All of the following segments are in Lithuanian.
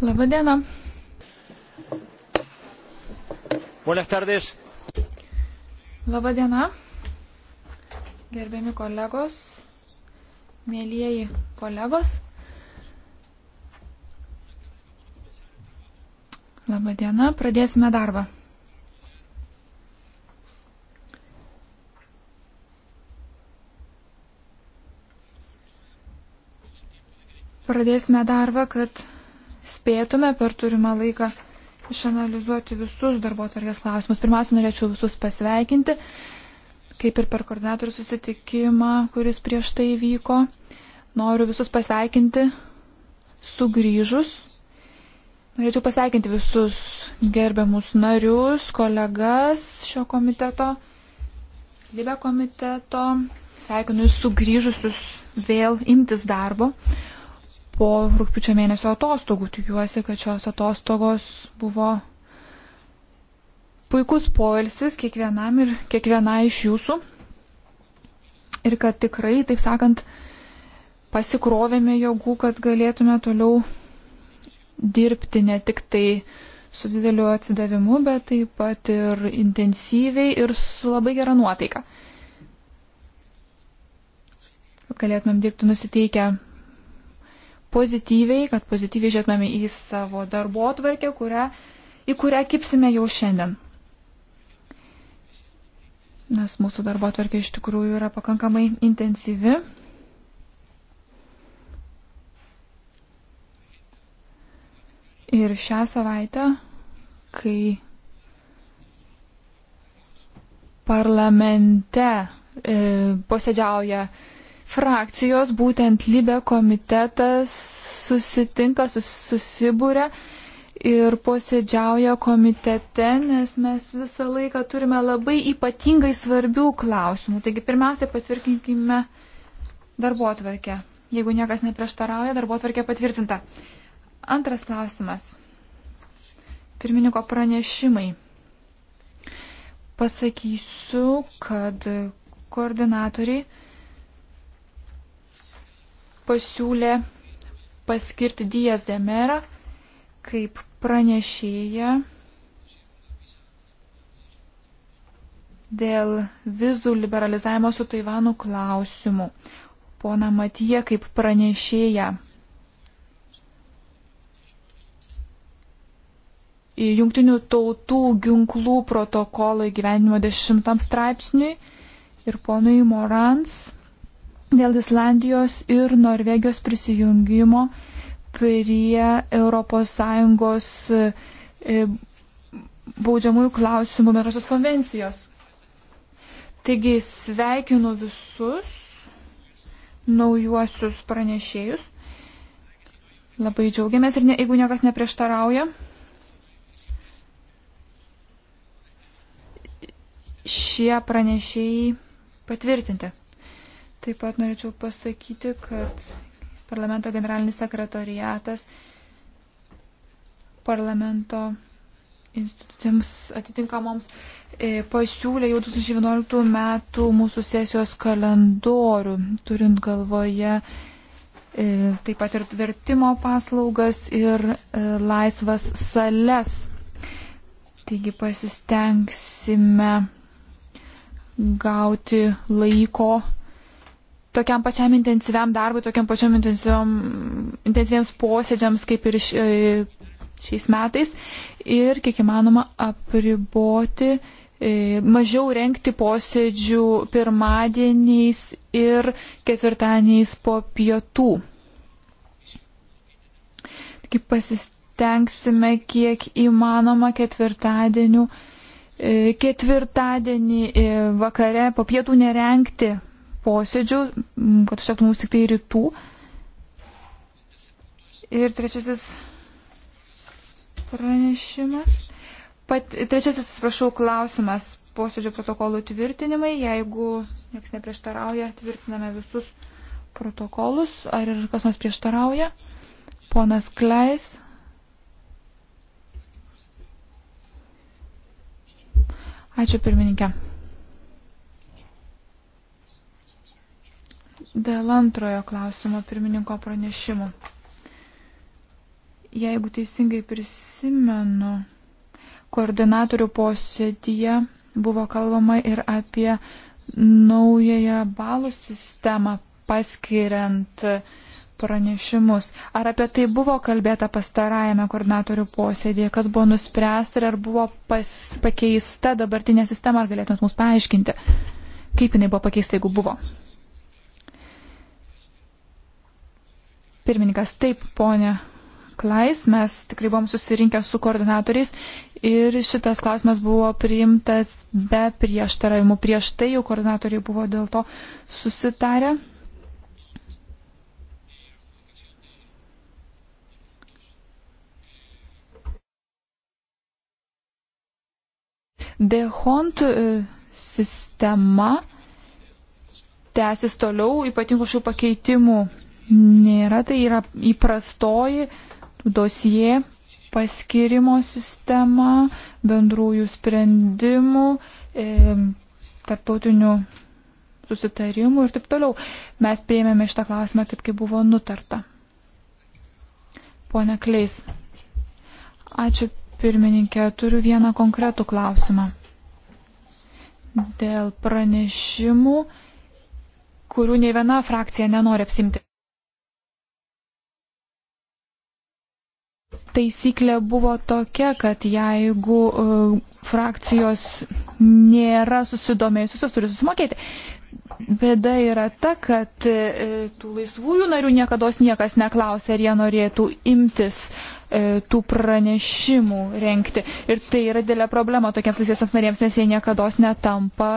Labadiena. Buenas tardes. Labadiena. Gerbiami kolegos, mėlyjeji kolegos. Labadiena, pradėsime darbą. Pradėsime darbą, kad spėtume per turimą laiką išanalizuoti visus darbo tvarkės klausimus. Pirmiausia, norėčiau visus pasveikinti, kaip ir per koordinatorių susitikimą, kuris prieš tai vyko. Noriu visus pasveikinti sugrįžus. Norėčiau pasveikinti visus gerbiamus narius, kolegas šio komiteto, Libė komiteto. Sveikinu jūs sugrįžusius vėl imtis darbo po rūpiučio mėnesio atostogų. Tikiuosi, kad šios atostogos buvo puikus poilsis kiekvienam ir kiekviena iš jūsų. Ir kad tikrai, taip sakant, pasikrovėme jėgų, kad galėtume toliau dirbti ne tik tai su dideliu atsidavimu, bet taip pat ir intensyviai ir su labai gera nuotaika. Galėtumėm dirbti nusiteikę pozityviai, kad pozityviai žiūrėtumėme į savo darbo atvarkę, kurią, į kurią kipsime jau šiandien. Nes mūsų darbo atvarkė iš tikrųjų yra pakankamai intensyvi. Ir šią savaitę, kai parlamente e, posėdžiauja e, frakcijos, būtent Libė komitetas susitinka, sus, susibūrė ir posėdžiauja komitete, nes mes visą laiką turime labai ypatingai svarbių klausimų. Taigi pirmiausia, patvirtinkime darbo atvarkę. Jeigu niekas neprieštarauja, darbo atvarkė patvirtinta. Antras klausimas. Pirmininko pranešimai. Pasakysiu, kad koordinatoriai pasiūlė paskirti Dijas Demerą kaip pranešėją dėl vizų liberalizavimo su Taivanu klausimu. Pona Matija kaip pranešėja. Jungtinių tautų ginklų protokolo įgyvenimo dešimtam straipsniui ir ponui Morans dėl Islandijos ir Norvegijos prisijungimo prie ES e, baudžiamųjų klausimų bendrosios konvencijos. Taigi sveikinu visus naujuosius pranešėjus. Labai džiaugiamės ir ne, jeigu niekas neprieštarauja. Šie pranešėjai patvirtinti. Taip pat norėčiau pasakyti, kad parlamento generalinis sekretoriatas parlamento institucijams atitinkamoms e, pasiūlė jau 2011 metų mūsų sesijos kalendorių, turint galvoje e, taip pat ir vertimo paslaugas ir e, laisvas sales. Taigi pasistengsime gauti laiko tokiam pačiam intensyviam darbui, tokiam pačiam intensyviams posėdžiams kaip ir e, šiais metais ir kiek įmanoma apriboti, e, mažiau renkti posėdžių pirmadieniais ir ketvirtadieniais po pietų. Kaip pasistengsime kiek įmanoma ketvirtadienių e, ketvirtadienį vakare po pietų nerenkti posėdžių, kad užtektų mums tik tai rytų. Ir trečiasis pranešimas. Pat, trečiasis, atsiprašau, klausimas posėdžio protokolų tvirtinimai. Jeigu nieks neprieštarauja, tvirtiname visus protokolus. Ar ir kas nors prieštarauja? Ponas Kleis. Ačiū pirmininkė. Dėl antrojo klausimo pirmininko pranešimų. Jeigu teisingai prisimenu, koordinatorių posėdyje buvo kalbama ir apie naująją balų sistemą paskiriant pranešimus. Ar apie tai buvo kalbėta pastarajame koordinatorių posėdėje, kas buvo nuspręsta ir ar buvo pas, pakeista dabartinė sistema, ar galėtumėt mums paaiškinti, kaip jinai buvo pakeista, jeigu buvo. Pirmininkas, taip, ponė Klais, mes tikrai buvom susirinkę su koordinatoriais ir šitas klausimas buvo priimtas be prieštaravimų. Prieš tai jau koordinatoriai buvo dėl to susitarę. Dehont e, sistema tęsis toliau ypatingų šių pakeitimų nėra, tai yra įprastoji dosie paskirimo sistema, bendrųjų sprendimų, e, tarptautinių susitarimų ir taip toliau. Mes prieimėme šitą klausimą taip, kaip buvo nutarta. Pone Kleis, ačiū pirmininkė, turiu vieną konkretų klausimą. Dėl pranešimų, kurių nei viena frakcija nenori apsimti. taisyklė buvo tokia, kad jeigu e, frakcijos nėra susidomėjusios, jos turi susimokėti. Bėda yra ta, kad e, tų laisvųjų narių niekada niekas neklausė, ar jie norėtų imtis e, tų pranešimų renkti. Ir tai yra dėlė problema tokiems laisvėsiams narėms, nes jie niekada netampa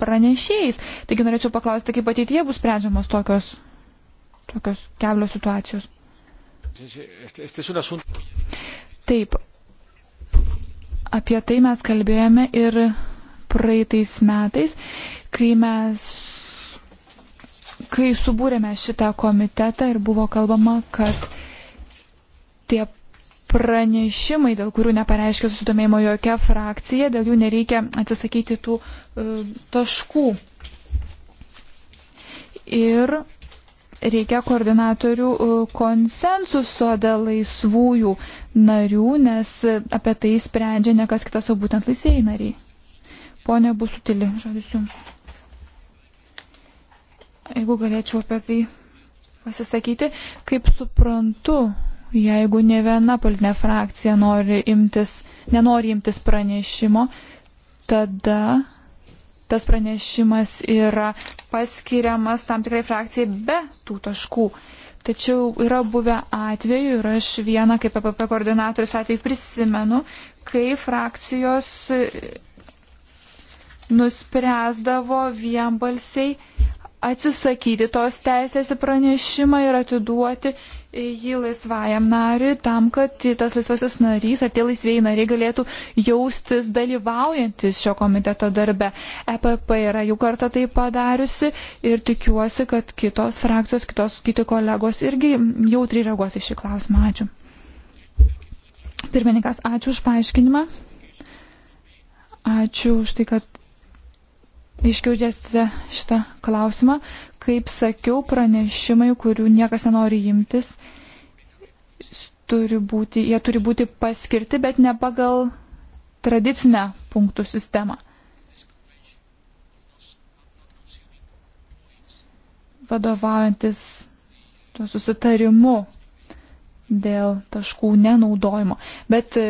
pranešėjais. Taigi norėčiau paklausti, kaip ateityje bus sprendžiamos tokios, tokios keblios situacijos. Taip, apie tai mes kalbėjome ir praeitais metais, kai mes, kai subūrėme šitą komitetą ir buvo kalbama, kad tie pranešimai, dėl kurių nepareiškia susidomėjimo jokia frakcija, dėl jų nereikia atsisakyti tų uh, taškų. Ir reikia koordinatorių e, konsensuso dėl laisvųjų narių, nes apie tai sprendžia ne kas kitas, o būtent laisvėjai nariai. Pone Busutili, žodis jums. Jeigu galėčiau apie tai pasisakyti, kaip suprantu, jeigu ne viena politinė frakcija nori imtis, nenori imtis pranešimo, tada tas pranešimas yra paskiriamas tam tikrai frakcijai be tų taškų. Tačiau yra buvę atvejų ir aš vieną kaip PPP e koordinatorius atveju prisimenu, kai frakcijos nuspręsdavo vienbalsiai atsisakyti tos teisės į pranešimą ir atiduoti jį laisvajam nariui, tam, kad tas laisvasis narys ar tie laisvėjai nariai galėtų jaustis dalyvaujantis šio komiteto darbe. EPP yra jų kartą tai padariusi ir tikiuosi, kad kitos frakcijos, kitos kiti kolegos irgi jautri reaguos į šį klausimą. Ačiū. Pirmininkas, ačiū už paaiškinimą. Ačiū už tai, kad iškiauždėsite šitą klausimą. Kaip sakiau, pranešimai, kurių niekas nenori imtis, turi būti, jie turi būti paskirti, bet ne pagal tradicinę punktų sistemą. Vadovaujantis tuo susitarimu dėl taškų nenaudojimo. Bet e,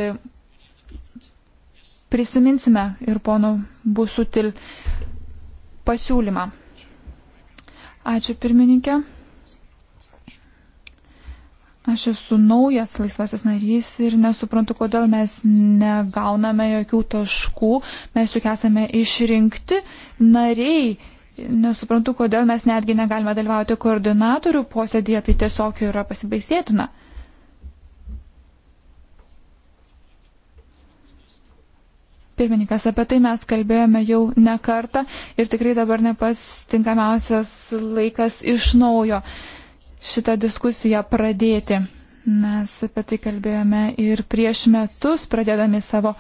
prisiminsime ir pono Busutil pasiūlymą. Ačiū pirmininkė. Aš esu naujas laisvasis narys ir nesuprantu, kodėl mes negauname jokių taškų, mes juk esame išrinkti nariai. Nesuprantu, kodėl mes netgi negalime dalyvauti koordinatorių posėdėje, tai tiesiog yra pasibaisėtina. pirmininkas. Apie tai mes kalbėjome jau ne kartą ir tikrai dabar nepastinkamiausias laikas iš naujo šitą diskusiją pradėti. Mes apie tai kalbėjome ir prieš metus pradėdami savo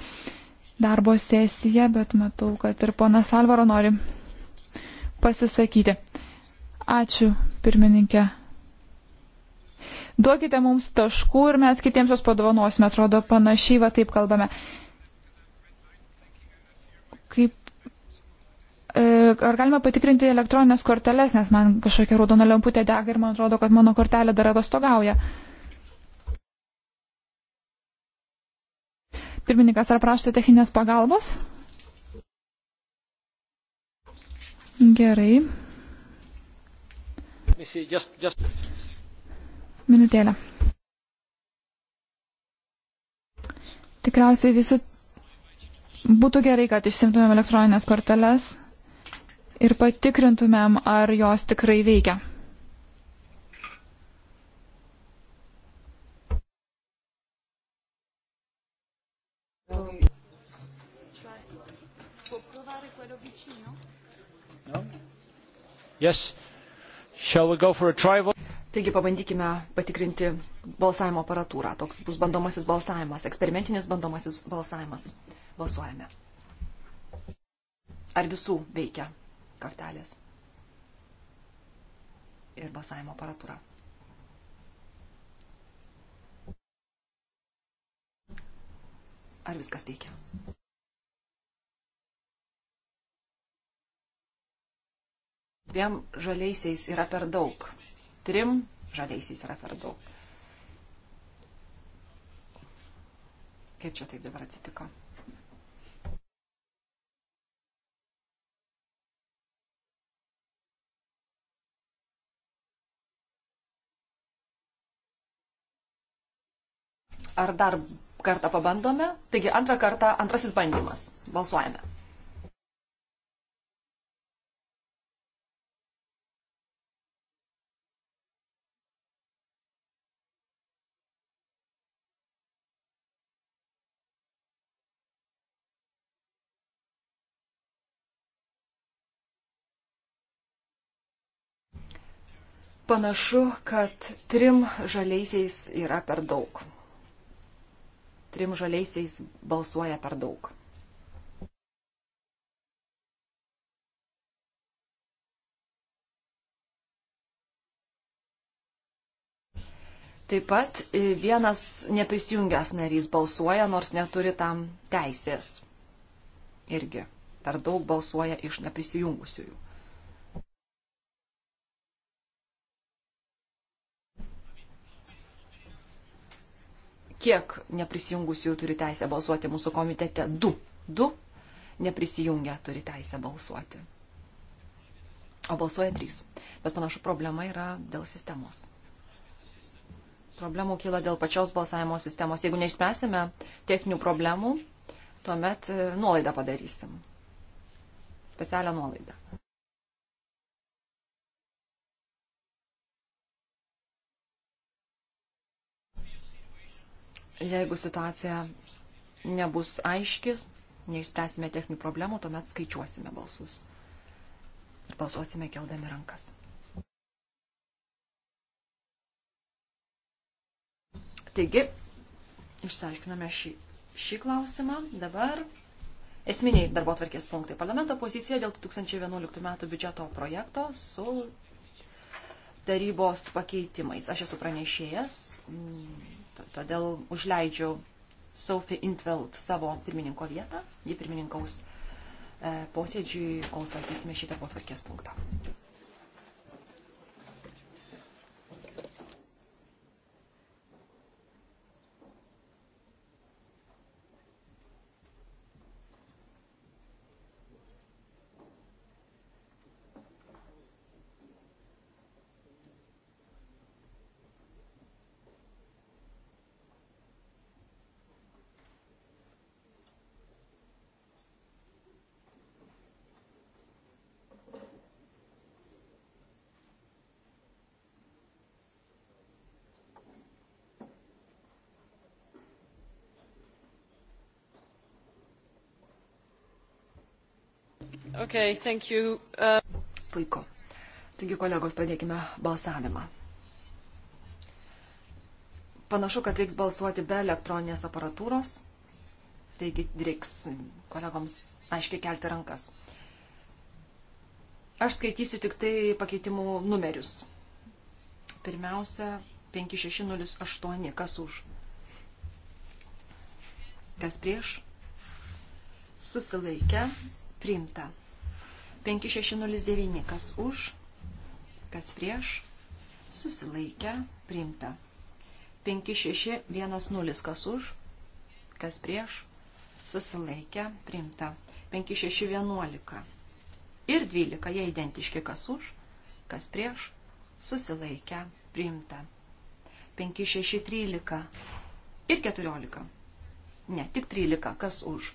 darbo sesiją, bet matau, kad ir ponas Alvaro nori pasisakyti. Ačiū, pirmininkė. Duokite mums taškų ir mes kitiems juos padovanosime, atrodo, panašiai va taip kalbame. Kaip, e, ar galima patikrinti elektroninės korteles, nes man kažkokia raudona lemputė dega ir man atrodo, kad mano kortelė dar atostogauja. Pirmininkas, ar prašote techninės pagalbos? Gerai. Minutėlę. Tikriausiai visi Būtų gerai, kad išsimtumėm elektroninės korteles ir patikrintumėm, ar jos tikrai veikia. Yes. Shall we go for a trial? Taigi pabandykime patikrinti balsavimo aparatūrą. Toks bus bandomasis balsavimas, eksperimentinis bandomasis balsavimas. Balsuojame. Ar visų veikia kartelės ir balsavimo aparatūra? Ar viskas veikia? Dviem žaliaisiais yra per daug trim, žaliaisiais yra per daug. Kaip čia taip dabar atsitiko? Ar dar kartą pabandome? Taigi antrą kartą, antrasis bandymas. Balsuojame. Panašu, kad trim žaliaisiais yra per daug. Trim žaliaisiais balsuoja per daug. Taip pat e, vienas neprisijungęs narys balsuoja, nors neturi tam teisės. Irgi per daug balsuoja iš neprisijungusiųjų. kiek neprisijungusių turi teisę balsuoti mūsų komitete? Du. Du neprisijungę turi teisę balsuoti. O balsuoja trys. Bet panašu, problema yra dėl sistemos. Problemų kyla dėl pačios balsavimo sistemos. Jeigu neišspręsime techninių problemų, tuomet e, nuolaidą padarysim. Specialią nuolaidą. Jeigu situacija nebus aiški, neišspręsime techninių problemų, tuomet skaičiuosime balsus. Ir balsuosime keldami rankas. Taigi, išsiaiškiname šį, šį klausimą. Dabar esminiai darbo tvarkės punktai. Parlamento pozicija dėl 2011 m. biudžeto projekto su tarybos pakeitimais. Aš esu pranešėjas. Mm Todėl užleidžiu Sophie Intveld savo pirmininko vietą. Ji pirmininkaus e, posėdžiui, kol svarstysime šitą potvarkės punktą. Okay, thank you. Uh... Puiku. Taigi, kolegos, pradėkime balsavimą. Panašu, kad reiks balsuoti be elektroninės aparatūros. Taigi, reiks kolegoms aiškiai kelti rankas. Aš skaitysiu tik tai pakeitimų numerius. Pirmiausia, 5608, kas už? Kas prieš? Susilaikę, priimta. 5609. Kas už, kas prieš, susilaikę, priimta. 5610. Kas už, kas prieš, susilaikę, priimta. 5611. Ir 12. Jie identiški. Kas už, kas prieš, susilaikę, priimta. 5613. Ir 14. Ne, tik 13. Kas už,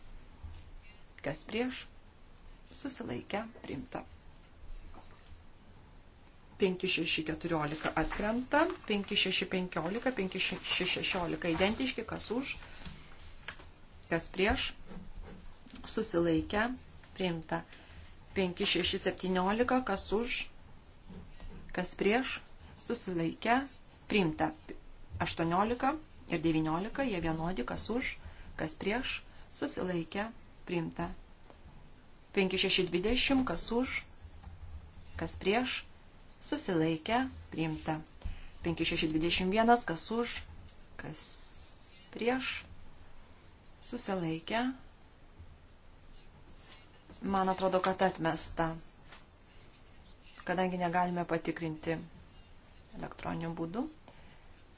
kas prieš, susilaikę priimta. 5614 atkrenta, 5615, 5616 identiški, kas už, kas prieš, susilaikę priimta. 5617, kas už, kas prieš, susilaikę priimta. 18 ir 19, jie vienodi, kas už, kas prieš, susilaikę priimta. 5620, kas už, kas prieš, susilaikę, priimta. 5621, kas už, kas prieš, susilaikę. Man atrodo, kad atmesta, kadangi negalime patikrinti elektroniniu būdu.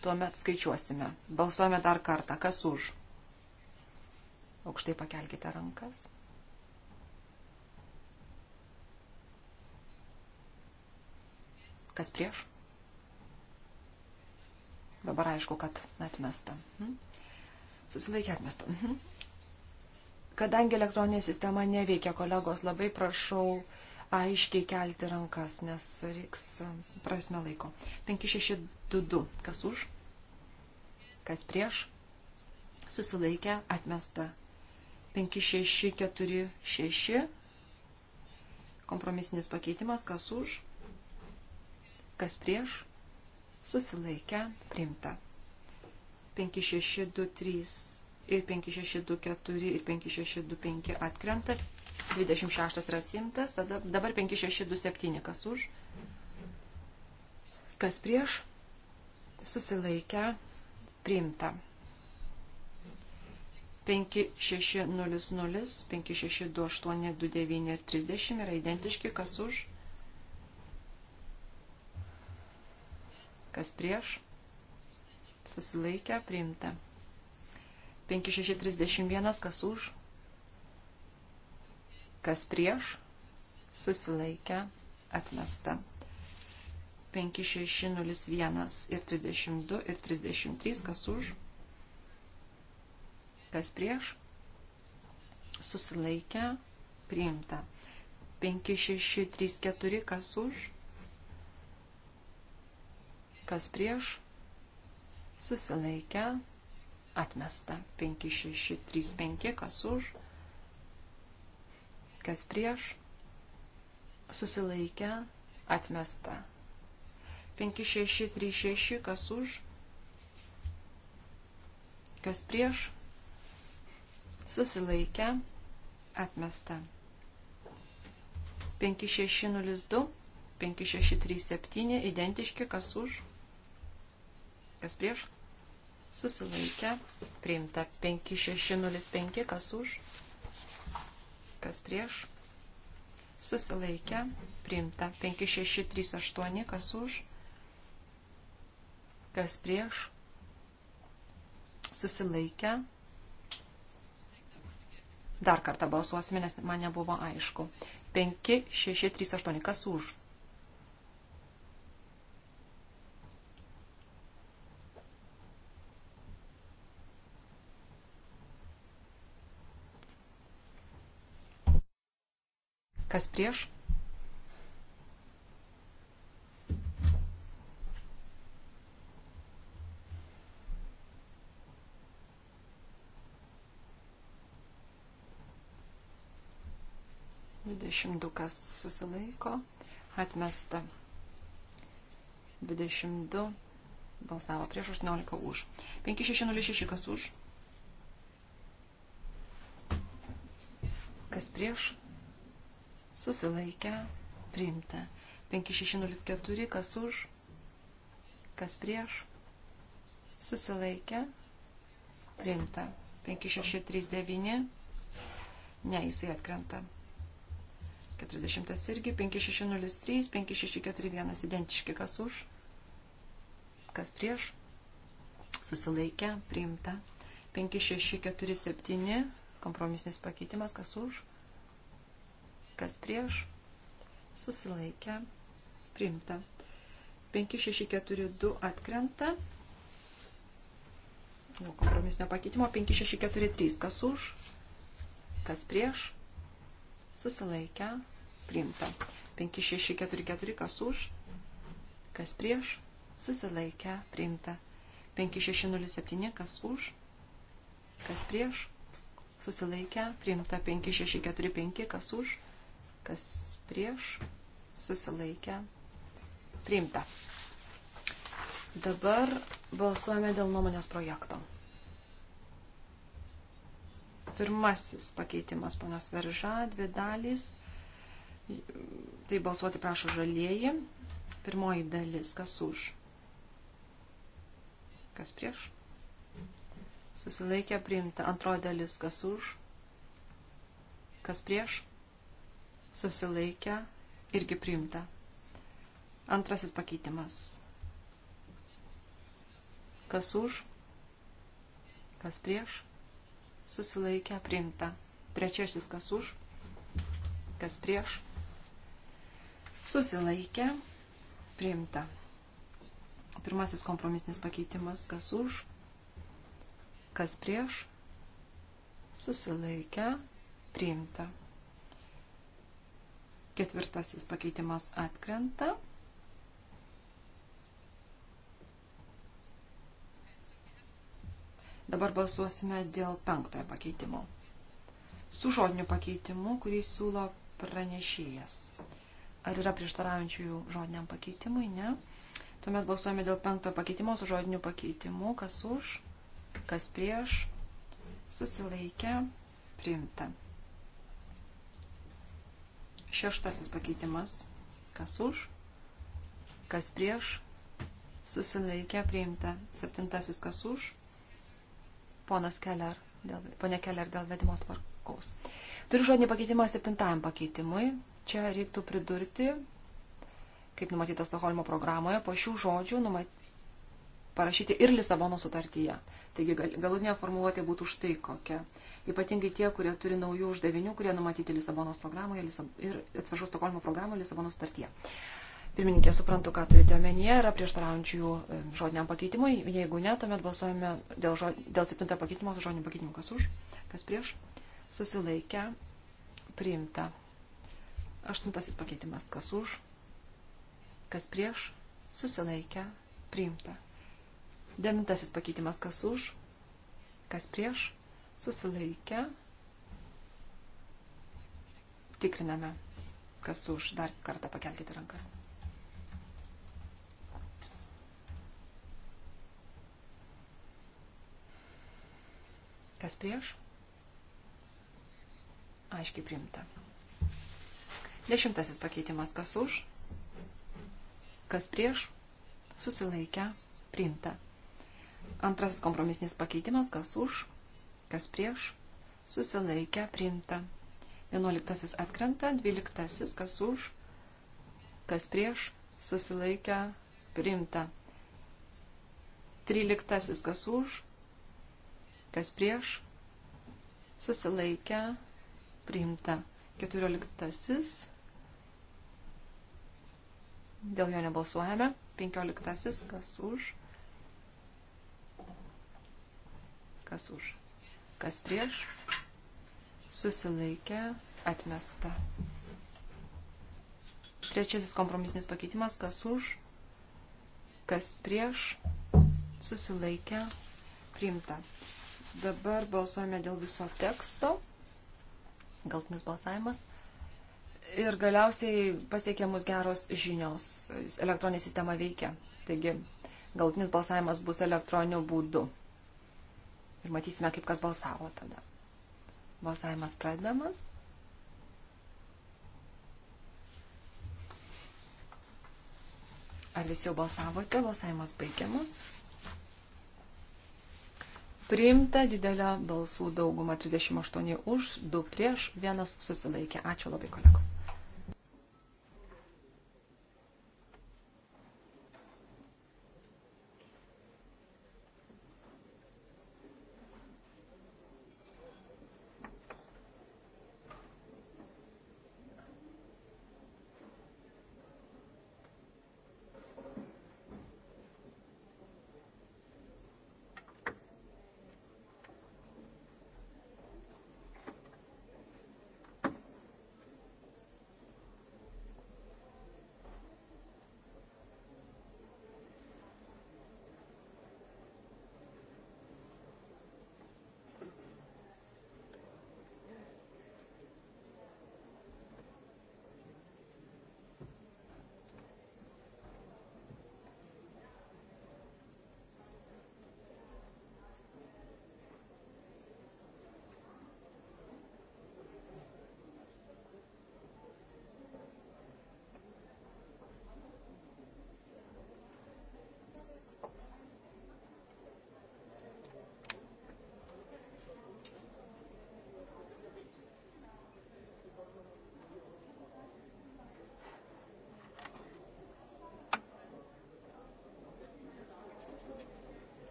Tuomet skaičiuosime. Balsuojame dar kartą. Kas už? Aukštai pakelkite rankas. Kas prieš? Dabar aišku, kad atmesta. Mhm. Susilaikė atmesta. Mhm. Kadangi elektroninė sistema neveikia, kolegos, labai prašau aiškiai kelti rankas, nes reiks e, prasme laiko. 5622. Kas už? Kas prieš? Susilaikė atmesta. 5646. Kompromisinis pakeitimas. Kas už? kas prieš, susilaikę, priimta. 5623 ir 5624 ir 5625 atkrenta, 26 yra atsimtas, tada dabar 5627 kas už, kas prieš, susilaikę, priimta. 5600, 5628, 29 ir 30 yra identiški, kas už, Kas prieš? Susilaikę priimta. 5631. Kas už? Kas prieš? Susilaikę atmesta. 5601 ir 32 ir 33. Kas už? Kas prieš? Susilaikę priimta. 5634. Kas už? kas prieš, susilaikę, atmesta 5635, kas už, kas prieš, susilaikę, atmesta 5636, kas už, kas prieš, susilaikę, atmesta 5602, 5637, identiški, kas už, kas prieš, susilaikė, priimta 5605, kas už, kas prieš, susilaikė, priimta 5638, kas už, kas prieš, susilaikė. Dar kartą balsuosime, nes man nebuvo aišku. 5, 6, 3, 8. Kas už? Kas prieš? Dvidešimt du kas susilaiko, atmesta. Dvidešimt du balsavo prieš, aštuoniolika už. Penki šeši nulis šeši kas už. Kas prieš? susilaikę, priimta. 5604, kas už, kas prieš, susilaikę, priimta. 5639, ne, jisai atkrenta. 40 irgi, 5603, 5641, identiški, kas už, kas prieš, susilaikę, priimta. 5647, kompromisinis pakeitimas, kas už, kas prieš, susilaikę, priimta. 5642 atkrenta. Nuo kompromisinio pakeitimo 5643. Kas už, kas prieš, susilaikę, priimta. 5644. Kas už, kas prieš, susilaikę, priimta. 5607. Kas už, kas prieš, susilaikę, priimta. 5645. Kas už, kas prieš, susilaikę, priimta. Dabar balsuojame dėl nuomonės projekto. Pirmasis pakeitimas, panas Verža, dvi dalys. Tai balsuoti prašo žalieji. Pirmoji dalis, kas už. Kas prieš? Susilaikė priimta. Antroji dalis, kas už. Kas prieš? susilaikę, irgi priimta. Antrasis pakeitimas. Kas už, kas prieš, susilaikę, priimta. Trečiasis kas už, kas prieš, susilaikę, priimta. Pirmasis kompromisinis pakeitimas, kas už, kas prieš, susilaikę, priimta. Ketvirtasis pakeitimas atkrenta. Dabar balsuosime dėl penktojo pakeitimo. Su žodiniu pakeitimu, kurį siūlo pranešėjas. Ar yra prieštaraujančių žodiniam pakeitimui? Ne. Tuomet balsuojame dėl penktojo pakeitimo su žodiniu pakeitimu. Kas už, kas prieš, susilaikę, priimta. Šeštasis pakeitimas. Kas už, kas prieš, susilaikė priimta. Septintasis kas už, ponas Keller, dėl, ponė Keller dėl vedimo tvarkos. Turiu žodinį pakeitimą septintajam pakeitimui. Čia reiktų pridurti, kaip numatyta Stokholmo programoje, po šių žodžių numat... parašyti ir Lisabono sutartyje. Taigi galutinė formuluotė būtų štai kokia ypatingai tie, kurie turi naujų uždavinių, kurie numatyti Lisabonos programoje Lisab... ir, atsiprašau, Stokholmo programoje Lisabonos startyje. Pirmininkė, suprantu, ką turite omenyje, yra prieštaraujančių e, žodiniam pakeitimui. Jeigu ne, tuomet balsuojame dėl, žod... dėl septinto pakeitimo su žodiniu pakeitimu. Kas už, kas prieš, susilaikę, priimta. Aštuntasis pakeitimas. Kas už, kas prieš, susilaikę, priimta. Devintasis pakeitimas. Kas už, kas prieš, susilaikę. Tikriname, kas už. Dar kartą pakelkite rankas. Kas prieš? Aiškiai primta. Dešimtasis pakeitimas. Kas už? Kas prieš? Susilaikę. Primta. Antrasis kompromisinis pakeitimas. Kas už? kas prieš, susilaikę, priimta. Vienuoliktasis atkrenta, dvyliktasis, kas už, kas prieš, susilaikę, priimta. Tryliktasis, kas už, kas prieš, susilaikę, priimta. Keturioliktasis, dėl jo nebalsuojame. Penkioliktasis, kas už, kas už kas prieš, susilaikė, atmesta. Trečiasis kompromisinis pakeitimas, kas už, kas prieš, susilaikė, priimta. Dabar balsuojame dėl viso teksto. Galtinis balsavimas. Ir galiausiai pasiekė mus geros žinios. Elektroninė sistema veikia. Taigi galtinis balsavimas bus elektroniniu būdu. Ir matysime, kaip kas balsavo tada. Balsavimas pradedamas. Ar visi jau balsavote? Balsavimas baigiamas. Priimta didelę balsų daugumą 38 už, 2 prieš, 1 susilaikė. Ačiū labai kolegos.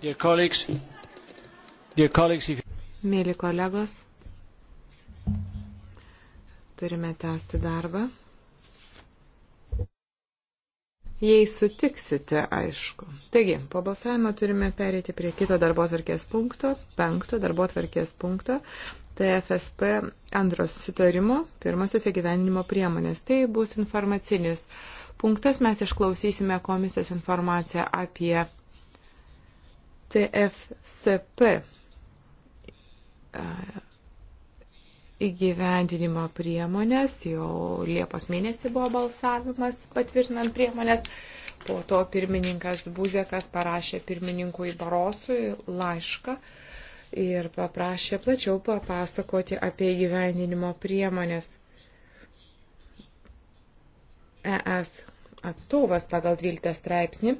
Dear colleagues, dear colleagues, if... Mėly kolegos, turime tęsti darbą. Jei sutiksite, aišku. Taigi, po balsavimo turime perėti prie kito darbo atvarkės punkto, penkto darbo atvarkės punkto. TFSP antro susitarimo, pirmasis įgyvendinimo priemonės. Tai bus informacinis punktas, mes išklausysime komisijos informaciją apie TFSP e, įgyvendinimo priemonės, jau Liepos mėnesį buvo balsavimas patvirtinant priemonės, po to pirmininkas Buzekas parašė pirmininkui Barosui laišką, uh, ir paprašė plačiau papasakoti apie gyveninimo priemonės. ES atstovas pagal 12 straipsnį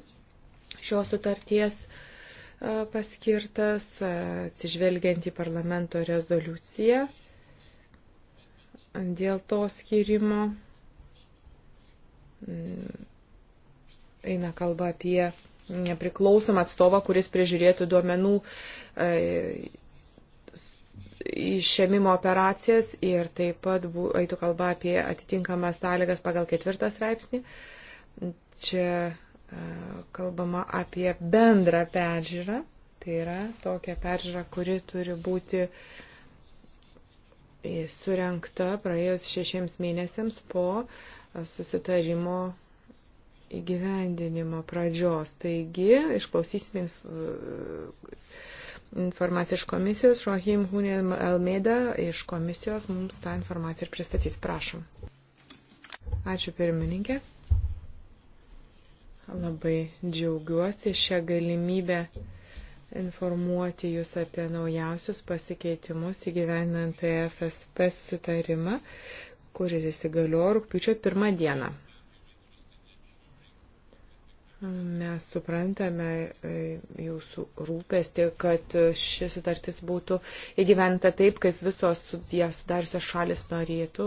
šios sutarties e, paskirtas, e, atsižvelgiant į parlamento rezoliuciją dėl to skirimo. Mm, eina kalba apie nepriklausomą atstovą, kuris priežiūrėtų duomenų e, išėmimo operacijas ir taip pat eitų kalba apie atitinkamas sąlygas pagal ketvirtą straipsnį. Čia e, kalbama apie bendrą peržiūrą. Tai yra tokia peržiūra, kuri turi būti e, surenkta praėjus šešiems mėnesiams po susitarimo įgyvendinimo pradžios. Taigi, išklausysime uh, informaciją iš komisijos. Rohim Hunel Almeida iš komisijos mums tą informaciją ir pristatys. Prašom. Ačiū pirmininkė. Labai džiaugiuosi šią galimybę informuoti Jūs apie naujausius pasikeitimus įgyvenant e FSP sutarimą, kuris įsigaliojo rūpiučio pirmą dieną. Mes suprantame e, jūsų rūpestį, kad ši sutartis būtų įgyventa taip, kaip visos ją sudariusios šalis norėtų.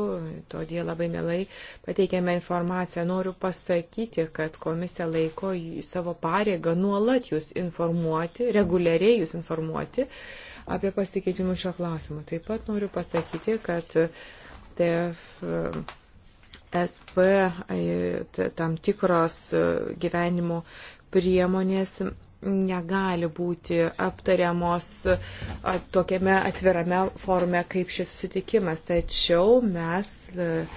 Todėl labai mielai pateikėme informaciją. Noriu pasakyti, kad komisija laiko savo pareigą nuolat jūs informuoti, reguliariai jūs informuoti apie pasikeitimus šio klausimu. Taip pat noriu pasakyti, kad TF. Tai SP tam tikros e, gyvenimo priemonės negali būti aptariamos e, tokiame atvirame forume kaip šis susitikimas. Tačiau mes E,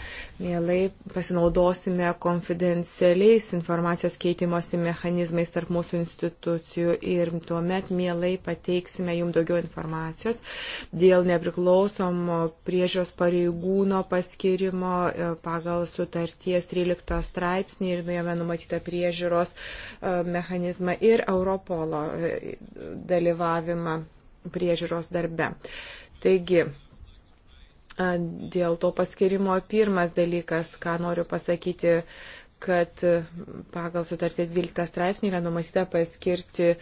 mielai pasinaudosime konfidencialiais informacijos keitimosi mechanizmais tarp mūsų institucijų ir tuomet mielai pateiksime jums daugiau informacijos dėl nepriklausomo priežios pareigūno paskirimo e, pagal sutarties 13 straipsnį ir nuėjome numatytą priežiūros e, mechanizmą ir Europolo dalyvavimą priežiūros darbe. Taigi, dėl to paskirimo pirmas dalykas, ką noriu pasakyti, kad pagal sutarties 12 straipsnį yra numatyta paskirti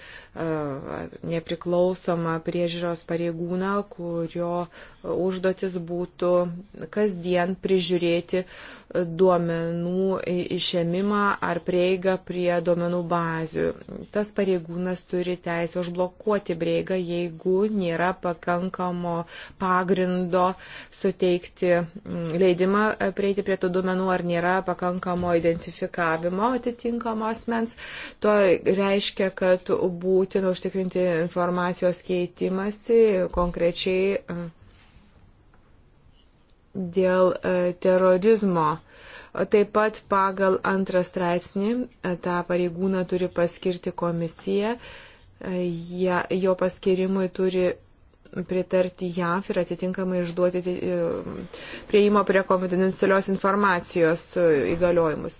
nepriklausomą priežiūros pareigūną, kurio užduotis būtų kasdien prižiūrėti duomenų išėmimą ar prieigą prie duomenų bazių. Tas pareigūnas turi teisę užblokuoti prieigą, jeigu nėra pakankamo pagrindo suteikti mm, leidimą prieiti prie tų duomenų ar nėra pakankamo identifikavimo atitinkamo asmens. To reiškia, kad būtina užtikrinti informacijos keitimasi konkrečiai mm, dėl e, terorizmo. Taip pat pagal antrą straipsnį e, tą pareigūną turi paskirti komisija, e, ja, jo paskirimui turi pritarti JAF ir atitinkamai išduoti prieimo prie konfidencialios informacijos įgaliojimus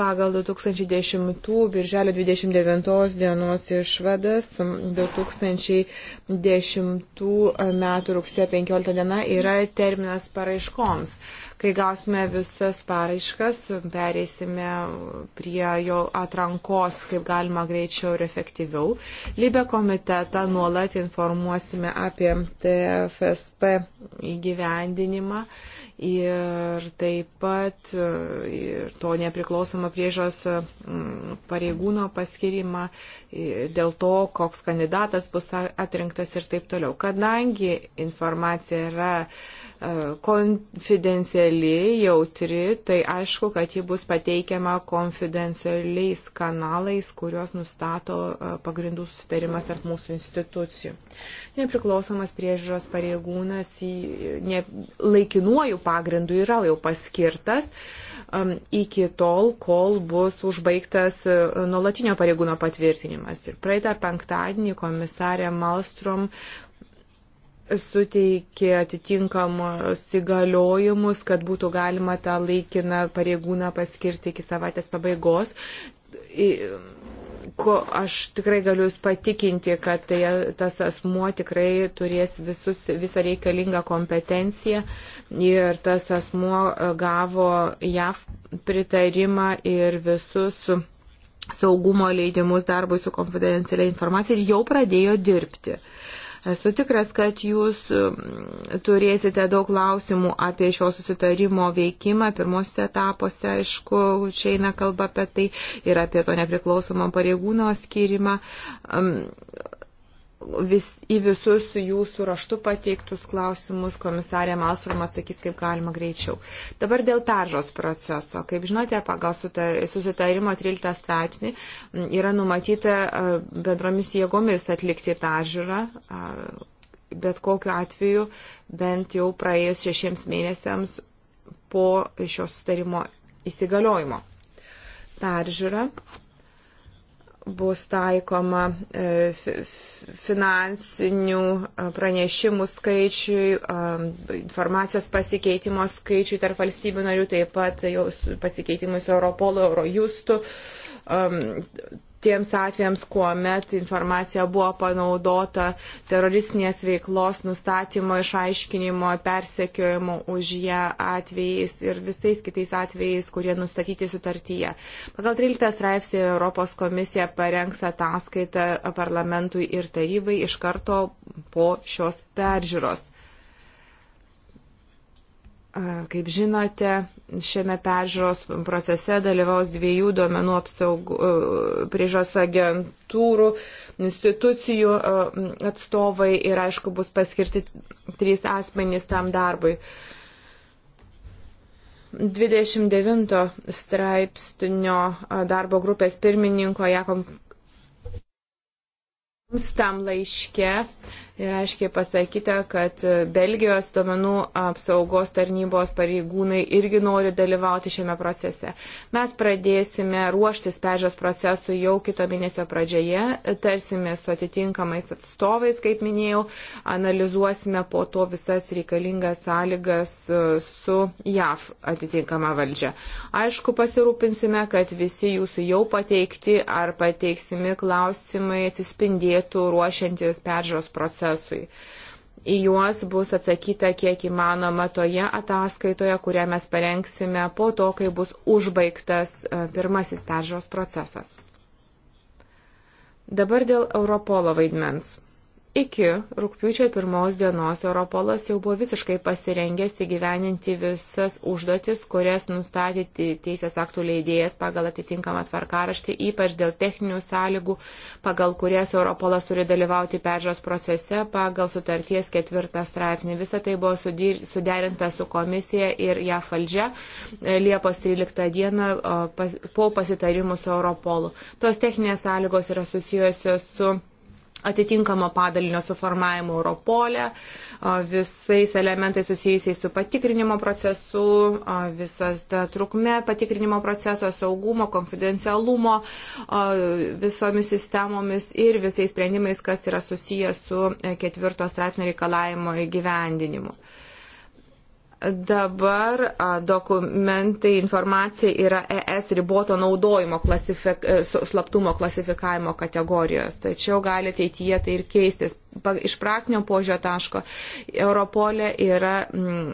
pagal 2010 birželio 29 dienos išvadas 2010 metų rugsėjo 15 diena yra terminas paraiškoms. Kai gausime visas paraiškas, pereisime prie jo atrankos, kaip galima greičiau ir efektyviau. Libė komitetą nuolat informuosime apie TFSP įgyvendinimą ir taip pat ir to nepriklausomą priežos mm, pareigūno paskirimą, dėl to, koks kandidatas bus atrinktas ir taip toliau. Kadangi informacija yra e, konfidenciali, aktuali, jautri, tai aišku, kad ji bus pateikiama konfidencialiais kanalais, kuriuos nustato e, pagrindų susitarimas tarp mūsų institucijų. Nepriklausomas priežiūros pareigūnas ne, laikinuoju pagrindu yra jau paskirtas iki tol, kol bus užbaigtas e, nuolatinio pareigūno patvirtinimas. Ir praeitą penktadienį komisarė Malstrom suteikė atitinkamus įgaliojimus, kad būtų galima tą laikiną pareigūną paskirti iki savaitės pabaigos. Ko aš tikrai galiu jūs patikinti, kad tai, tas asmuo tikrai turės visus, visą reikalingą kompetenciją ir tas asmuo gavo JAV pritarimą ir visus saugumo leidimus darbui su konfidencialia informacija ir jau pradėjo dirbti. Uh, Esu tikras, kad jūs turėsite daug klausimų apie šio susitarimo veikimą. Pirmosiuose etapuose, aišku, čia eina kalba apie tai ir apie to nepriklausomo pareigūno skirimą vis, į visus jūsų raštu pateiktus klausimus komisarė Malstrom atsakys kaip galima greičiau. Dabar dėl peržos proceso. Kaip žinote, pagal susitarimo 13 straipsnį yra numatyta bendromis jėgomis atlikti peržiūrą bet kokiu atveju bent jau praėjus šešiems mėnesiams po šio susitarimo įsigaliojimo. Peržiūra bus taikoma e, finansinių e, pranešimų skaičiui, e, informacijos pasikeitimo skaičiui tarp valstybių narių, taip pat pasikeitimui su Europolu, Eurojustu tiems atvejams, kuomet informacija buvo panaudota teroristinės veiklos nustatymo, išaiškinimo, persekiojimo už ją atvejais ir visais kitais atvejais, kurie nustatyti sutartyje. Pagal 13 straipsnį Europos komisija parengs ataskaitą parlamentui ir tarybai iš karto po šios peržiūros. Kaip žinote, šiame peržiūros procese dalyvaus dviejų duomenų apsaugų e, priežos agentūrų, institucijų e, atstovai ir, aišku, bus paskirti trys asmenys tam darbui. 29 straipsnio e, darbo grupės pirmininko Jakom tam laiške Ir aiškiai pasakyta, kad e, Belgijos duomenų apsaugos tarnybos pareigūnai irgi nori dalyvauti šiame procese. Mes pradėsime ruoštis pežos procesų jau kito mėnesio pradžioje, tarsime su atitinkamais atstovais, kaip minėjau, analizuosime po to visas reikalingas sąlygas e, su JAF atitinkama valdžia. Aišku, pasirūpinsime, kad visi jūsų jau pateikti ar pateiksimi klausimai atsispindėtų ruošiantis pežos procesų procesui. Į juos bus atsakyta kiek įmanoma toje ataskaitoje, kurią mes parengsime po to, kai bus užbaigtas e, pirmasis stažos procesas. Dabar dėl Europolo vaidmens. Iki rūpiučio pirmos dienos Europolas jau buvo visiškai pasirengęs įgyveninti visas užduotis, kurias nustatė teisės aktų leidėjas pagal atitinkamą tvarkaraštį, ypač dėl techninių sąlygų, pagal kurias Europolas turi dalyvauti peržiūros procese pagal sutarties ketvirtą straipsnį. Visa tai buvo suderinta su komisija ir ją valdžia e, Liepos 13 dieną po pasitarimų su Europolu. Tos techninės sąlygos yra susijusios su atitinkamo padalinio suformavimu Europolė, visais elementais susijusiais su patikrinimo procesu, visas ta trukme patikrinimo proceso, saugumo, konfidencialumo, visomis sistemomis ir visais sprendimais, kas yra susijęs su e, ketvirto straipsnio reikalavimo įgyvendinimu. Dabar dokumentai, informacija yra ES riboto naudojimo klasifik, e, slaptumo klasifikavimo kategorijos, tačiau gali ateityje tai ir keistis. Iš praktinio požio taško Europolė yra m,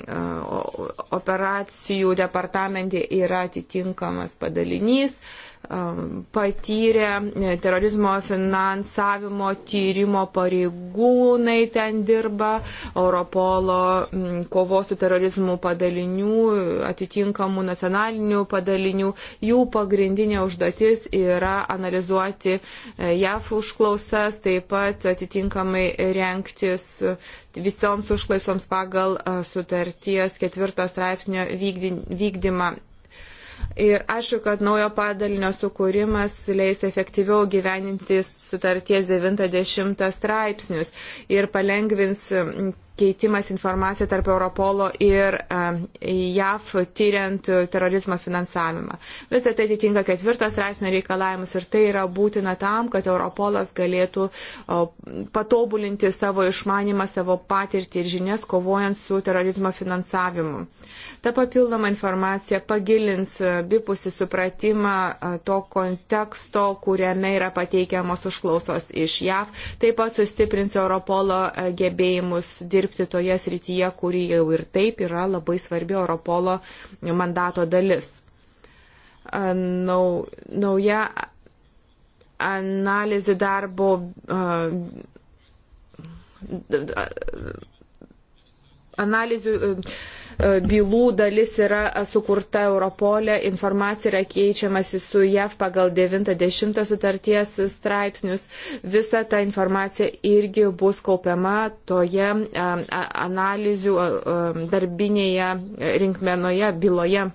operacijų departamentė yra atitinkamas padalinys. Uh, Um, patyrė e, terorizmo finansavimo tyrimo pareigūnai ten dirba, Europolo mm, kovos su terorizmu padalinių, atitinkamų nacionalinių padalinių. Jų pagrindinė užduotis yra analizuoti e, JAF užklausas, taip pat atitinkamai renktis visoms užklausoms pagal e, sutarties ketvirto straipsnio vykdymą Ir aišku, kad naujo padalinio sukūrimas leis efektyviau gyveninti sutarties 90 straipsnius ir palengvins keitimas informacija tarp Europolo ir JAF tyriant terorizmo finansavimą. Visą tai atitinka ketvirtos straipsnio reikalavimus ir tai yra būtina tam, kad Europolas galėtų patobulinti savo išmanimą, savo patirtį ir žinias, kovojant su terorizmo finansavimu. Ta papildoma informacija pagilins bipusi supratimą e, to konteksto, kuriame yra pateikiamos užklausos iš JAF, taip pat sustiprins Europolo e, gebėjimus dirbti dirbti toje srityje, kuri jau ir taip yra labai svarbi Europolo mandato dalis. Nau, nauja analizė darbo. Analizių E, bylų dalis yra sukurta Europolė, informacija yra keičiamasi su JAV pagal 90 sutarties straipsnius. Visa ta informacija irgi bus kaupiama toje e, analizių e, darbinėje rinkmenoje byloje.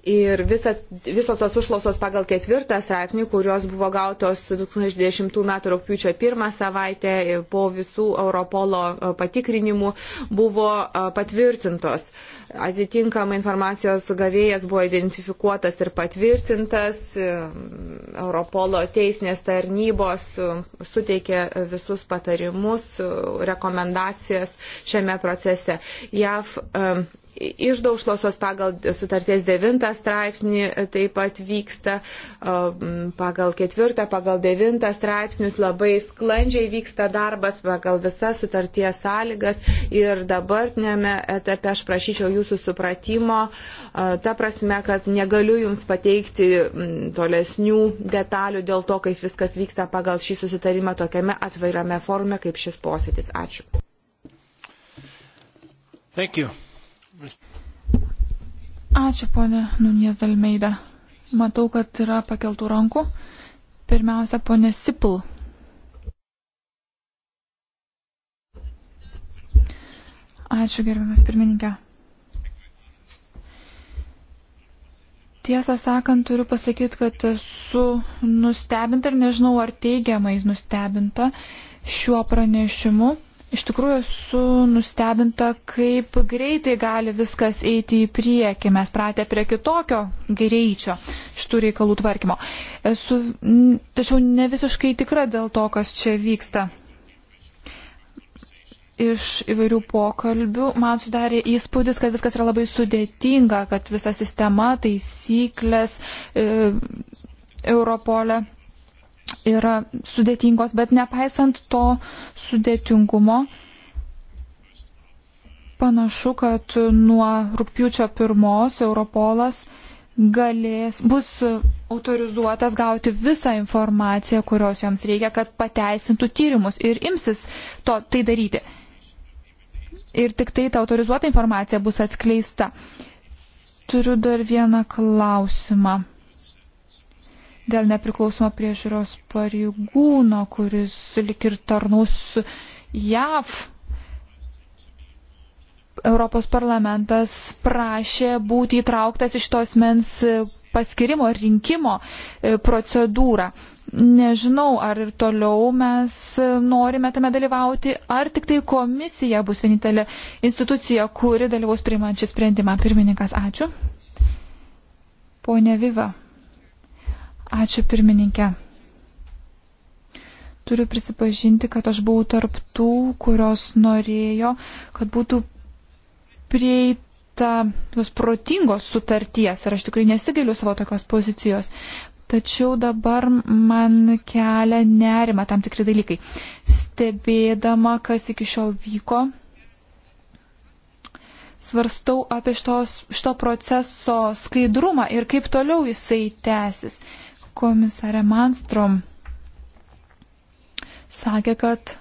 Ir visa, visos tos užklausos pagal ketvirtą straipsnį, kurios buvo gautos 2010 m. rūpiučio pirmą savaitę po visų Europolo e, patikrinimų, buvo e, patvirtintos. Atitinkamai informacijos gavėjas buvo identifikuotas ir patvirtintas. E, Europolo teisinės tarnybos suteikė visus patarimus, rekomendacijas šiame procese. JAV Išdaušlosios pagal sutarties 9 straipsnį taip pat vyksta, pagal 4, pagal 9 straipsnius labai sklandžiai vyksta darbas pagal visas sutarties sąlygas ir dabartinėme etape aš prašyčiau jūsų supratimo, ta prasme, kad negaliu jums pateikti tolesnių detalių dėl to, kaip viskas vyksta pagal šį susitarimą tokiame atvairame forume kaip šis posėdis. Ačiū. Thank you. Ačiū, ponė Nunės Dalmeida. Matau, kad yra pakeltų rankų. Pirmiausia, ponė Sipl. Ačiū, gerbiamas pirmininkė. Tiesą sakant, turiu pasakyti, kad esu nustebinta ir nežinau, ar teigiamai nustebinta šiuo pranešimu. Iš tikrųjų esu nustebinta, kaip greitai gali viskas eiti į priekį. Mes pratę prie kitokio greičio šitų reikalų tvarkymo. Esu, tačiau ne visiškai tikra dėl to, kas čia vyksta. Iš įvairių pokalbių man sudarė įspūdis, kad viskas yra labai sudėtinga, kad visa sistema, taisyklės, e, Europolė yra sudėtingos, bet nepaisant to sudėtingumo, panašu, kad nuo rūpjūčio pirmos Europolas galės, bus autorizuotas gauti visą informaciją, kurios joms reikia, kad pateisintų tyrimus ir imsis to tai daryti. Ir tik tai ta autorizuota informacija bus atskleista. Turiu dar vieną klausimą dėl nepriklausomo priežiūros pareigūno, kuris lik ir tarnus JAV. Europos parlamentas prašė būti įtrauktas iš tos mens paskirimo ir rinkimo e, procedūrą. Nežinau, ar ir toliau mes norime tame dalyvauti, ar tik tai komisija bus vienintelė institucija, kuri dalyvaus priimant šį sprendimą. Pirmininkas, ačiū. Pone Viva. Ačiū pirmininkė. Turiu prisipažinti, kad aš buvau tarptų, kurios norėjo, kad būtų prieita ta, tos protingos sutarties ir aš tikrai nesigailiu savo tokios pozicijos. Tačiau dabar man kelia nerima tam tikri dalykai. Stebėdama, kas iki šiol vyko, svarstau apie šitos, šito proceso skaidrumą ir kaip toliau jisai tęsis. Uh, komisarė Manstrom sakė, kad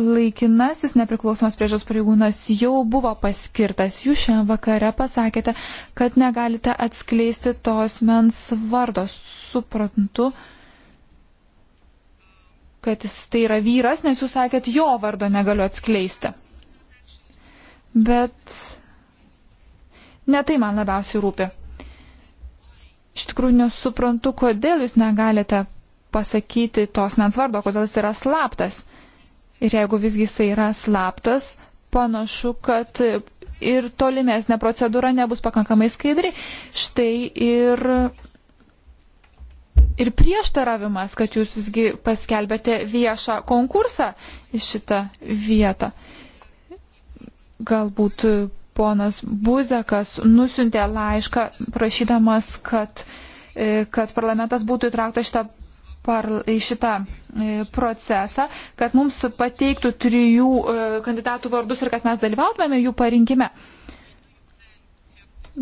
laikinasis nepriklausomas priežos pareigūnas jau buvo paskirtas. Jūs šiandien vakare pasakėte, kad negalite atskleisti tos mens vardos. Suprantu, kad jis tai yra vyras, nes jūs sakėt, jo vardo negaliu atskleisti. Bet ne tai man labiausiai rūpi iš tikrųjų nesuprantu, kodėl jūs negalite pasakyti tos mens vardo, kodėl jis yra slaptas. Ir jeigu visgi jisai yra slaptas, panašu, kad ir tolimesnė procedūra nebus pakankamai skaidri. Štai ir, ir prieštaravimas, kad jūs visgi paskelbėte viešą konkursą į šitą vietą. Galbūt ponas Buzekas nusintė laišką prašydamas, kad, e, kad parlamentas būtų įtraukta šitą par, į šitą e, procesą, kad mums pateiktų trijų e, kandidatų vardus ir kad mes dalyvautumėme jų parinkime.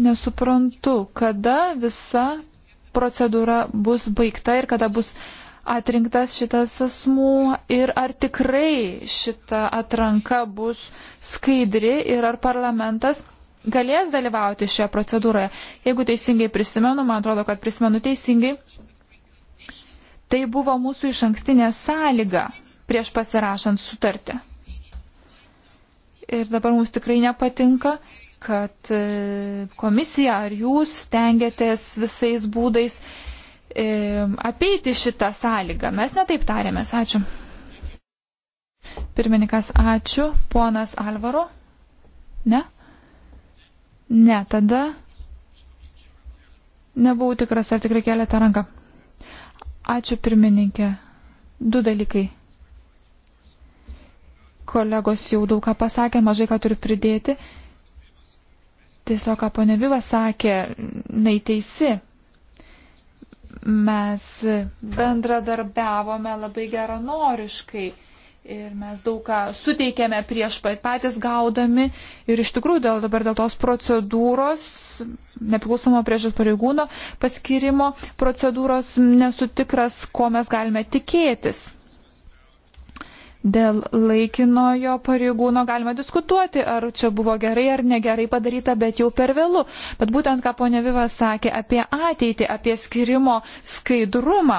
Nesuprantu, kada visa procedūra bus baigta ir kada bus atrinktas šitas asmuo ir ar tikrai šita atranka bus skaidri ir ar parlamentas galės dalyvauti šioje procedūroje. Jeigu teisingai prisimenu, man atrodo, kad prisimenu teisingai, tai buvo mūsų iš ankstinė sąlyga prieš pasirašant sutartį. Ir dabar mums tikrai nepatinka, kad e, komisija ar jūs stengiatės visais būdais E, apeiti šitą sąlygą. Mes netaip tarėmės. Ačiū. Pirmininkas, ačiū. Ponas Alvaro? Ne? Ne, tada. Nebuvau tikras, ar tikrai keliate ranką. Ačiū pirmininkė. Du dalykai. Kolegos jau daug ką pasakė, mažai ką turiu pridėti. Tiesiog, ką ponė Viva sakė, nai teisi mes bendradarbiavome labai geranoriškai ir mes daug ką suteikėme prieš patys gaudami ir iš tikrųjų dėl, dabar dėl tos procedūros, nepriklausomo priežiūros pareigūno paskirimo procedūros nesu tikras, ko mes galime tikėtis. Dėl laikinojo pareigūno galima diskutuoti, ar čia buvo gerai ar negerai padaryta, bet jau per vėlų. Bet būtent, ką ponė Vivas sakė, apie ateitį, apie skirimo skaidrumą.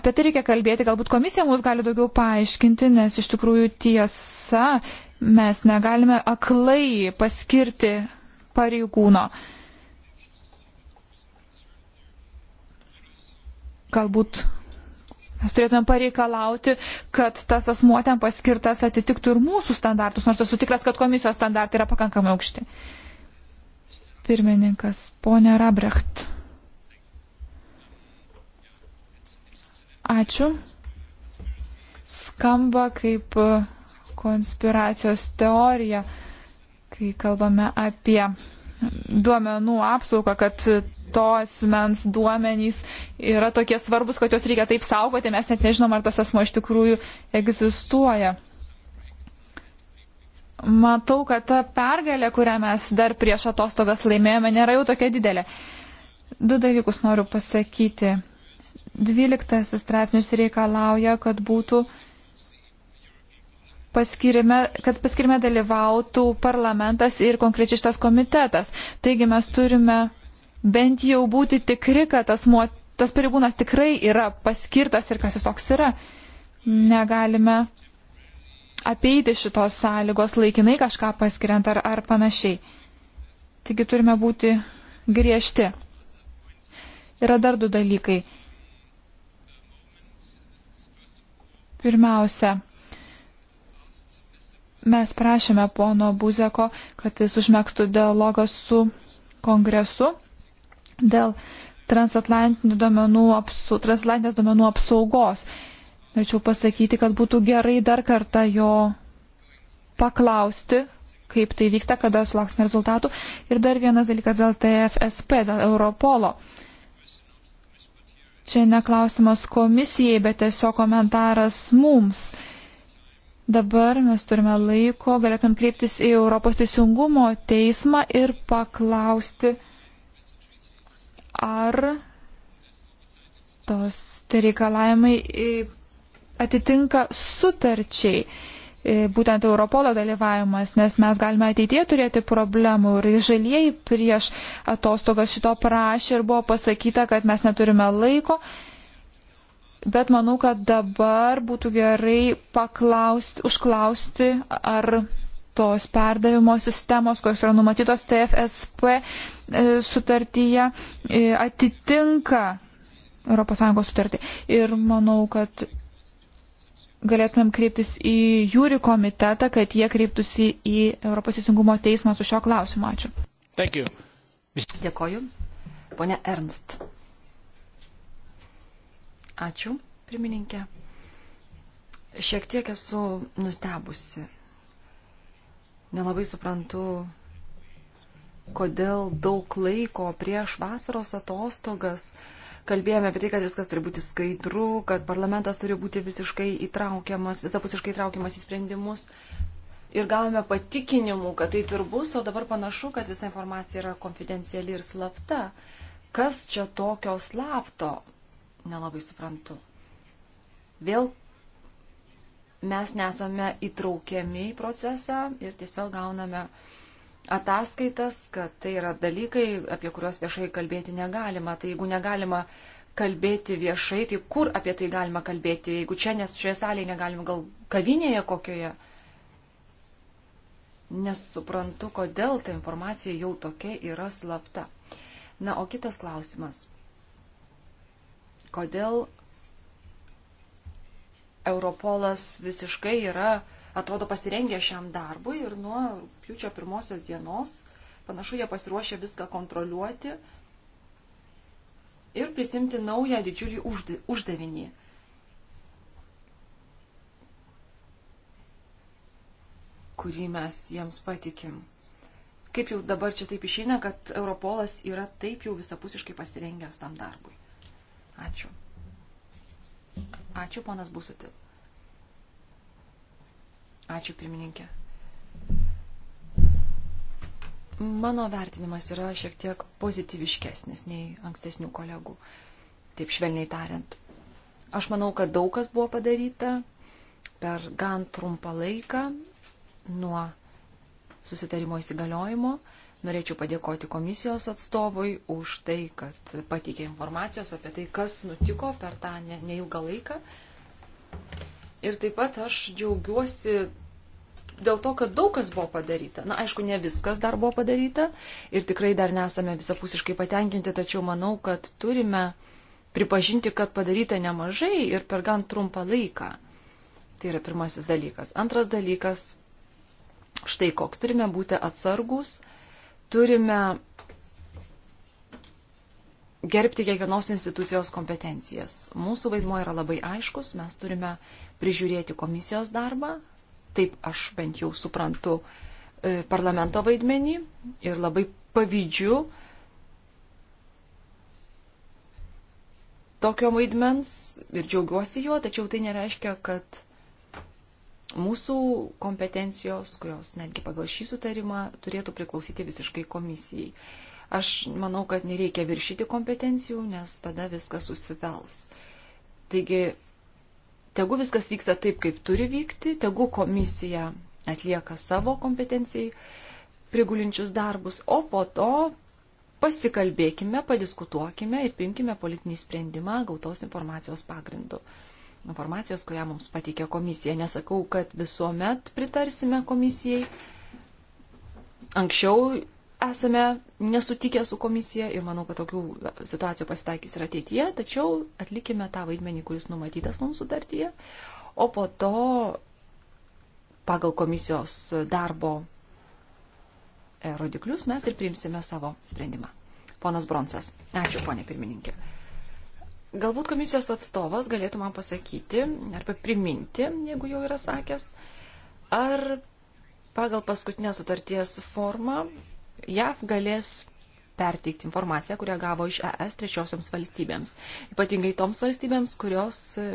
Apie tai reikia kalbėti, galbūt komisija mums gali daugiau paaiškinti, nes iš tikrųjų tiesa, mes negalime aklai paskirti pareigūno. Galbūt Mes turėtume pareikalauti, kad tas asmuo ten paskirtas atitiktų ir mūsų standartus, nors esu tikras, kad komisijos standartai yra pakankamai aukšti. Pirmininkas, ponė Rabrecht. Ačiū. Skamba kaip konspiracijos teorija, kai kalbame apie duomenų apsaugą, kad kitos mens duomenys yra tokie svarbus, kad juos reikia taip saugoti, mes net nežinom, ar tas asmo iš tikrųjų egzistuoja. Matau, kad ta pergalė, kurią mes dar prieš atostogas laimėjome, nėra jau tokia didelė. Du dalykus noriu pasakyti. Dvyliktasis straipsnis reikalauja, kad būtų paskirime, kad paskirime dalyvautų parlamentas ir konkrečiai šitas komitetas. Taigi mes turime bent jau būti tikri, kad tas, mo, tas pareigūnas tikrai yra paskirtas ir kas jis toks yra. Negalime apeiti šitos sąlygos laikinai kažką paskiriant ar, ar panašiai. Taigi turime būti griežti. Yra dar du dalykai. Pirmiausia, mes prašėme pono Buzeko, kad jis užmėgstų dialogą su kongresu dėl transatlantinių duomenų, apsu, transatlantinės duomenų apsaugos. Norėčiau pasakyti, kad būtų gerai dar kartą jo paklausti, kaip tai vyksta, kada sulauksime rezultatų. Ir dar vienas dalykas dėl TFSP, dėl Europolo. Čia neklausimas komisijai, bet tiesiog komentaras mums. Dabar mes turime laiko, galėtum kreiptis į Europos teisingumo teismą ir paklausti ar tos tai reikalavimai e, atitinka sutarčiai e, būtent Europolo dalyvavimas, nes mes galime ateitie turėti problemų. Ir žalieji prieš atostogas šito prašė ir buvo pasakyta, kad mes neturime laiko. Bet manau, kad dabar būtų gerai paklausti, užklausti, ar tos perdavimo sistemos, kurios yra numatytos TFSP e, sutartyje, e, atitinka ES sutartį. Ir manau, kad galėtumėm kreiptis į jūrių komitetą, kad jie kreiptųsi į Europos įsingumo teismą su šio klausimu. Ačiū. Dėkoju. Pone Ernst. Ačiū, pirmininkė. Šiek tiek esu nustebusi Nelabai suprantu, kodėl daug laiko prieš vasaros atostogas kalbėjome apie tai, kad viskas turi būti skaidru, kad parlamentas turi būti visiškai įtraukiamas, visapusiškai įtraukiamas į sprendimus. Ir gavome patikinimų, kad taip ir bus, o dabar panašu, kad visa informacija yra konfidenciali ir slapta. Kas čia tokio slapto? Nelabai suprantu. Vėl mes nesame įtraukiami į procesą ir tiesiog gauname ataskaitas, kad tai yra dalykai, apie kuriuos viešai kalbėti negalima. Tai jeigu negalima kalbėti viešai, tai kur apie tai galima kalbėti, jeigu čia, nes šioje salėje negalima, gal kavinėje kokioje. Nesuprantu, kodėl ta informacija jau tokia yra slapta. Na, o kitas klausimas. Kodėl Europolas visiškai yra, atrodo, pasirengę šiam darbui ir nuo rūpiučio pirmosios dienos panašu jie pasiruošę viską kontroliuoti ir prisimti naują didžiulį uždavinį. kurį mes jiems patikim. Kaip jau dabar čia taip išeina, kad Europolas yra taip jau visapusiškai pasirengęs tam darbui. Ačiū. Ačiū, ponas Busutil. Ačiū, pirmininkė. Mano vertinimas yra šiek tiek pozityviškesnis nei ankstesnių kolegų, taip švelniai tariant. Aš manau, kad daug kas buvo padaryta per gan trumpą laiką nuo susitarimo įsigaliojimo. Norėčiau padėkoti komisijos atstovui už tai, kad pateikė informacijos apie tai, kas nutiko per tą neilgą laiką. Ir taip pat aš džiaugiuosi dėl to, kad daug kas buvo padaryta. Na, aišku, ne viskas dar buvo padaryta ir tikrai dar nesame visapusiškai patenkinti, tačiau manau, kad turime pripažinti, kad padaryta nemažai ir per gan trumpą laiką. Tai yra pirmasis dalykas. Antras dalykas, štai koks turime būti atsargus turime gerbti kiekvienos institucijos kompetencijas. Mūsų vaidmo yra labai aiškus, mes turime prižiūrėti komisijos darbą, taip aš bent jau suprantu e, parlamento vaidmenį ir labai pavydžiu tokio vaidmens ir džiaugiuosi juo, tačiau tai nereiškia, kad mūsų kompetencijos, kurios netgi pagal šį sutarimą turėtų priklausyti visiškai komisijai. Aš manau, kad nereikia viršyti kompetencijų, nes tada viskas susivels. Taigi, tegu viskas vyksta taip, kaip turi vykti, tegu komisija atlieka savo kompetencijai prigulinčius darbus, o po to pasikalbėkime, padiskutuokime ir priimkime politinį sprendimą gautos informacijos pagrindu informacijos, kurią mums pateikė komisija. Nesakau, kad visuomet pritarsime komisijai. Anksčiau esame nesutikę su komisija ir manau, kad tokių situacijų pasitaikys ir ateityje, tačiau atlikime tą vaidmenį, kuris numatytas mums sutartyje. O po to pagal komisijos darbo e, rodiklius mes ir priimsime savo sprendimą. Ponas Bronsas. Ačiū, ponė pirmininkė. Galbūt komisijos atstovas galėtų man pasakyti, arba priminti, jeigu jau yra sakęs, ar pagal paskutinę sutarties formą JAV galės perteikti informaciją, kurią gavo iš ES trečiosioms valstybėms. Ypatingai toms valstybėms, kurios e,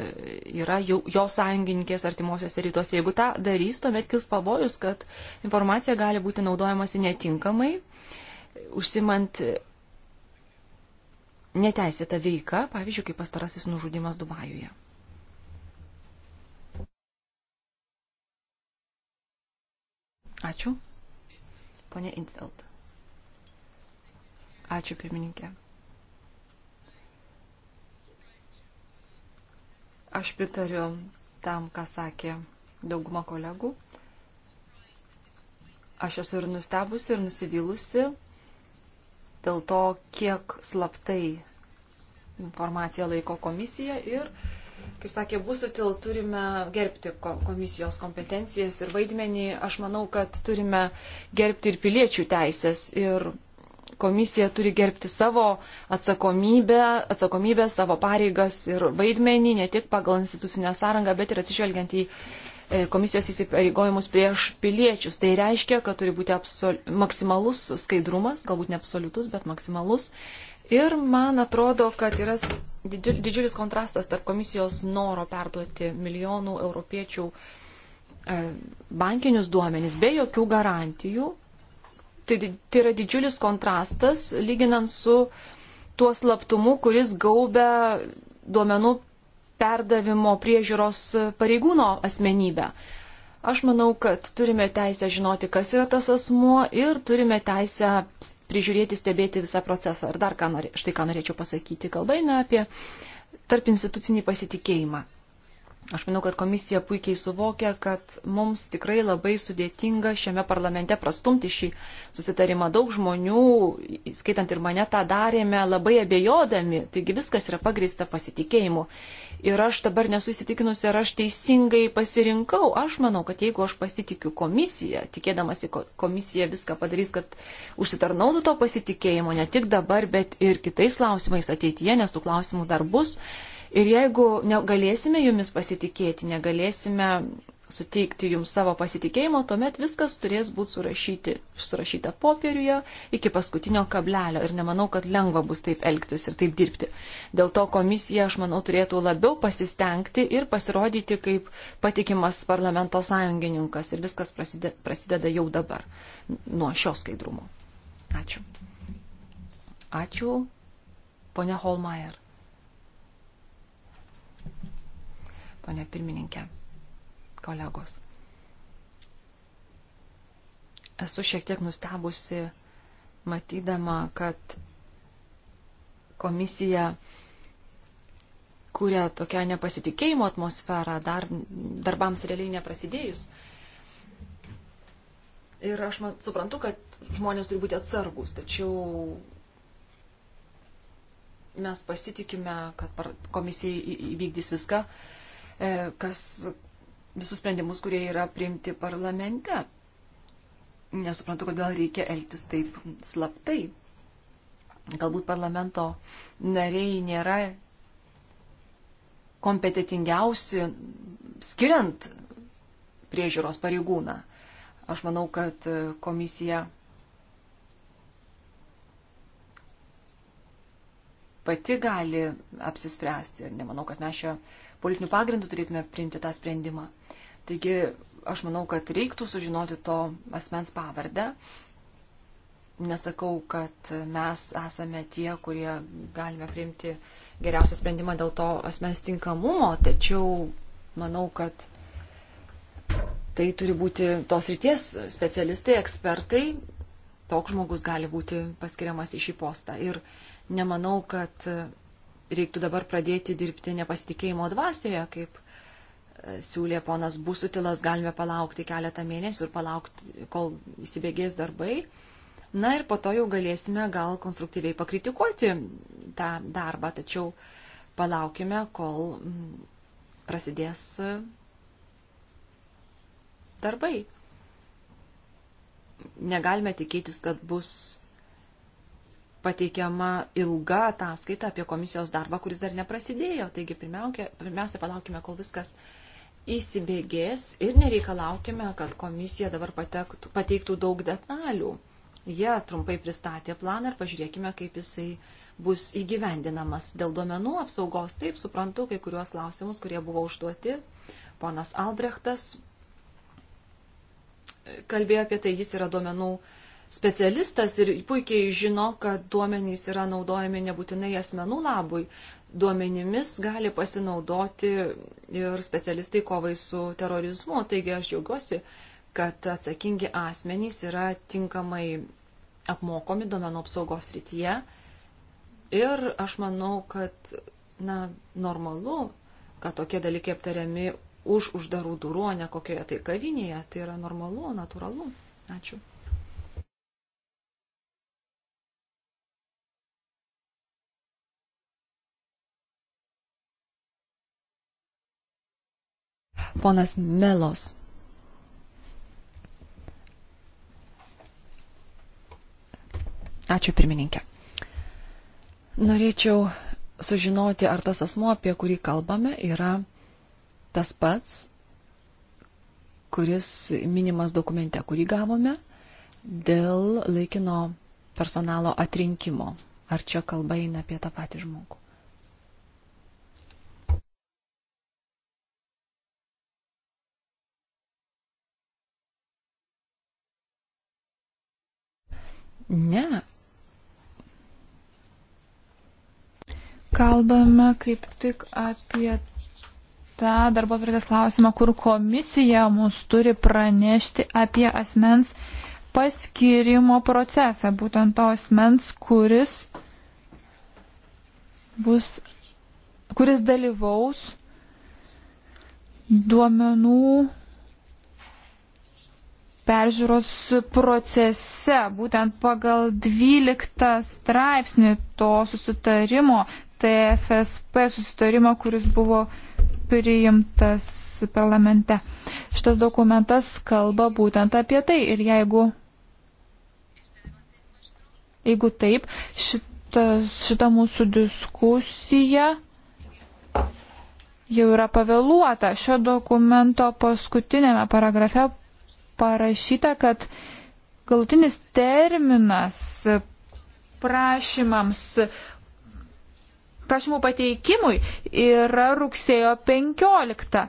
yra jau, jo sąjungininkės artimuosiuose rytuose. Jeigu tą darys, tuomet kils pavojus, kad informacija gali būti naudojamasi netinkamai, užsimant neteisėta veika, pavyzdžiui, kaip pastarasis nužudimas Dubajuje. Ačiū. Pone Intelt. Ačiū, pirmininkė. Aš pritariu tam, ką sakė dauguma kolegų. Aš esu ir nustebusi, ir nusivylusi dėl to, kiek slaptai informaciją laiko komisija ir, kaip sakė Busutil, turime gerbti komisijos kompetencijas ir vaidmenį. Aš manau, kad turime gerbti ir piliečių teisės ir komisija turi gerbti savo atsakomybę, atsakomybę savo pareigas ir vaidmenį, ne tik pagal institucinę sąrangą, bet ir atsižvelgiant į E, komisijos įsipareigojimus prieš piliečius. Tai reiškia, kad turi būti absol... maksimalus skaidrumas, galbūt ne absoliutus, bet maksimalus. Ir man atrodo, kad yra didžiulis kontrastas tarp komisijos noro perduoti milijonų europiečių e, bankinius duomenys be jokių garantijų. Tai, tai yra didžiulis kontrastas lyginant su tuo slaptumu, kuris gaubia duomenų perdavimo priežiūros pareigūno asmenybę. Aš manau, kad turime teisę žinoti, kas yra tas asmuo ir turime teisę prižiūrėti, stebėti visą procesą. Ir dar ką norė, štai ką norėčiau pasakyti, kalba eina apie tarp institucinį pasitikėjimą. Aš manau, kad komisija puikiai suvokia, kad mums tikrai labai sudėtinga šiame parlamente prastumti šį susitarimą. Daug žmonių, skaitant ir mane, tą darėme labai abejodami, taigi viskas yra pagrįsta pasitikėjimu ir aš dabar nesusitikinusi, ar aš teisingai pasirinkau. Aš manau, kad jeigu aš pasitikiu komisiją, tikėdamasi komisija viską padarys, kad užsitarnautų to pasitikėjimo ne tik dabar, bet ir kitais klausimais ateityje, nes tų klausimų dar bus. Ir jeigu negalėsime jumis pasitikėti, negalėsime suteikti jums savo pasitikėjimo, tuomet viskas turės būti surašyti, surašyta popieriuje iki paskutinio kablelio. Ir nemanau, kad lengva bus taip elgtis ir taip dirbti. Dėl to komisija, aš manau, turėtų labiau pasistengti ir pasirodyti kaip patikimas parlamento sąjungininkas. Ir viskas prasideda, prasideda jau dabar nuo šio skaidrumo. Ačiū. Ačiū, ponia Holmeier. Pone pirmininkė kolegos. Esu šiek tiek nustebusi, matydama, kad komisija kūrė tokią nepasitikėjimo atmosferą dar, darbams realiai neprasidėjus. Ir aš man, suprantu, kad žmonės turi būti atsargus, tačiau mes pasitikime, kad komisija įvykdys viską, e, kas, visus sprendimus, kurie yra priimti parlamente. Nesuprantu, kodėl reikia elgtis taip slaptai. Galbūt parlamento nariai nėra kompetitingiausi skiriant priežiūros pareigūną. Aš manau, kad komisija pati gali apsispręsti. Nemanau, kad mes čia šio politinių pagrindų turėtume priimti tą sprendimą. Taigi aš manau, kad reiktų sužinoti to asmens pavardę. Nesakau, kad mes esame tie, kurie galime priimti geriausią sprendimą dėl to asmens tinkamumo, tačiau manau, kad tai turi būti tos ryties specialistai, ekspertai, toks žmogus gali būti paskiriamas į šį postą. Ir nemanau, kad reiktų dabar pradėti dirbti nepasitikėjimo dvasioje, kaip e, siūlė ponas Busutilas, galime palaukti keletą mėnesių ir palaukti, kol įsibėgės darbai. Na ir po to jau galėsime gal konstruktyviai pakritikuoti tą darbą, tačiau palaukime, kol mm, prasidės e, darbai. Negalime tikėtis, kad bus pateikiama ilga ataskaita apie komisijos darbą, kuris dar neprasidėjo. Taigi pirmiausia, palaukime, kol viskas įsibėgės ir nereikalaukime, kad komisija dabar patektų, pateiktų daug detalių. Jie trumpai pristatė planą ir pažiūrėkime, kaip jisai bus įgyvendinamas. Dėl duomenų apsaugos taip suprantu kai kuriuos klausimus, kurie buvo užduoti. Ponas Albrechtas kalbėjo apie tai, jis yra duomenų specialistas ir puikiai žino, kad duomenys yra naudojami nebūtinai asmenų labui. Duomenimis gali pasinaudoti ir specialistai kovai su terorizmu. Taigi aš jaugiuosi, kad atsakingi asmenys yra tinkamai apmokomi duomenų apsaugos rytyje. Ir aš manau, kad na, normalu, kad tokie dalykai aptariami už uždarų durų, o ne kokioje tai kavinėje. Tai yra normalu, natūralu. Ačiū. Ponas Melos. Ačiū pirmininkė. Norėčiau sužinoti, ar tas asmo, apie kurį kalbame, yra tas pats, kuris minimas dokumente, kurį gavome dėl laikino personalo atrinkimo. Ar čia kalba eina apie tą patį žmogų? Ne. Kalbame kaip tik apie tą darbo atvarkės klausimą, kur komisija mus turi pranešti apie asmens paskirimo procesą, būtent to asmens, kuris bus, kuris dalyvaus duomenų peržiūros procese, būtent pagal 12 straipsnį to susitarimo, TFSP susitarimo, kuris buvo priimtas parlamente. Šitas dokumentas kalba būtent apie tai ir jeigu, jeigu taip, šita, šita mūsų diskusija jau yra pavėluota. Šio dokumento paskutinėme paragrafe parašyta, kad galutinis terminas prašymams, prašymų pateikimui yra rugsėjo 15.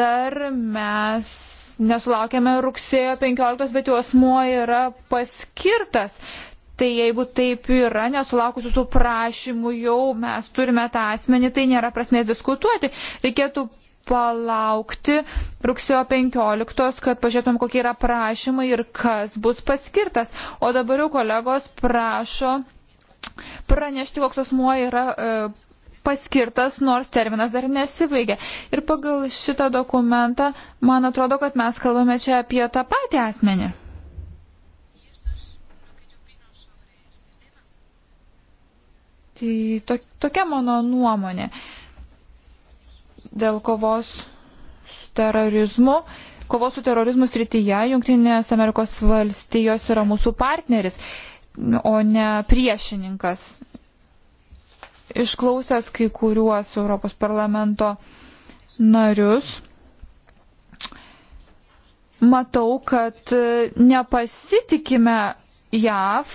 Dar mes nesulaukėme rugsėjo 15, bet jau asmuo yra paskirtas. Tai jeigu taip yra, nesulaukus jūsų prašymų jau mes turime tą asmenį, tai nėra prasmės diskutuoti. Reikėtų palaukti rugsėjo 15, kad pažiūrėtum, kokie yra prašymai ir kas bus paskirtas. O dabar jau kolegos prašo pranešti, koks asmuo yra e, paskirtas, nors terminas dar nesibaigė. Ir pagal šitą dokumentą, man atrodo, kad mes kalbame čia apie tą patį asmenį. Tai to, tokia mano nuomonė. Uh, dėl kovos su terorizmu. Kovos su terorizmu srityje Junktinės Amerikos valstijos yra mūsų partneris, o ne priešininkas. Išklausęs kai kuriuos Europos parlamento narius, matau, kad nepasitikime JAV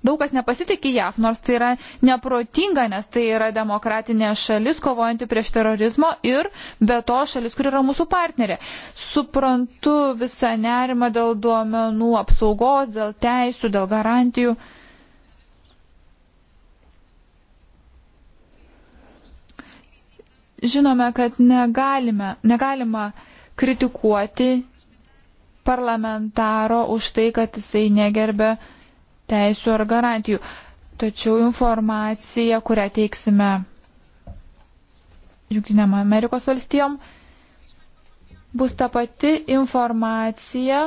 Daug kas nepasitikė JAF, nors tai yra neprotinga, nes tai yra demokratinė šalis, kovojanti prieš terorizmo ir be to šalis, kur yra mūsų partnerė. Suprantu visą nerimą dėl duomenų apsaugos, dėl teisų, dėl garantijų. Žinome, kad negalime, negalima kritikuoti parlamentaro už tai, kad jisai negerbė teisų ar garantijų. Tačiau informacija, kurią teiksime Junktinėm Amerikos valstijom, bus ta pati informacija,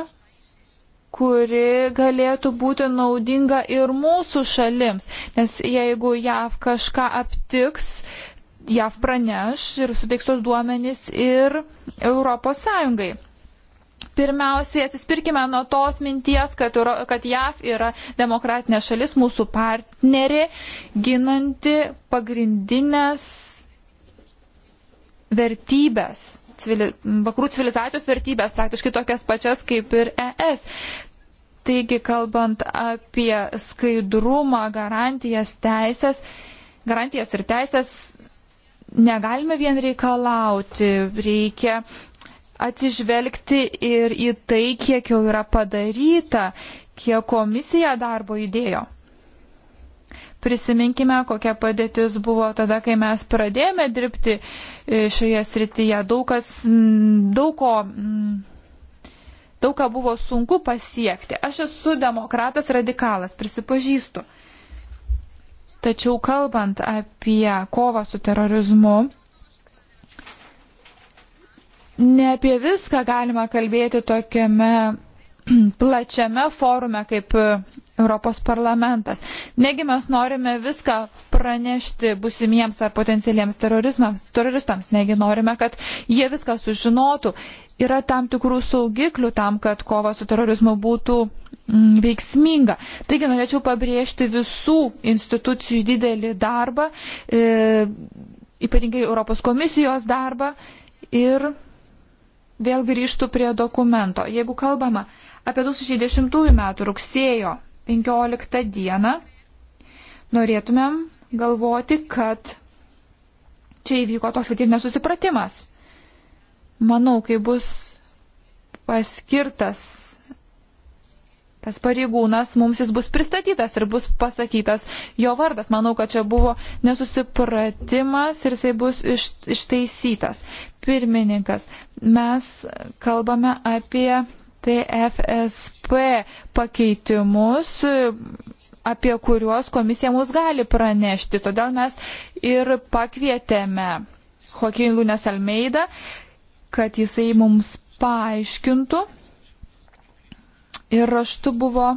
kuri galėtų būti naudinga ir mūsų šalims. Nes jeigu JAV kažką aptiks, JAV praneš ir suteiks tos duomenys ir Europos Sąjungai pirmiausiai atsispirkime nuo tos minties, kad, Euro, kad JAV yra demokratinė šalis, mūsų partnerė, ginanti pagrindinės vertybės, civili, vakarų civilizacijos vertybės, praktiškai tokias pačias kaip ir ES. Taigi, kalbant apie skaidrumą, garantijas, teisės, garantijas ir teisės, negalime vien reikalauti, reikia atsižvelgti ir į tai, kiek jau yra padaryta, kiek komisija darbo įdėjo. Prisiminkime, kokia padėtis buvo tada, kai mes pradėjome dirbti e, šioje srityje. Daug, kas, daug, ko, daug ką buvo sunku pasiekti. Aš esu demokratas radikalas, prisipažįstu. Tačiau kalbant apie kovą su terorizmu, ne apie viską galima kalbėti tokiame plačiame forume kaip e, Europos parlamentas. Negi mes norime viską pranešti busimiems ar potencialiems teroristams, negi norime, kad jie viską sužinotų. Yra tam tikrų saugiklių tam, kad kova su terorizmu būtų mm, veiksminga. Taigi norėčiau pabrėžti visų institucijų didelį darbą, e, ypatingai Europos komisijos darbą ir vėl grįžtų prie dokumento. Jeigu kalbama apie 2010 metų rugsėjo 15 dieną, norėtumėm galvoti, kad čia įvyko toks kaip ir nesusipratimas. Manau, kai bus paskirtas tas pareigūnas mums jis bus pristatytas ir bus pasakytas jo vardas. Manau, kad čia buvo nesusipratimas ir jisai bus iš, ištaisytas. Pirmininkas, mes kalbame apie TFSP pakeitimus, apie kuriuos komisija mus gali pranešti. Todėl mes ir pakvietėme Joaquin Lunes Almeidą, kad jisai mums paaiškintų, ir raštu buvo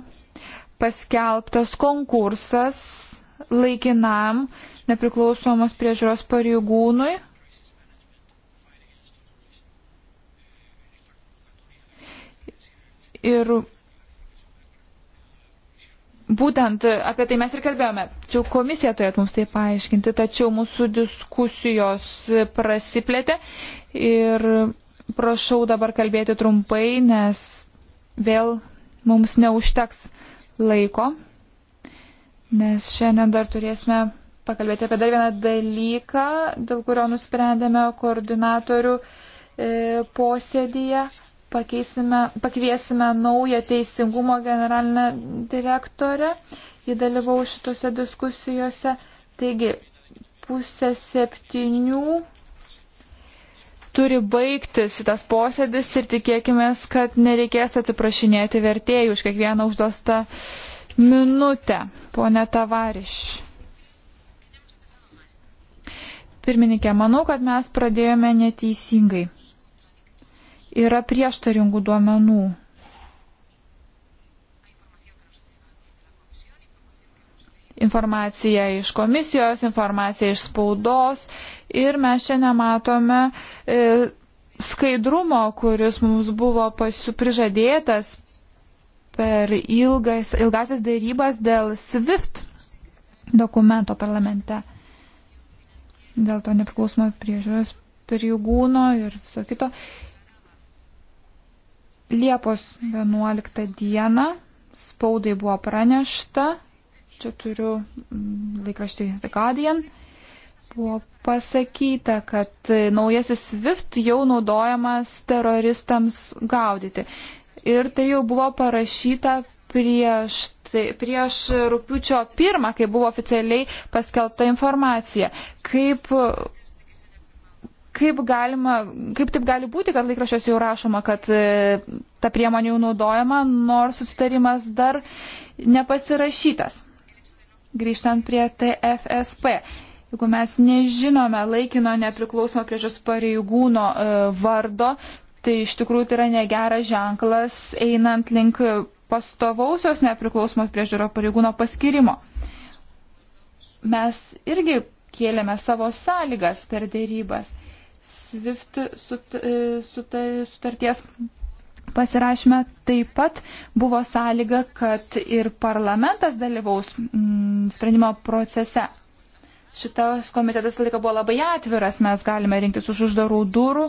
paskelbtas konkursas laikinam nepriklausomos priežiūros pareigūnui. Ir būtent apie tai mes ir kalbėjome. Čia komisija turėtų mums tai paaiškinti, tačiau mūsų diskusijos prasiplėtė ir prašau dabar kalbėti trumpai, nes vėl mums neužteks laiko, nes šiandien dar turėsime pakalbėti apie dar vieną dalyką, dėl kurio nusprendėme koordinatorių e, posėdėje. Pakviesime naują teisingumo generalinę direktorę. Ji dalyvau šitose diskusijose. Taigi, pusę septynių turi baigti šitas posėdis ir tikėkime, kad nereikės atsiprašinėti vertėjų už kiekvieną užduostą minutę. Pone Tavariš. Pirmininkė, manau, kad mes pradėjome neteisingai. Yra prieštaringų duomenų. informaciją iš komisijos, informaciją iš spaudos ir mes šiandien matome e, skaidrumo, kuris mums buvo prižadėtas per ilgas, ilgasis dėrybas dėl SWIFT dokumento parlamente. Dėl to nepriklausomo priežiūros pareigūno ir viso kito. Liepos 11 dieną spaudai buvo pranešta, čia turiu mm, laikraštį The Guardian, buvo pasakyta, kad e, naujasis SWIFT jau naudojamas teroristams gaudyti. Ir tai jau buvo parašyta prieš, tai, prieš rūpiučio pirmą, kai buvo oficialiai paskelbta informacija. Kaip, kaip, galima, kaip taip gali būti, kad laikrašiuose jau rašoma, kad e, ta priemonė jau naudojama, nors susitarimas dar nepasirašytas grįžtant prie TFSP. Jeigu mes nežinome laikino nepriklausomo priežos pareigūno e, vardo, tai iš tikrųjų tai yra negeras ženklas einant link pastovausios nepriklausomos priežiūro pareigūno paskirimo. Mes irgi kėlėme savo sąlygas per dėrybas. SWIFT sut, e, sut, sutarties pasirašyme taip pat buvo sąlyga, kad ir parlamentas dalyvaus mm, sprendimo procese. Šitas komitetas laiką buvo labai atviras, mes galime rinktis už uždarų durų,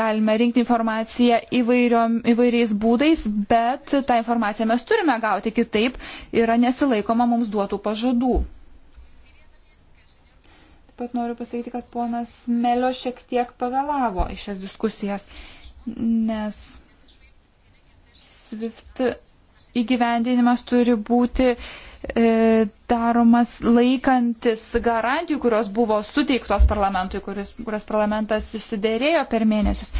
galime rinkti informaciją įvairiom, įvairiais būdais, bet tą informaciją mes turime gauti kitaip, yra nesilaikoma mums duotų pažadų. Taip pat noriu pasakyti, kad ponas Melio šiek tiek pavėlavo į šias diskusijas, nes SWIFT įgyvendinimas turi būti e, daromas laikantis garantijų, kurios buvo suteiktos parlamentui, kuris, kurias parlamentas išsiderėjo per mėnesius.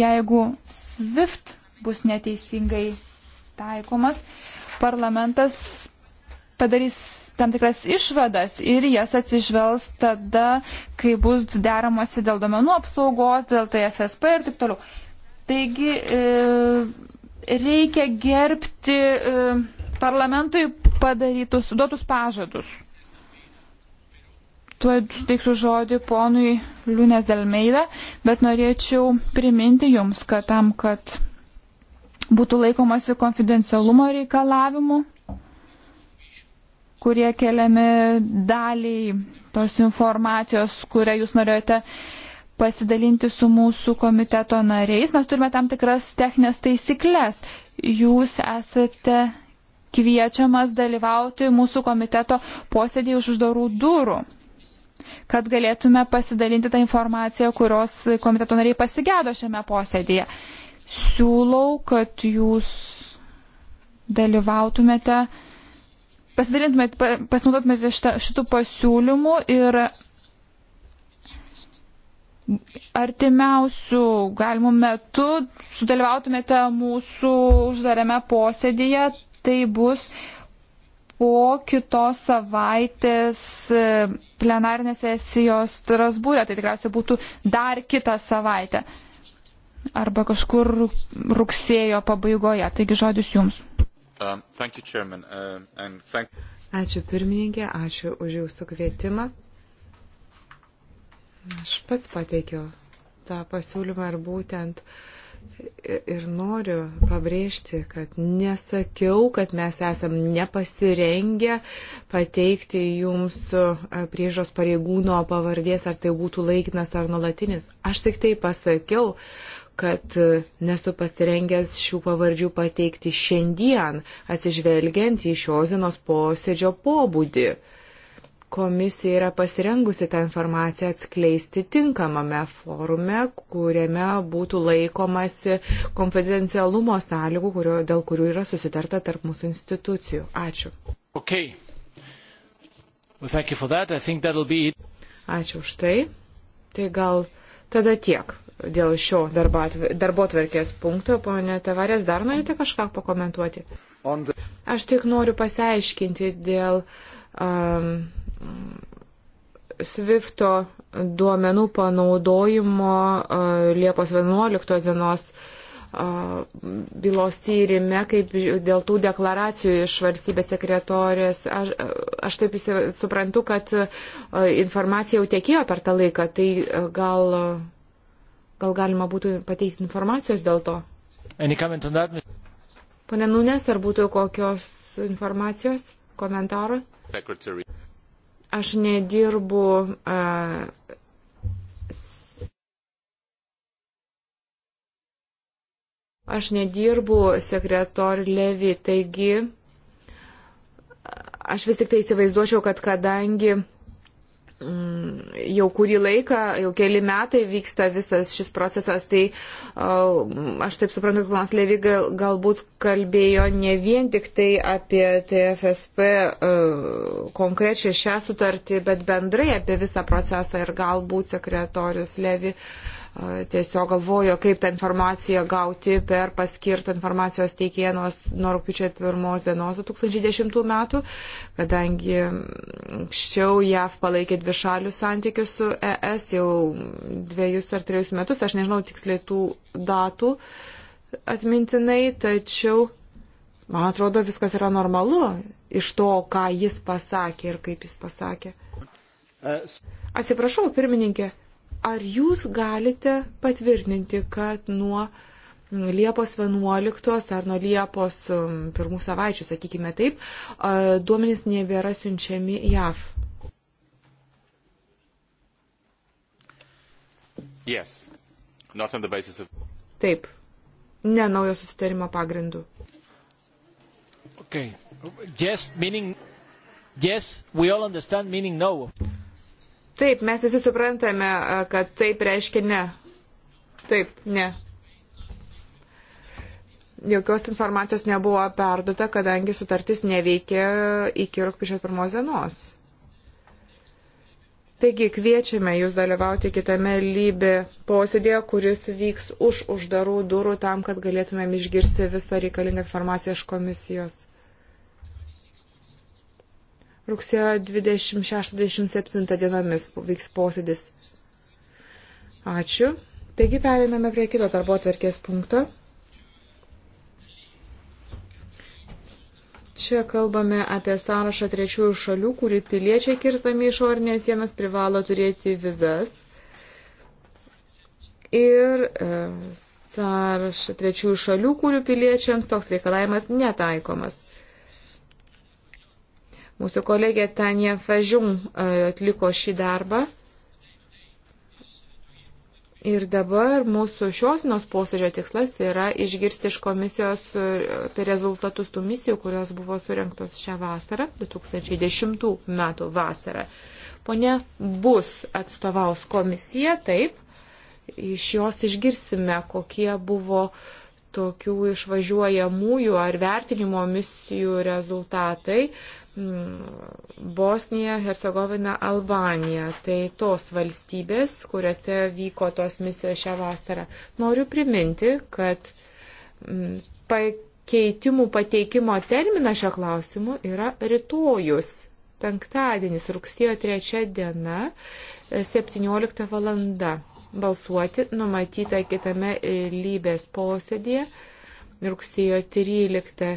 Jeigu SWIFT bus neteisingai taikomas, parlamentas padarys tam tikras išvadas ir jas atsižvelgs tada, kai bus deramasi dėl domenų apsaugos, dėl TFSP ir taip toliau. Taigi, e, reikia gerbti e, parlamentui padarytus, duotus pažadus. Tuoj suteiksiu žodį ponui Liūnės Delmeida, bet norėčiau priminti jums, kad tam, kad būtų laikomasi konfidencialumo reikalavimų, kurie keliami daliai tos informacijos, kurią jūs norėjote uh, pasidalinti su mūsų komiteto nariais. Mes turime tam tikras techninės taisyklės. Jūs esate kviečiamas dalyvauti mūsų komiteto posėdėje už uždarų durų kad galėtume pasidalinti tą informaciją, kurios komiteto nariai pasigėdo šiame posėdėje. Siūlau, kad jūs dalyvautumėte, pasidalintumėte, pasinaudotumėte šitų pasiūlymų ir artimiausių galimų metų sudalyvautumėte mūsų uždarėme posėdėje. Tai bus po kitos savaitės e, plenarinės sesijos Strasbūrė, tai tikriausiai būtų dar kitą savaitę arba kažkur rugsėjo pabaigoje. Taigi žodis jums. Uh, you, Chairman, uh, thank... Ačiū pirmininkė, ačiū už jūsų kvietimą. Aš pats pateikiau tą pasiūlymą ir būtent ir noriu pabrėžti, kad nesakiau, kad mes esam nepasirengę pateikti jums e, priežos pareigūno pavardės, ar tai būtų laikinas ar nulatinis. Aš tik tai pasakiau, kad e, nesu pasirengęs šių pavardžių pateikti šiandien, atsižvelgiant į šios dienos posėdžio pobūdį komisija yra pasirengusi tą informaciją atskleisti tinkamame forume, kuriame būtų laikomasi konfidencialumo sąlygų, kurio, dėl kurių yra susitarta tarp mūsų institucijų. Ačiū. Okay. Well, Ačiū už tai. Tai gal tada tiek dėl šio darbo atverkės punkto. Pone Tavarės, dar norite kažką pakomentuoti? Aš tik noriu pasiaiškinti dėl um, Svifto duomenų panaudojimo Liepos 11 dienos bylos tyrime, kaip dėl tų deklaracijų iš valstybės sekretorės. Aš, aš taip suprantu, kad informacija jau tiekėjo per tą laiką, tai gal, gal galima būtų pateikti informacijos dėl to. Pane Nunes, ar būtų kokios informacijos, komentarų? Aš nedirbu. Uh, Aš nedirbu sekretoriu Levi, taigi aš vis tik tai įsivaizduočiau, kad kadangi Mm, jau kurį laiką, jau keli metai vyksta visas šis procesas, tai aš taip suprantu, kad Lans Levy galbūt kalbėjo ne vien tik tai apie TFSP e, konkrečią šią sutartį, bet bendrai apie visą procesą ir galbūt sekretorius Levy. Uh, tiesiog galvojo, kaip tą informaciją gauti per paskirtą informacijos teikėją nuo, nuo rūpiučio 1 dienos 2010 metų, kadangi anksčiau JAV palaikė dvišalius santykius su ES jau dviejus ar trejus metus, aš nežinau tiksliai tų datų atmintinai, tačiau, man atrodo, viskas yra normalu iš to, ką jis pasakė ir kaip jis pasakė. E Atsiprašau, pirmininkė. Ar jūs galite patvirtinti, kad nuo Liepos 11 ar nuo Liepos um, pirmų savaičių, sakykime taip, duomenys nebėra siunčiami JAV? Yes. Not on the basis of... Taip. Ne naujo susitarimo pagrindu. Okay. Yes, meaning... Yes, we all understand meaning no. Taip, mes visi suprantame, kad taip reiškia ne. Taip, ne. Jokios informacijos nebuvo perduota, kadangi sutartis neveikė iki rūpiučio pirmos dienos. Taigi kviečiame jūs dalyvauti kitame lybė posėdėje, kuris vyks už uždarų durų tam, kad galėtumėm išgirsti visą reikalingą informaciją iš komisijos rugsėjo 26-27 dienomis vyks posėdis. Ačiū. Taigi periname prie kito darbo atverkės punkto. Čia kalbame apie sąrašą trečiųjų šalių, kurį piliečiai kirstami išorinės sienas privalo turėti vizas. Ir e, sąrašą trečiųjų šalių, kurių piliečiams toks reikalavimas netaikomas. Mūsų kolegė Tanja Fažum e, atliko šį darbą. Ir dabar mūsų šios nos posėdžio tikslas yra išgirsti iš komisijos e, apie rezultatus tų misijų, kurios buvo surinktos šią vasarą, 2010 metų vasarą. Pone bus atstovaus komisija, taip, iš jos išgirsime, kokie buvo tokių išvažiuojamųjų ar vertinimo misijų rezultatai. Uh, Mm, Bosnija, Hercegovina, Albanija. Tai tos valstybės, kuriuose vyko tos misijos šią vasarą. Noriu priminti, kad mm, pakeitimų pateikimo terminas šio klausimu yra rytojus, penktadienis, rugsėjo 3 diena, 17 valanda. Balsuoti numatyta kitame lybės posėdėje rugsėjo 13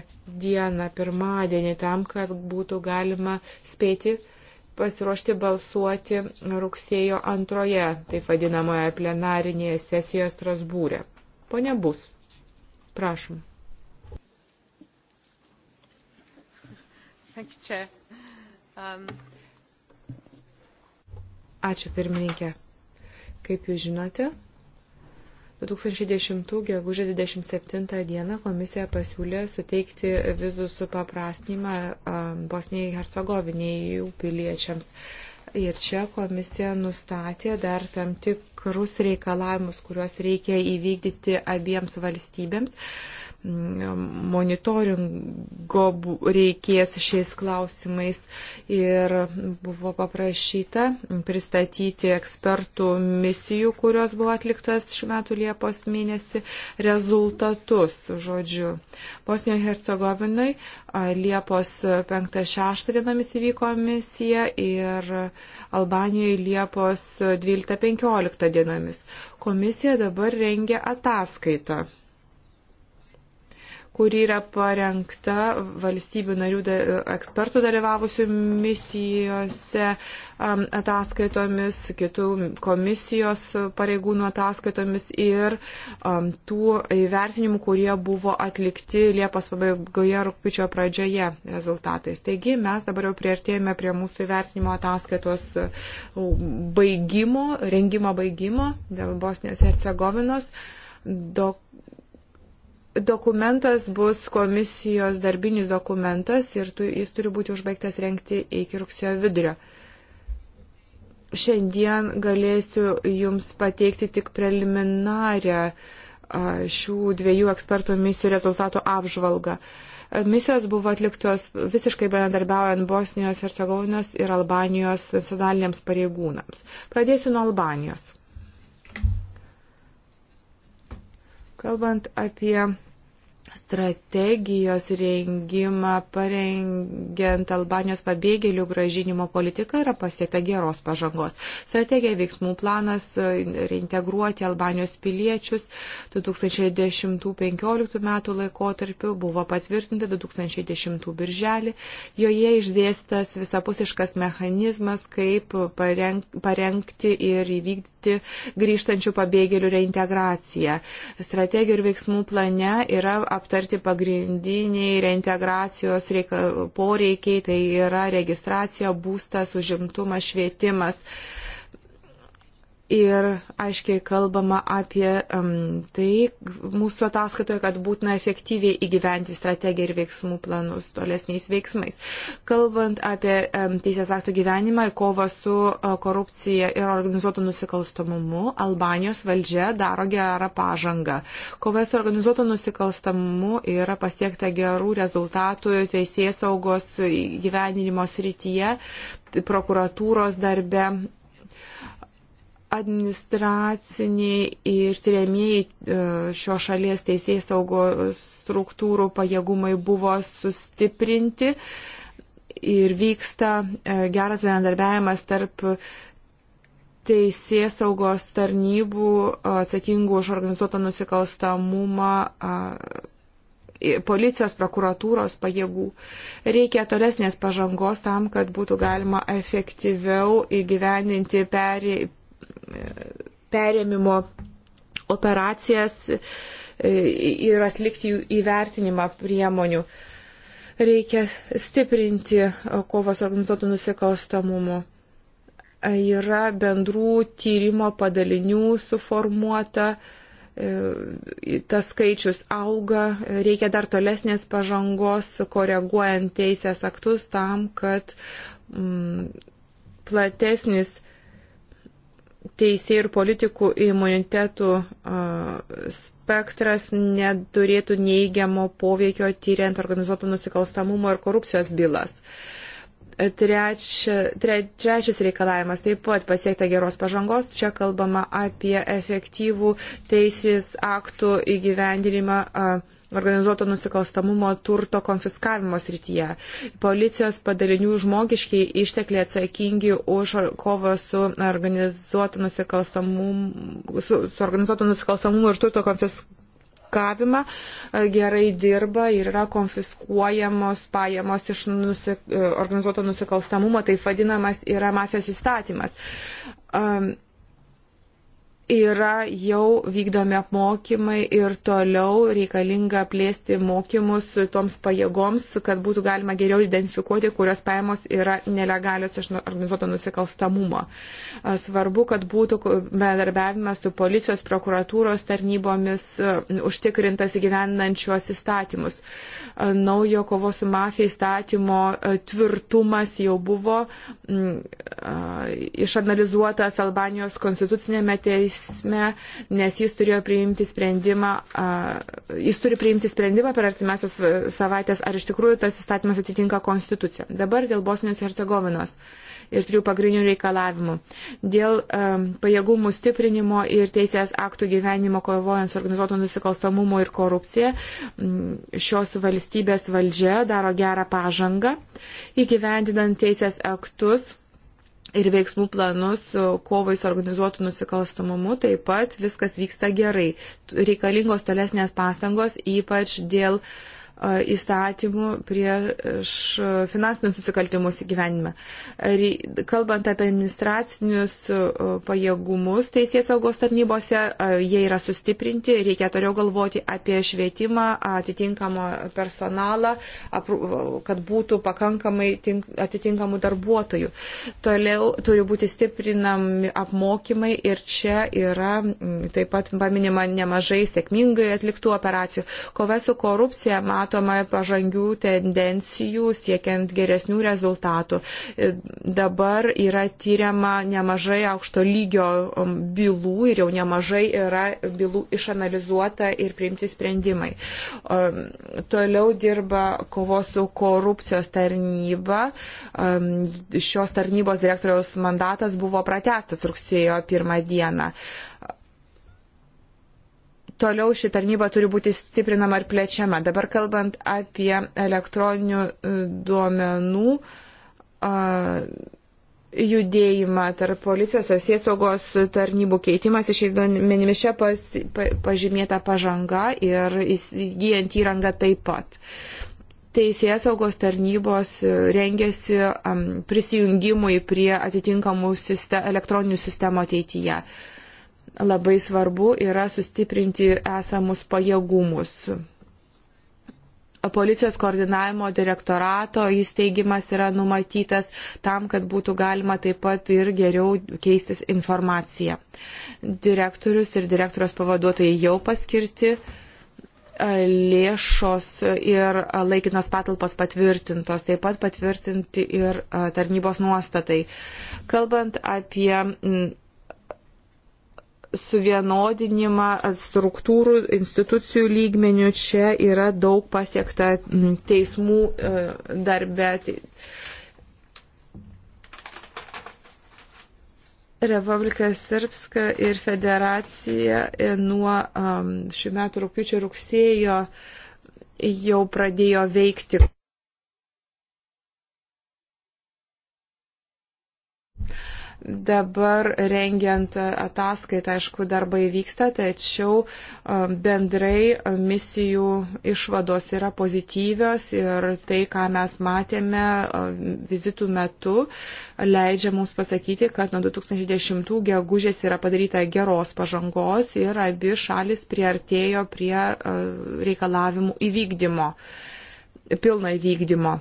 dieną, pirmadienį, tam, kad būtų galima spėti pasiruošti balsuoti rugsėjo antroje, taip vadinamoje plenarinėje sesijoje Strasbūrė. Pone Bus, prašom. Um, Ačiū pirmininkė. Kaip jūs žinote, 2010 gegužė 27 dieną komisija pasiūlė suteikti vizų supaprastinimą Bosnijai Hercegoviniai jų piliečiams. Ir čia komisija nustatė dar tam tikrus reikalavimus, kuriuos reikia įvykdyti abiems valstybėms. Uh, monitoringo reikės šiais klausimais ir buvo paprašyta pristatyti ekspertų misijų, kurios buvo atliktas šiuo metu Liepos mėnesį, rezultatus. Žodžiu, Bosnijoje Hercegovinai Liepos 5-6 dienomis įvyko misija ir Albanijoje Liepos 12-15 dienomis. Komisija dabar rengia ataskaitą kuri yra parengta valstybių narių ekspertų dalyvavusių misijose um, ataskaitomis, kitų komisijos pareigūnų ataskaitomis ir um, tų įvertinimų, kurie buvo atlikti Liepos pabaigoje, rūpiučio pradžioje rezultatais. Taigi mes dabar jau prieartėjome prie mūsų įvertinimo ataskaitos uh, baigimo, rengimo baigimo dėl Bosnijos ir Hercegovinos. Dok Dokumentas bus komisijos darbinis dokumentas ir tu, jis turi būti užbaigtas renkti iki rugsėjo vidurio. Šiandien galėsiu Jums pateikti tik preliminarią šių dviejų ekspertų misijų rezultatų apžvalgą. Misijos buvo atliktos visiškai bendradarbiaujant Bosnijos, Hercegovinos ir Albanijos nacionaliniams pareigūnams. Pradėsiu nuo Albanijos. Kalbant apie strategijos rengimą, parengiant Albanijos pabėgėlių gražinimo politiką yra pasiekta geros pažangos. Strategija veiksmų planas e, reintegruoti Albanijos piliečius 2010-2015 metų laikotarpiu buvo patvirtinta 2010 birželį. Joje išdėstas visapusiškas mechanizmas, kaip parengti ir įvykdyti grįžtančių pabėgėlių reintegraciją. Strategijų ir veiksmų plane yra aptarti pagrindiniai reintegracijos reika, poreikiai, tai yra registracija, būstas, užimtumas, švietimas. Uh, ir aiškiai kalbama apie um, tai mūsų ataskaitoje, kad būtina efektyviai įgyventi strategiją ir veiksmų planus tolesniais veiksmais. Kalbant apie um, teisės aktų gyvenimą, kovą su uh, korupcija ir organizuotų nusikalstamumu, Albanijos valdžia daro gerą pažangą. Kova su organizuotų nusikalstamumu yra pasiekta gerų rezultatų teisės saugos gyvenimo srityje, prokuratūros darbe administraciniai ir tyriamieji šios šalies teisėjai saugos struktūrų pajėgumai buvo sustiprinti ir vyksta e, geras bendarbiavimas tarp teisės saugos tarnybų e, atsakingų už organizuotą nusikalstamumą e, policijos prokuratūros pajėgų. Reikia tolesnės pažangos tam, kad būtų galima efektyviau įgyvendinti perį perėmimo operacijas e, ir atlikti jų įvertinimą priemonių. Reikia stiprinti kovos organizuotų nusikalstamumu. Yra bendrų tyrimo padalinių suformuota, e, tas skaičius auga, reikia dar tolesnės pažangos, koreguojant teisės aktus tam, kad mm, platesnis teisėjų ir politikų imunitetų spektras neturėtų neįgiamo poveikio tyriant organizuoto nusikalstamumo ir korupcijos bylas. Trečia, tre, trečias reikalavimas taip pat pasiekta geros pažangos. Čia kalbama apie efektyvų teisės aktų įgyvendinimą. A, organizuoto nusikalstamumo turto konfiskavimo srityje. Policijos padalinių žmogiškiai ištekliai atsakingi už kovą su organizuoto nusikalstamumu, su, su organizuoto nusikalstamumu ir turto konfiskavimu konfiskavimą, e, gerai dirba ir yra konfiskuojamos pajamos iš nusik, e, organizuoto nusikalstamumo, tai vadinamas yra masės įstatymas. Um, yra jau vykdomi apmokymai ir toliau reikalinga plėsti mokymus toms pajėgoms, kad būtų galima geriau identifikuoti, kurios pajamos yra nelegalios iš organizuoto nusikalstamumo. Svarbu, kad būtų bendarbiavimas su policijos, prokuratūros tarnybomis užtikrintas įgyvendinančios įstatymus. Naujo kovos su mafija įstatymo tvirtumas jau buvo išanalizuotas Albanijos konstitucinėme teisėje teisme, nes jis turėjo priimti sprendimą, jis turi priimti sprendimą per artimiausias e, savaitės, ar iš tikrųjų tas įstatymas atitinka konstituciją. Dabar dėl Bosnijos Hercegovinos ir trijų pagrindinių reikalavimų. Dėl um, pajėgumų stiprinimo ir teisės aktų gyvenimo kovojant su organizuotų nusikalstamumu ir korupcija, šios valstybės valdžia daro gerą pažangą įgyvendinant teisės aktus ir veiksmų planus kovai su organizuotu nusikalstamumu, taip pat viskas vyksta gerai. Reikalingos tolesnės pastangos, ypač dėl uh, įstatymų prieš finansinius nusikaltimus įgyvenime. Kalbant apie administracinius pajėgumus teisės saugos tarnybose, jie yra sustiprinti, reikia toliau galvoti apie švietimą, atitinkamą personalą, kad būtų pakankamai atitinkamų darbuotojų. Toliau turi būti stiprinami apmokymai ir čia yra taip pat paminima nemažai sėkmingai atliktų operacijų. Kova su korupcija, man matome pažangių tendencijų siekiant geresnių rezultatų. E, dabar yra tyriama nemažai aukšto lygio um, bylų ir jau nemažai yra bylų išanalizuota ir priimti sprendimai. Um, toliau dirba kovos su korupcijos tarnyba. Um, šios tarnybos direktoriaus mandatas buvo pratestas rugsėjo pirmą dieną toliau ši tarnyba turi būti stiprinama ir plečiama. Dabar kalbant apie elektroninių e, duomenų judėjimą tarp policijos ir siesaugos tarnybų keitimas iš įdomenimis čia pas, pa, pažymėta pažanga ir įsigijant įrangą taip pat. Teisės saugos tarnybos rengiasi um, prisijungimui prie atitinkamų sistem, elektroninių sistemų ateityje. Uh, labai svarbu yra sustiprinti esamus pajėgumus. Policijos koordinavimo direktorato įsteigimas yra numatytas tam, kad būtų galima taip pat ir geriau keistis informaciją. Direktorius ir direktorios pavaduotojai jau paskirti lėšos ir laikinos patalpos patvirtintos, taip pat patvirtinti ir tarnybos nuostatai. Kalbant apie suvienodinimą struktūrų, institucijų lygmenių čia yra daug pasiekta teismų e, darbe. Republika Sirpska ir federacija e, nuo šių metų rūpiučio rugsėjo jau pradėjo veikti. Dabar rengiant ataskaitą, aišku, darbai vyksta, tačiau e, bendrai misijų išvados yra pozityvios ir tai, ką mes matėme e, vizitų metu, leidžia mums pasakyti, kad nuo 2010 gegužės yra padaryta geros pažangos ir abi šalis priartėjo prie e, reikalavimų įvykdymo, pilno įvykdymo.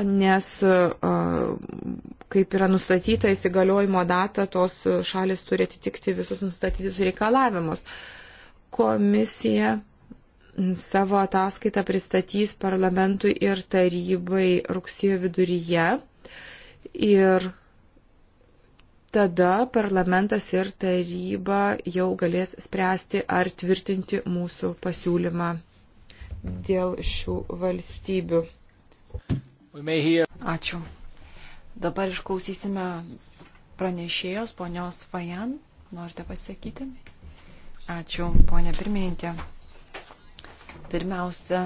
nes, kaip yra nustatyta įsigaliojimo data, tos šalis turi atitikti visus nustatytus reikalavimus. Komisija savo ataskaitą pristatys parlamentui ir tarybai rugsėjo viduryje. Ir tada parlamentas ir taryba jau galės spręsti ar tvirtinti mūsų pasiūlymą dėl šių valstybių. Ačiū. Dabar išklausysime pranešėjos ponios Fajan. Norite pasakyti? Ačiū, ponė pirmininkė. Pirmiausia,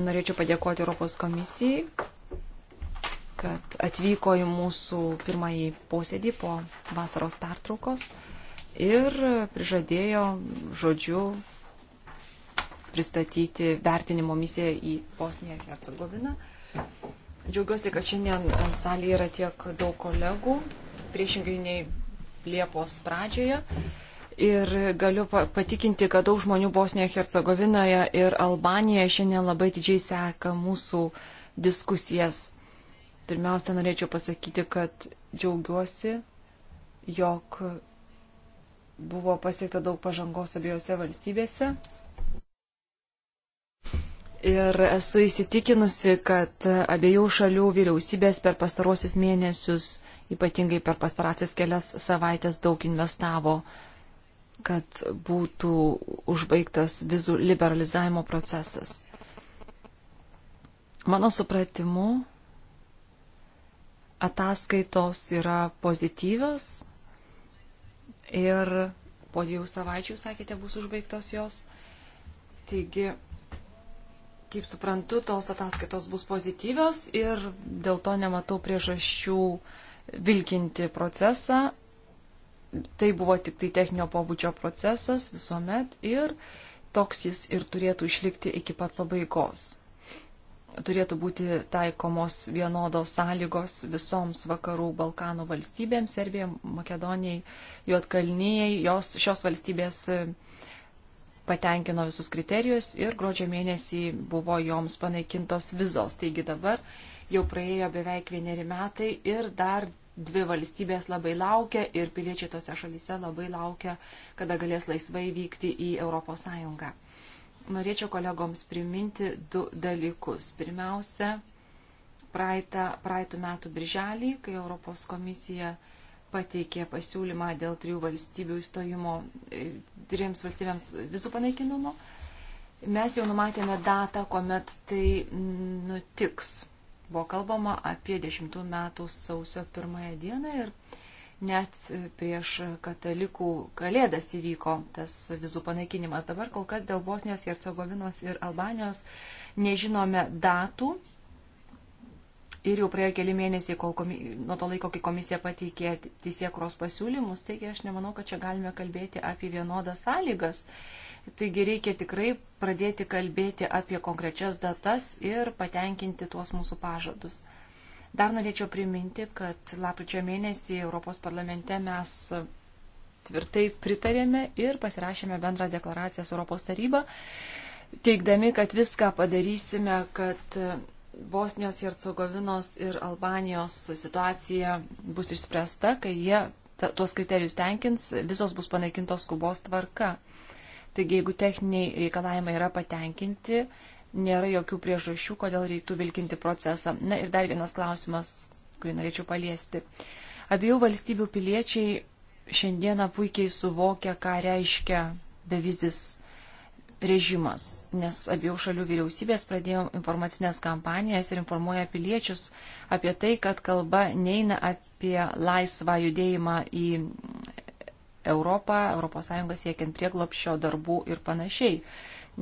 norėčiau padėkoti Europos komisijai, kad atvyko į mūsų pirmąjį posėdį po vasaros pertraukos ir prižadėjo žodžiu pristatyti vertinimo misiją į Bosniją ir Hercegoviną. Džiaugiuosi, kad šiandien e, salėje yra tiek daug kolegų, priešingai nei Liepos pradžioje. Ir galiu patikinti, kad daug žmonių Bosnijoje, Hercegovinoje ir Albanijoje šiandien labai didžiai seka mūsų diskusijas. Pirmiausia, norėčiau pasakyti, kad džiaugiuosi, jog buvo pasiekta daug pažangos abiejose valstybėse. Ir esu įsitikinusi, kad abiejų šalių vyriausybės per pastarosius mėnesius, ypatingai per pastarąsias kelias savaitės daug investavo, kad būtų užbaigtas vizų liberalizavimo procesas. Mano supratimu, ataskaitos yra pozityvios ir po dviejų savaičių, sakėte, bus užbaigtos jos. Taigi, Kaip suprantu, tos ataskaitos bus pozityvios ir dėl to nematau priežasčių vilkinti procesą. Tai buvo tik tai techninio pobūdžio procesas visuomet ir toks jis ir turėtų išlikti iki pat pabaigos. Turėtų būti taikomos vienodos sąlygos visoms vakarų Balkanų valstybėms - Serbijai, Makedonijai, Juotkalnyjai. Jos šios valstybės patenkino visus kriterijus ir gruodžio mėnesį buvo joms panaikintos vizos. Taigi dabar jau praėjo beveik vieneri metai ir dar dvi valstybės labai laukia ir piliečiai tose šalyse labai laukia, kada galės laisvai vykti į ES. Norėčiau kolegoms priminti du dalykus. Pirmiausia, praeitą, praeitų metų birželį, kai Europos komisija uh, pateikė pasiūlymą dėl trijų valstybių įstojimo, e, trims valstybėms visų panaikinumo. Mes jau numatėme datą, kuomet tai nutiks. Buvo kalbama apie 10 metų sausio pirmąją dieną ir net prieš katalikų kalėdas įvyko tas vizų panaikinimas. Dabar kol kas dėl Bosnijos, Hercegovinos ir Albanijos nežinome datų ir jau praėjo keli mėnesiai kol komi, nuo to laiko, kai komisija pateikė teisėkros pasiūlymus, taigi aš nemanau, kad čia galime kalbėti apie vienodas sąlygas. Taigi reikia tikrai pradėti kalbėti apie konkrečias datas ir patenkinti tuos mūsų pažadus. Dar norėčiau priminti, kad lapkričio mėnesį Europos parlamente mes tvirtai pritarėme ir pasirašėme bendrą deklaraciją su Europos taryba, teikdami, kad viską padarysime, kad Bosnijos, Hercegovinos ir Albanijos situacija bus išspręsta, kai jie tuos kriterijus tenkins, visos bus panaikintos skubos tvarka. Taigi, jeigu techniniai reikalavimai yra patenkinti, nėra jokių priežasčių, kodėl reiktų vilkinti procesą. Na ir dar vienas klausimas, kurį norėčiau paliesti. Abiejų valstybių piliečiai šiandieną puikiai suvokia, ką reiškia bevizis režimas, nes abiejų šalių vyriausybės pradėjo informacinės kampanijas ir informuoja piliečius apie tai, kad kalba neina apie laisvą judėjimą į Europą, ES siekiant prieglopšio darbų ir panašiai.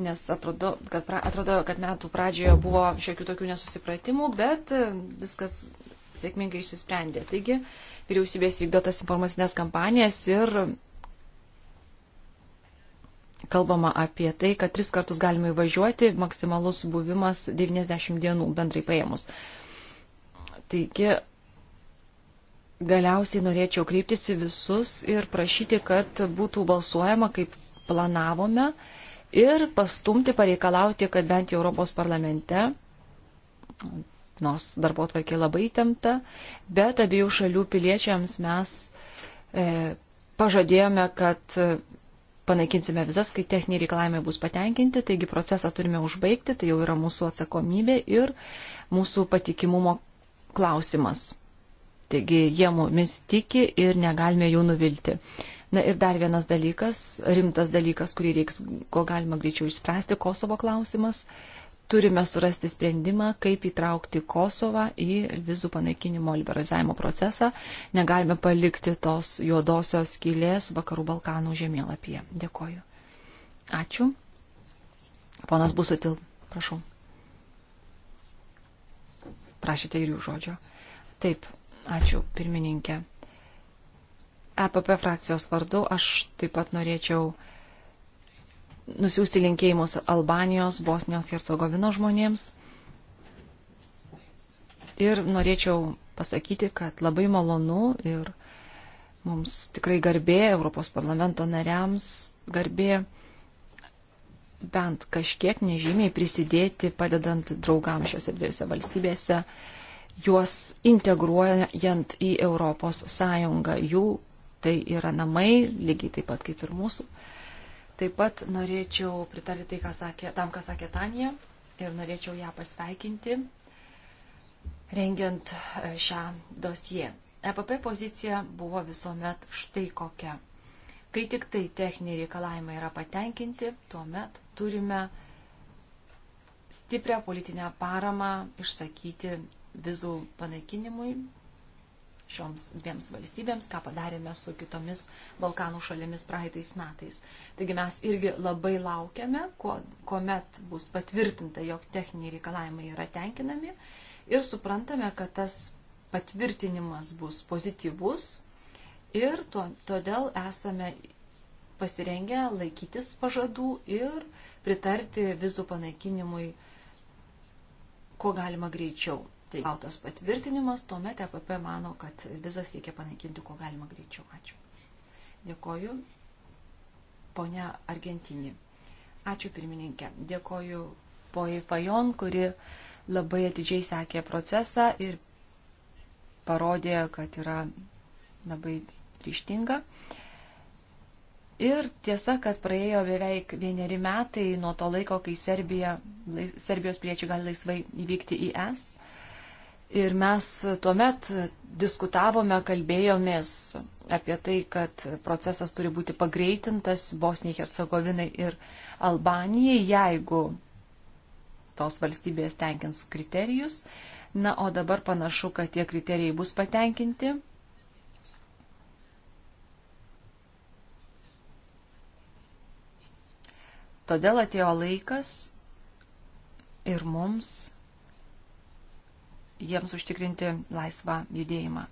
Nes atrodo, kad, pra, atrodo, kad metų pradžioje buvo šiokių tokių nesusipratimų, bet e, viskas sėkmingai išsisprendė. Taigi, vyriausybės vykdo tas informacinės kampanijas ir kalbama apie tai, kad tris kartus galima įvažiuoti, maksimalus buvimas 90 dienų bendrai paėmus. Taigi, galiausiai norėčiau kreiptis į visus ir prašyti, kad būtų balsuojama, kaip planavome, ir pastumti, pareikalauti, kad bent jau Europos parlamente, nors darbo atvarkė labai temta, bet abiejų šalių piliečiams mes e, pažadėjome, kad panaikinsime vizas, kai techniniai reikalavimai bus patenkinti, taigi procesą turime užbaigti, tai jau yra mūsų atsakomybė ir mūsų patikimumo klausimas. Taigi jie mumis tiki ir negalime jų nuvilti. Na ir dar vienas dalykas, rimtas dalykas, kurį reiks, ko galima greičiau išspręsti, Kosovo klausimas. Uh, turime surasti sprendimą, kaip įtraukti Kosovą į vizų panaikinimo liberalizavimo procesą. Negalime palikti tos juodosios skylės Vakarų Balkanų žemėlapyje. Dėkoju. Ačiū. Ponas Busutil, prašau. Prašėte ir jų žodžio. Taip, ačiū, pirmininkė. EPP frakcijos vardu aš taip pat norėčiau nusiųsti linkėjimus Albanijos, Bosnijos ir Cogovino žmonėms. Ir norėčiau pasakyti, kad labai malonu ir mums tikrai garbė, Europos parlamento nariams garbė bent kažkiek nežymiai prisidėti, padedant draugams šiuose dviejose valstybėse, juos integruojant į Europos Sąjungą. Jų tai yra namai, lygiai taip pat kaip ir mūsų. Uh, Taip pat norėčiau pritarti tai, ką sakė, tam, ką sakė Tanija ir norėčiau ją pasveikinti, rengiant e, šią dosiją. EPP pozicija buvo visuomet štai kokia. Kai tik tai techniniai reikalavimai yra patenkinti, tuomet turime stiprią politinę paramą išsakyti vizų panaikinimui, šioms dviems valstybėms, ką padarėme su kitomis Balkanų šalimis praeitais metais. Taigi mes irgi labai laukiame, kuomet bus patvirtinta, jog techniniai reikalavimai yra tenkinami ir suprantame, kad tas patvirtinimas bus pozityvus ir to, todėl esame pasirengę laikytis pažadų ir pritarti vizų panaikinimui kuo galima greičiau. Tai gautas patvirtinimas, tuomet EPP mano, kad vizas reikia panaikinti kuo galima greičiau. Ačiū. Dėkoju. Pone Argentinį. Ačiū pirmininkė. Dėkoju pojai Fajon, kuri labai atidžiai sekė procesą ir parodė, kad yra labai ryštinga. Ir tiesa, kad praėjo beveik vieneri metai nuo to laiko, kai Serbija, Serbijos piliečiai gali laisvai įvykti į ES. Ir mes tuomet diskutavome, kalbėjomės apie tai, kad procesas turi būti pagreitintas Bosnijai, Hercegovinai ir Albanijai, jeigu tos valstybės tenkins kriterijus. Na, o dabar panašu, kad tie kriterijai bus patenkinti. Todėl atėjo laikas ir mums jiems užtikrinti laisvą judėjimą.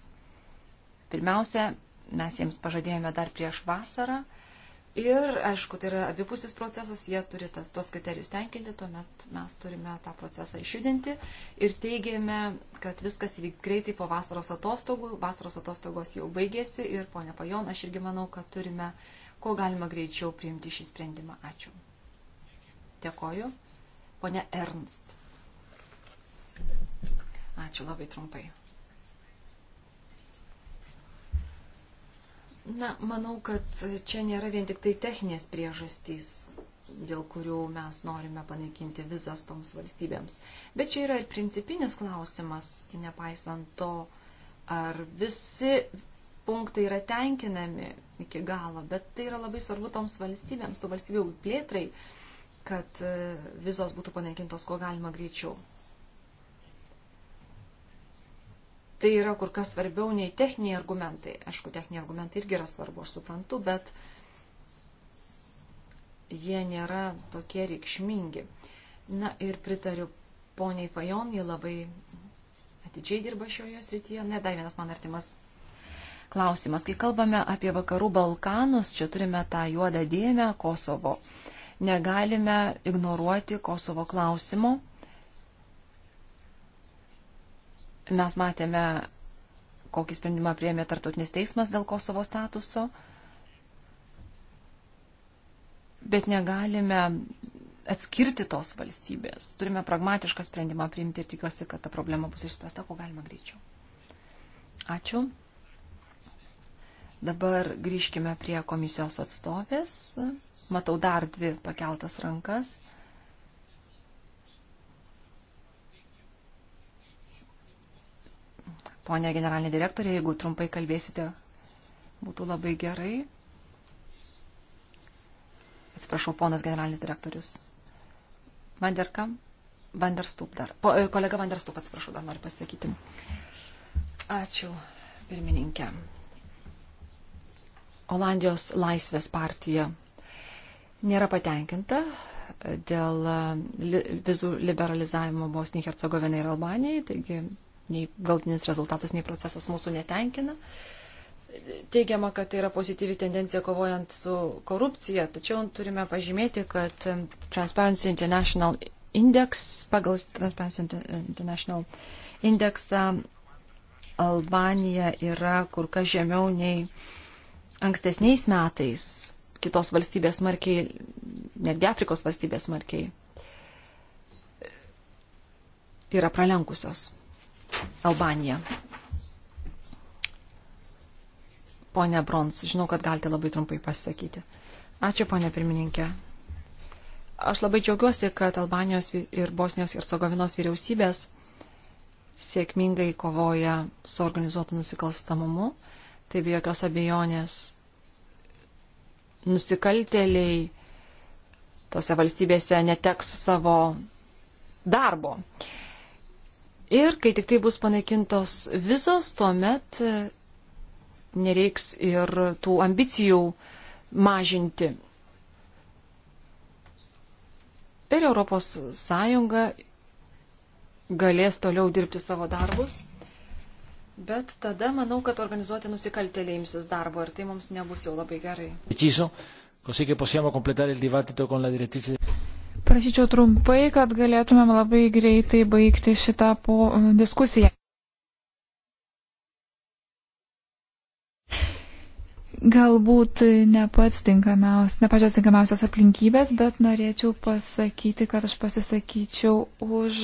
Pirmiausia, mes jiems pažadėjome dar prieš vasarą ir, aišku, tai yra abipusis procesas, jie turi tas, tos kriterijus tenkinti, tuomet mes turime tą procesą išjudinti ir teigėme, kad viskas įvyks greitai po vasaros atostogų, vasaros atostogos jau baigėsi ir, ponia Pajon, aš irgi manau, kad turime kuo galima greičiau priimti šį sprendimą. Ačiū. Dėkoju. Pone Ernst. Ačiū labai trumpai. Na, manau, kad čia nėra vien tik tai techninės priežastys, dėl kurių mes norime panaikinti vizas toms valstybėms. Bet čia yra ir principinis klausimas, nepaisant to, ar visi punktai yra tenkinami iki galo, bet tai yra labai svarbu toms valstybėms, tų valstybių plėtrai, kad vizos būtų panaikintos kuo galima greičiau. tai yra kur kas svarbiau nei techniniai argumentai. Aišku, techniniai argumentai irgi yra svarbu, aš suprantu, bet jie nėra tokie reikšmingi. Na ir pritariu poniai Fajon, jie labai atidžiai dirba šioje srityje. Na ir dar vienas man artimas klausimas. Kai kalbame apie vakarų Balkanus, čia turime tą juodą dėmę Kosovo. Negalime ignoruoti Kosovo klausimo Mes matėme, kokį sprendimą priėmė Tartutinis teismas dėl Kosovo statuso, bet negalime atskirti tos valstybės. Turime pragmatišką sprendimą priimti ir tikiuosi, kad ta problema bus išspręsta, kuo galima greičiau. Ačiū. Dabar grįžkime prie komisijos atstovės. Matau dar dvi pakeltas rankas. Pone generalinė direktorė, jeigu trumpai kalbėsite, būtų labai gerai. Atsiprašau, ponas generalinis direktorius. Vanderkam, Vanderstup dar. Po, e, kolega Vanderstup, atsiprašau, dar noriu pasakyti. Ačiū, pirmininkė. Olandijos laisvės partija nėra patenkinta dėl vizų liberalizavimo Bosnijai, Hercegovinai ir Albanijai, taigi nei galtinis rezultatas, nei procesas mūsų netenkina. Teigiama, kad tai yra pozityvi tendencija kovojant su korupcija, tačiau turime pažymėti, kad Transparency International Index, pagal Transparency International indeksą Albanija yra kur kas žemiau nei ankstesniais metais kitos valstybės smarkiai, netgi Afrikos valstybės smarkiai yra pralenkusios. Albanija. Pone Brons, žinau, kad galite labai trumpai pasakyti. Ačiū, ponė pirmininkė. Aš labai džiaugiuosi, kad Albanijos ir Bosnijos ir Sogovinos vyriausybės sėkmingai kovoja su organizuotu nusikalstamumu. Tai be jokios abejonės nusikaltėliai tose valstybėse neteks savo darbo. Uh, Ir kai tik tai bus panaikintos visos, tuomet e, nereiks ir tų ambicijų mažinti. Ir Europos Sąjunga galės toliau dirbti savo darbus. Bet tada manau, kad organizuoti nusikaltėliai imsis darbo ir tai mums nebus jau labai gerai. Preciso, così che possiamo completare il dibattito con la direttrice. Prašyčiau trumpai, kad galėtumėm labai greitai baigti šitą po diskusiją. Galbūt ne pats tinkamiausias, ne pačios tinkamiausias aplinkybės, bet norėčiau pasakyti, kad aš pasisakyčiau už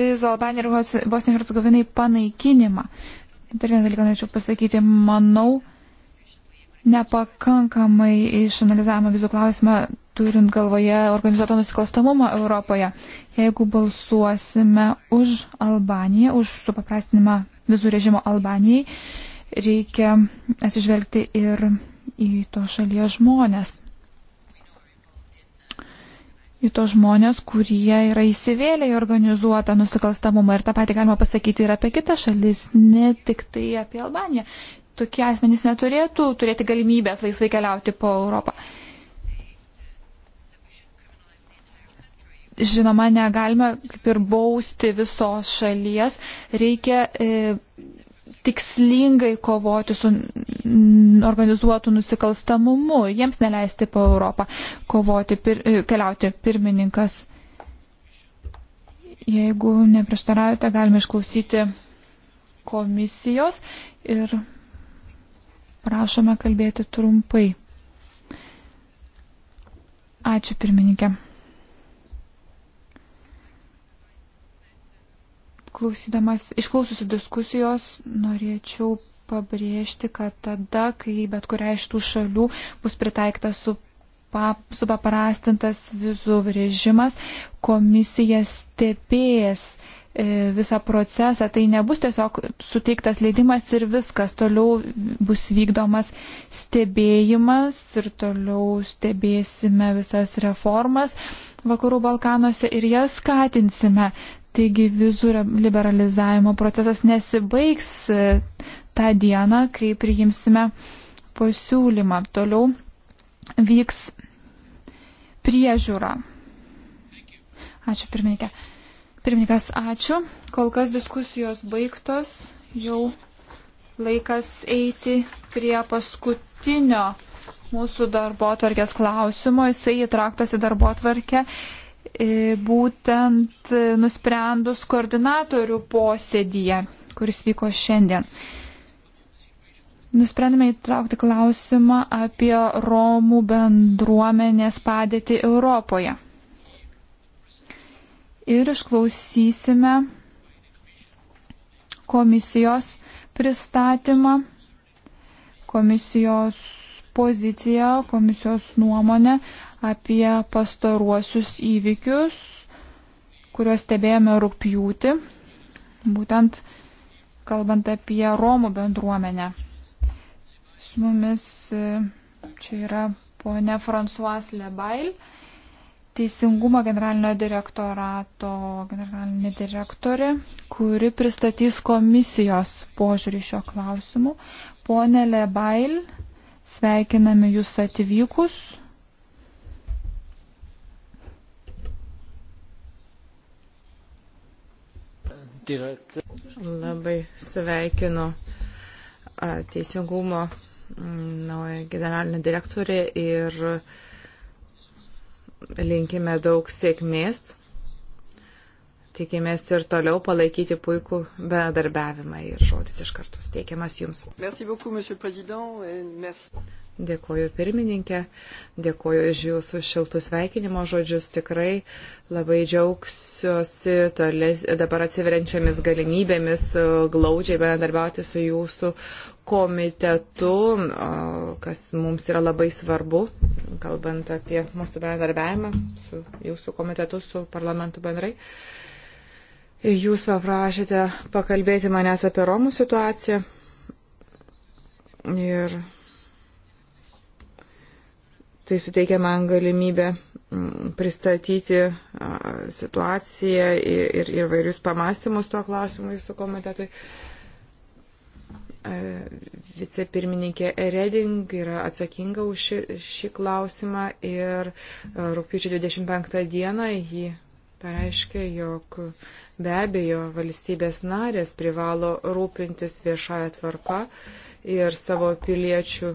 vizų Albanijai ir Bosnijai ir Hercegovinai panaikinimą. Dar vieną dalyką norėčiau pasakyti. Manau, nepakankamai išanalizavome vizų klausimą, turint galvoje organizuotą nusikalstamumą Europoje. Jeigu balsuosime už Albaniją, už supaprastinimą vizų režimo Albanijai, reikia atsižvelgti ir į to šalies žmonės. Į to žmonės, kurie yra įsivėlę į organizuotą nusikalstamumą. Ir tą patį galima pasakyti ir apie kitas šalis, ne tik tai apie Albaniją tokie asmenys neturėtų turėti galimybės laisvai keliauti po Europą. Žinoma, negalime kaip ir bausti visos šalies, reikia e, tikslingai kovoti su organizuotu nusikalstamumu, jiems neleisti po Europą kovoti, pir, e, keliauti pirmininkas. Jeigu neprieštaraujate, galime išklausyti komisijos ir Prašome kalbėti trumpai. Ačiū pirmininkė. Klausydamas, išklaususi diskusijos, norėčiau pabrėžti, kad tada, kai bet kuria iš tų šalių bus pritaiktas su supaprastintas vizų režimas, komisija stebės E, visą procesą. Tai nebus tiesiog suteiktas leidimas ir viskas. Toliau bus vykdomas stebėjimas ir toliau stebėsime visas reformas Vakarų Balkanuose ir jas skatinsime. Taigi vizų liberalizavimo procesas nesibaigs e, tą dieną, kai priimsime pasiūlymą. Toliau vyks priežiūra. Ačiū pirmininkė. Pirmininkas, ačiū. Kol kas diskusijos baigtos. Jau laikas eiti prie paskutinio mūsų darbo atvarkės klausimo. Jisai įtraktas į darbo atvarkę e, būtent nusprendus koordinatorių posėdyje, kuris vyko šiandien. Nusprendėme įtraukti klausimą apie Romų bendruomenės padėtį Europoje ir išklausysime komisijos pristatymą, komisijos poziciją, komisijos nuomonę apie pastaruosius įvykius, kuriuos stebėjome rūpjūti, būtent kalbant apie Romų bendruomenę. Su mumis e, čia yra ponia François Lebail, Teisingumo generalinio direktorato generalinė direktorė, kuri pristatys komisijos požiūrį šio klausimu. Pone Lebail, sveikiname Jūs atvykus. Labai sveikinu Teisingumo naują generalinę direktorę ir uh, linkime daug sėkmės. Tikimės ir toliau palaikyti puikų bendarbiavimą ir žodis iš karto suteikiamas Jums. Dėkoju pirmininkė, dėkoju iš Jūsų šiltus sveikinimo žodžius. Tikrai labai džiaugsiuosi tolės, dabar atsiveriančiamis galimybėmis glaudžiai bendarbiauti su Jūsų komitetu, kas mums yra labai svarbu, kalbant apie mūsų bendradarbiavimą su jūsų komitetu, su parlamentu bendrai. Jūs paprašėte pakalbėti manęs apie Romų situaciją. Ir tai suteikia man galimybę mm, pristatyti situaciją ir, ir, ir vairius pamastymus tuo klausimu jūsų komitetui. Uh, vicepirmininkė Reding yra atsakinga už šį, šį klausimą ir rūpiučio 25 dieną ji pareiškė, jog be abejo valstybės narės privalo rūpintis viešąją tvarką ir savo piliečių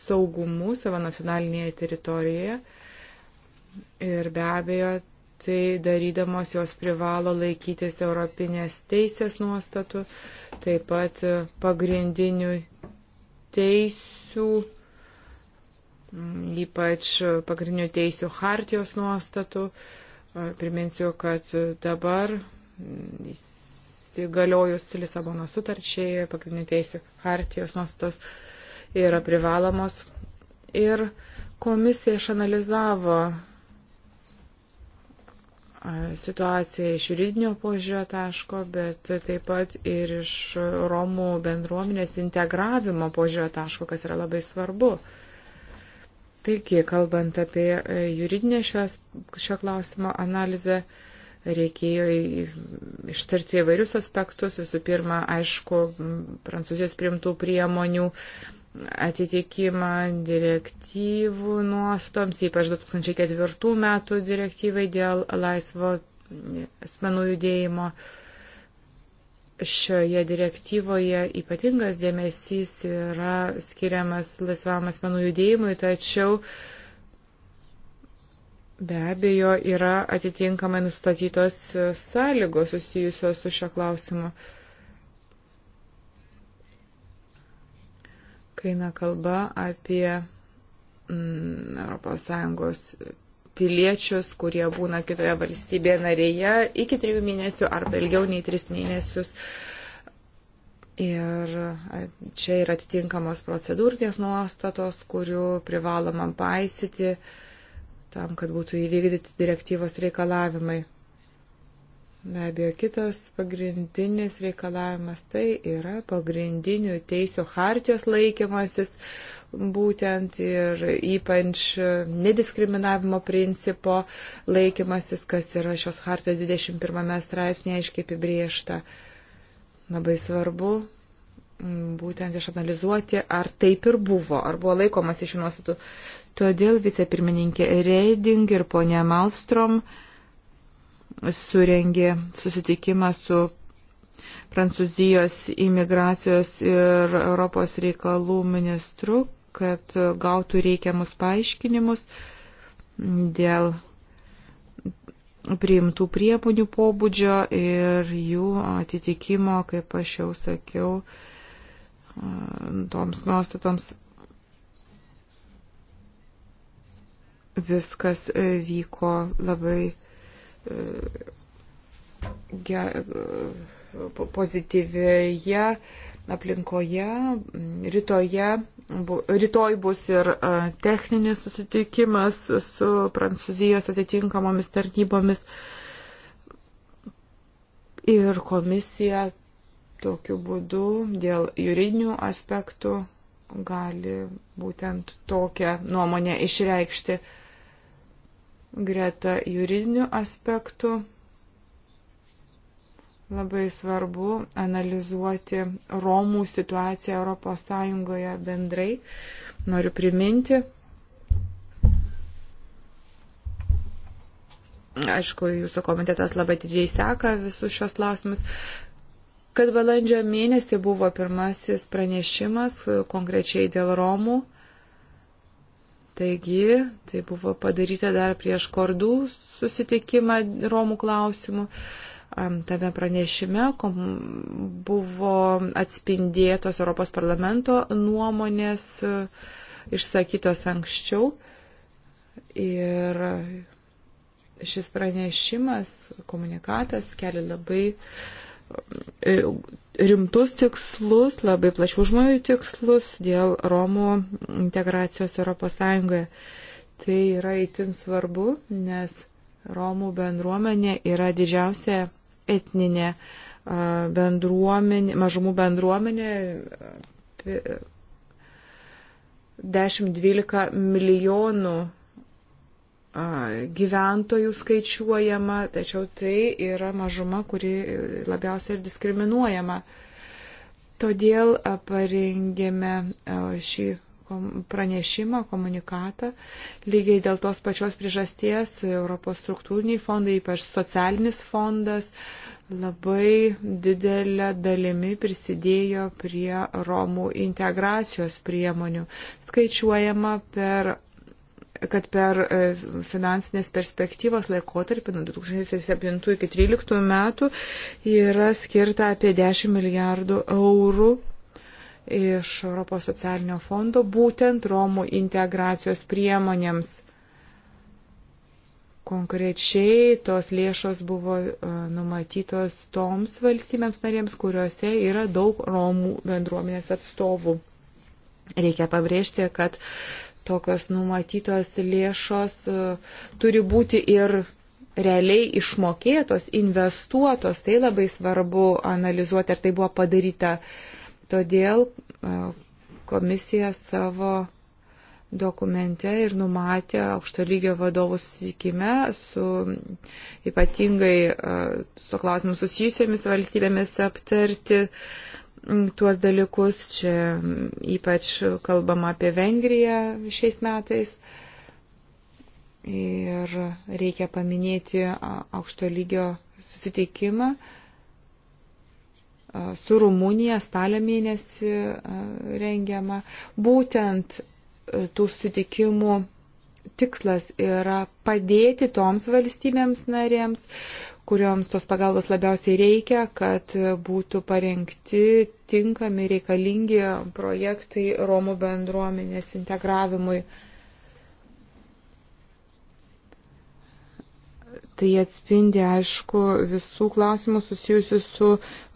saugumu savo nacionalinėje teritorijoje. Ir be abejo, tai darydamos jos privalo laikytis Europinės teisės nuostatų. Uh, taip pat pagrindinių teisių, mm, ypač pagrindinių teisių hartijos nuostatų. Priminsiu, kad dabar įsigaliojus Lisabono sutarčiai, pagrindinių teisių hartijos nuostatos yra privalomos. Ir komisija išanalizavo situaciją iš juridinio požiūrio taško, bet taip pat ir iš Romų bendruomenės integravimo požiūrio taško, kas yra labai svarbu. Taigi, kalbant apie e, juridinę šios, šio klausimo analizę, reikėjo ištarti įvairius aspektus. Visų pirma, aišku, Prancūzijos primtų priemonių atitikimą direktyvų nuostoms, ypač 2004 metų direktyvai dėl laisvo asmenų judėjimo. Šioje direktyvoje ypatingas dėmesys yra skiriamas laisvam asmenų judėjimui, tačiau be abejo yra atitinkamai nustatytos sąlygos susijusios su šio klausimu. kai eina kalba apie mm, ES piliečius, kurie būna kitoje valstybėje narėje iki trijų mėnesių arba ilgiau nei tris mėnesius. Ir čia yra atitinkamos procedūrinės nuostatos, kurių privalomam paisyti tam, kad būtų įvykdyti direktyvos reikalavimai. Be abejo, kitas pagrindinis reikalavimas tai yra pagrindinių teisų hartijos laikymasis, būtent ir ypač nediskriminavimo principo laikymasis, kas yra šios hartijos 21 straipsnėje aiškiai apibriešta. Labai svarbu būtent išanalizuoti, ar taip ir buvo, ar buvo laikomas iš nuostatų. Todėl vicepirmininkė Reiding ir ponė Malstrom uh, surengė susitikimą su Prancūzijos imigracijos ir Europos reikalų ministru, kad gautų reikiamus paaiškinimus dėl priimtų priemonių pobūdžio ir jų atitikimo, kaip aš jau sakiau, toms nuostatoms viskas vyko labai pozityvėje aplinkoje. Rytoje, rytoj bus ir e, techninis susitikimas su Prancūzijos atitinkamomis tarnybomis. Ir komisija tokiu būdu dėl juridinių aspektų gali būtent tokią nuomonę išreikšti greta juridinių aspektų labai svarbu analizuoti Romų situaciją ES bendrai. Noriu priminti. Aišku, jūsų komitetas labai didžiai seka visus šios klausimus kad balandžio mėnesį buvo pirmasis pranešimas konkrečiai dėl Romų. Taigi, tai buvo padaryta dar prieš kordų susitikimą Romų klausimų. Tame pranešime buvo atspindėtos Europos parlamento nuomonės e, išsakytos anksčiau. Ir šis pranešimas, komunikatas kelia labai e, rimtus tikslus, labai plačių žmonių tikslus dėl Romų integracijos ES. Tai yra itin svarbu, nes Romų bendruomenė yra didžiausia etninė bendruomenė, mažumų bendruomenė 10-12 milijonų gyventojų skaičiuojama, tačiau tai yra mažuma, kuri labiausiai ir diskriminuojama. Todėl parengėme šį pranešimą, komunikatą. Lygiai dėl tos pačios priežasties Europos struktūriniai fondai, ypač socialinis fondas, labai didelę dalimi prisidėjo prie Romų integracijos priemonių. Skaičiuojama per kad per e, finansinės perspektyvos laikotarpį nuo 2007 iki 2013 metų yra skirta apie 10 milijardų eurų iš Europos socialinio fondo būtent Romų integracijos priemonėms. Konkrečiai tos lėšos buvo e, numatytos toms valstybėms narėms, kuriuose yra daug Romų bendruomenės atstovų. Reikia pabrėžti, kad tokios numatytos lėšos e, turi būti ir realiai išmokėtos, investuotos. Tai labai svarbu analizuoti, ar tai buvo padaryta. Todėl e, komisija savo dokumente ir numatė aukšto lygio vadovų susitikime su ypatingai e, su klausimu susijusiamis valstybėmis aptarti uh, tuos dalykus. Čia ypač kalbama apie Vengriją šiais metais. Ir reikia paminėti aukšto lygio susitikimą su Rumunija spalio mėnesį rengiama. Būtent e, tų susitikimų tikslas yra padėti toms valstybėms narėms, kurioms tos pagalbos labiausiai reikia, kad būtų parengti tinkami reikalingi projektai Romų bendruomenės integravimui. Tai atspindi, aišku, visų klausimų susijusių su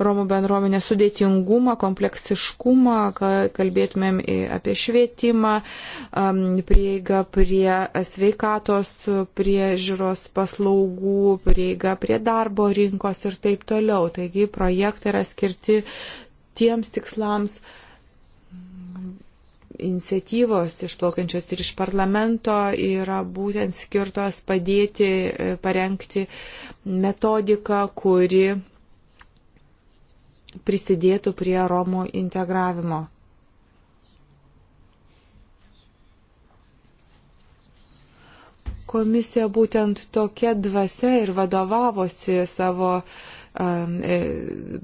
Romų bendruomenė sudėtingumą, kompleksiškumą, kalbėtumėm apie švietimą, prieigą prie sveikatos, prie žiūros paslaugų, prieigą prie darbo rinkos ir taip toliau. Taigi projektai yra skirti tiems tikslams, uh, iniciatyvos išplaukiančios ir iš parlamento yra būtent skirtos padėti e, parengti metodiką, kuri prisidėtų prie Romų integravimo. Komisija būtent tokia dvasia ir vadovavosi savo e,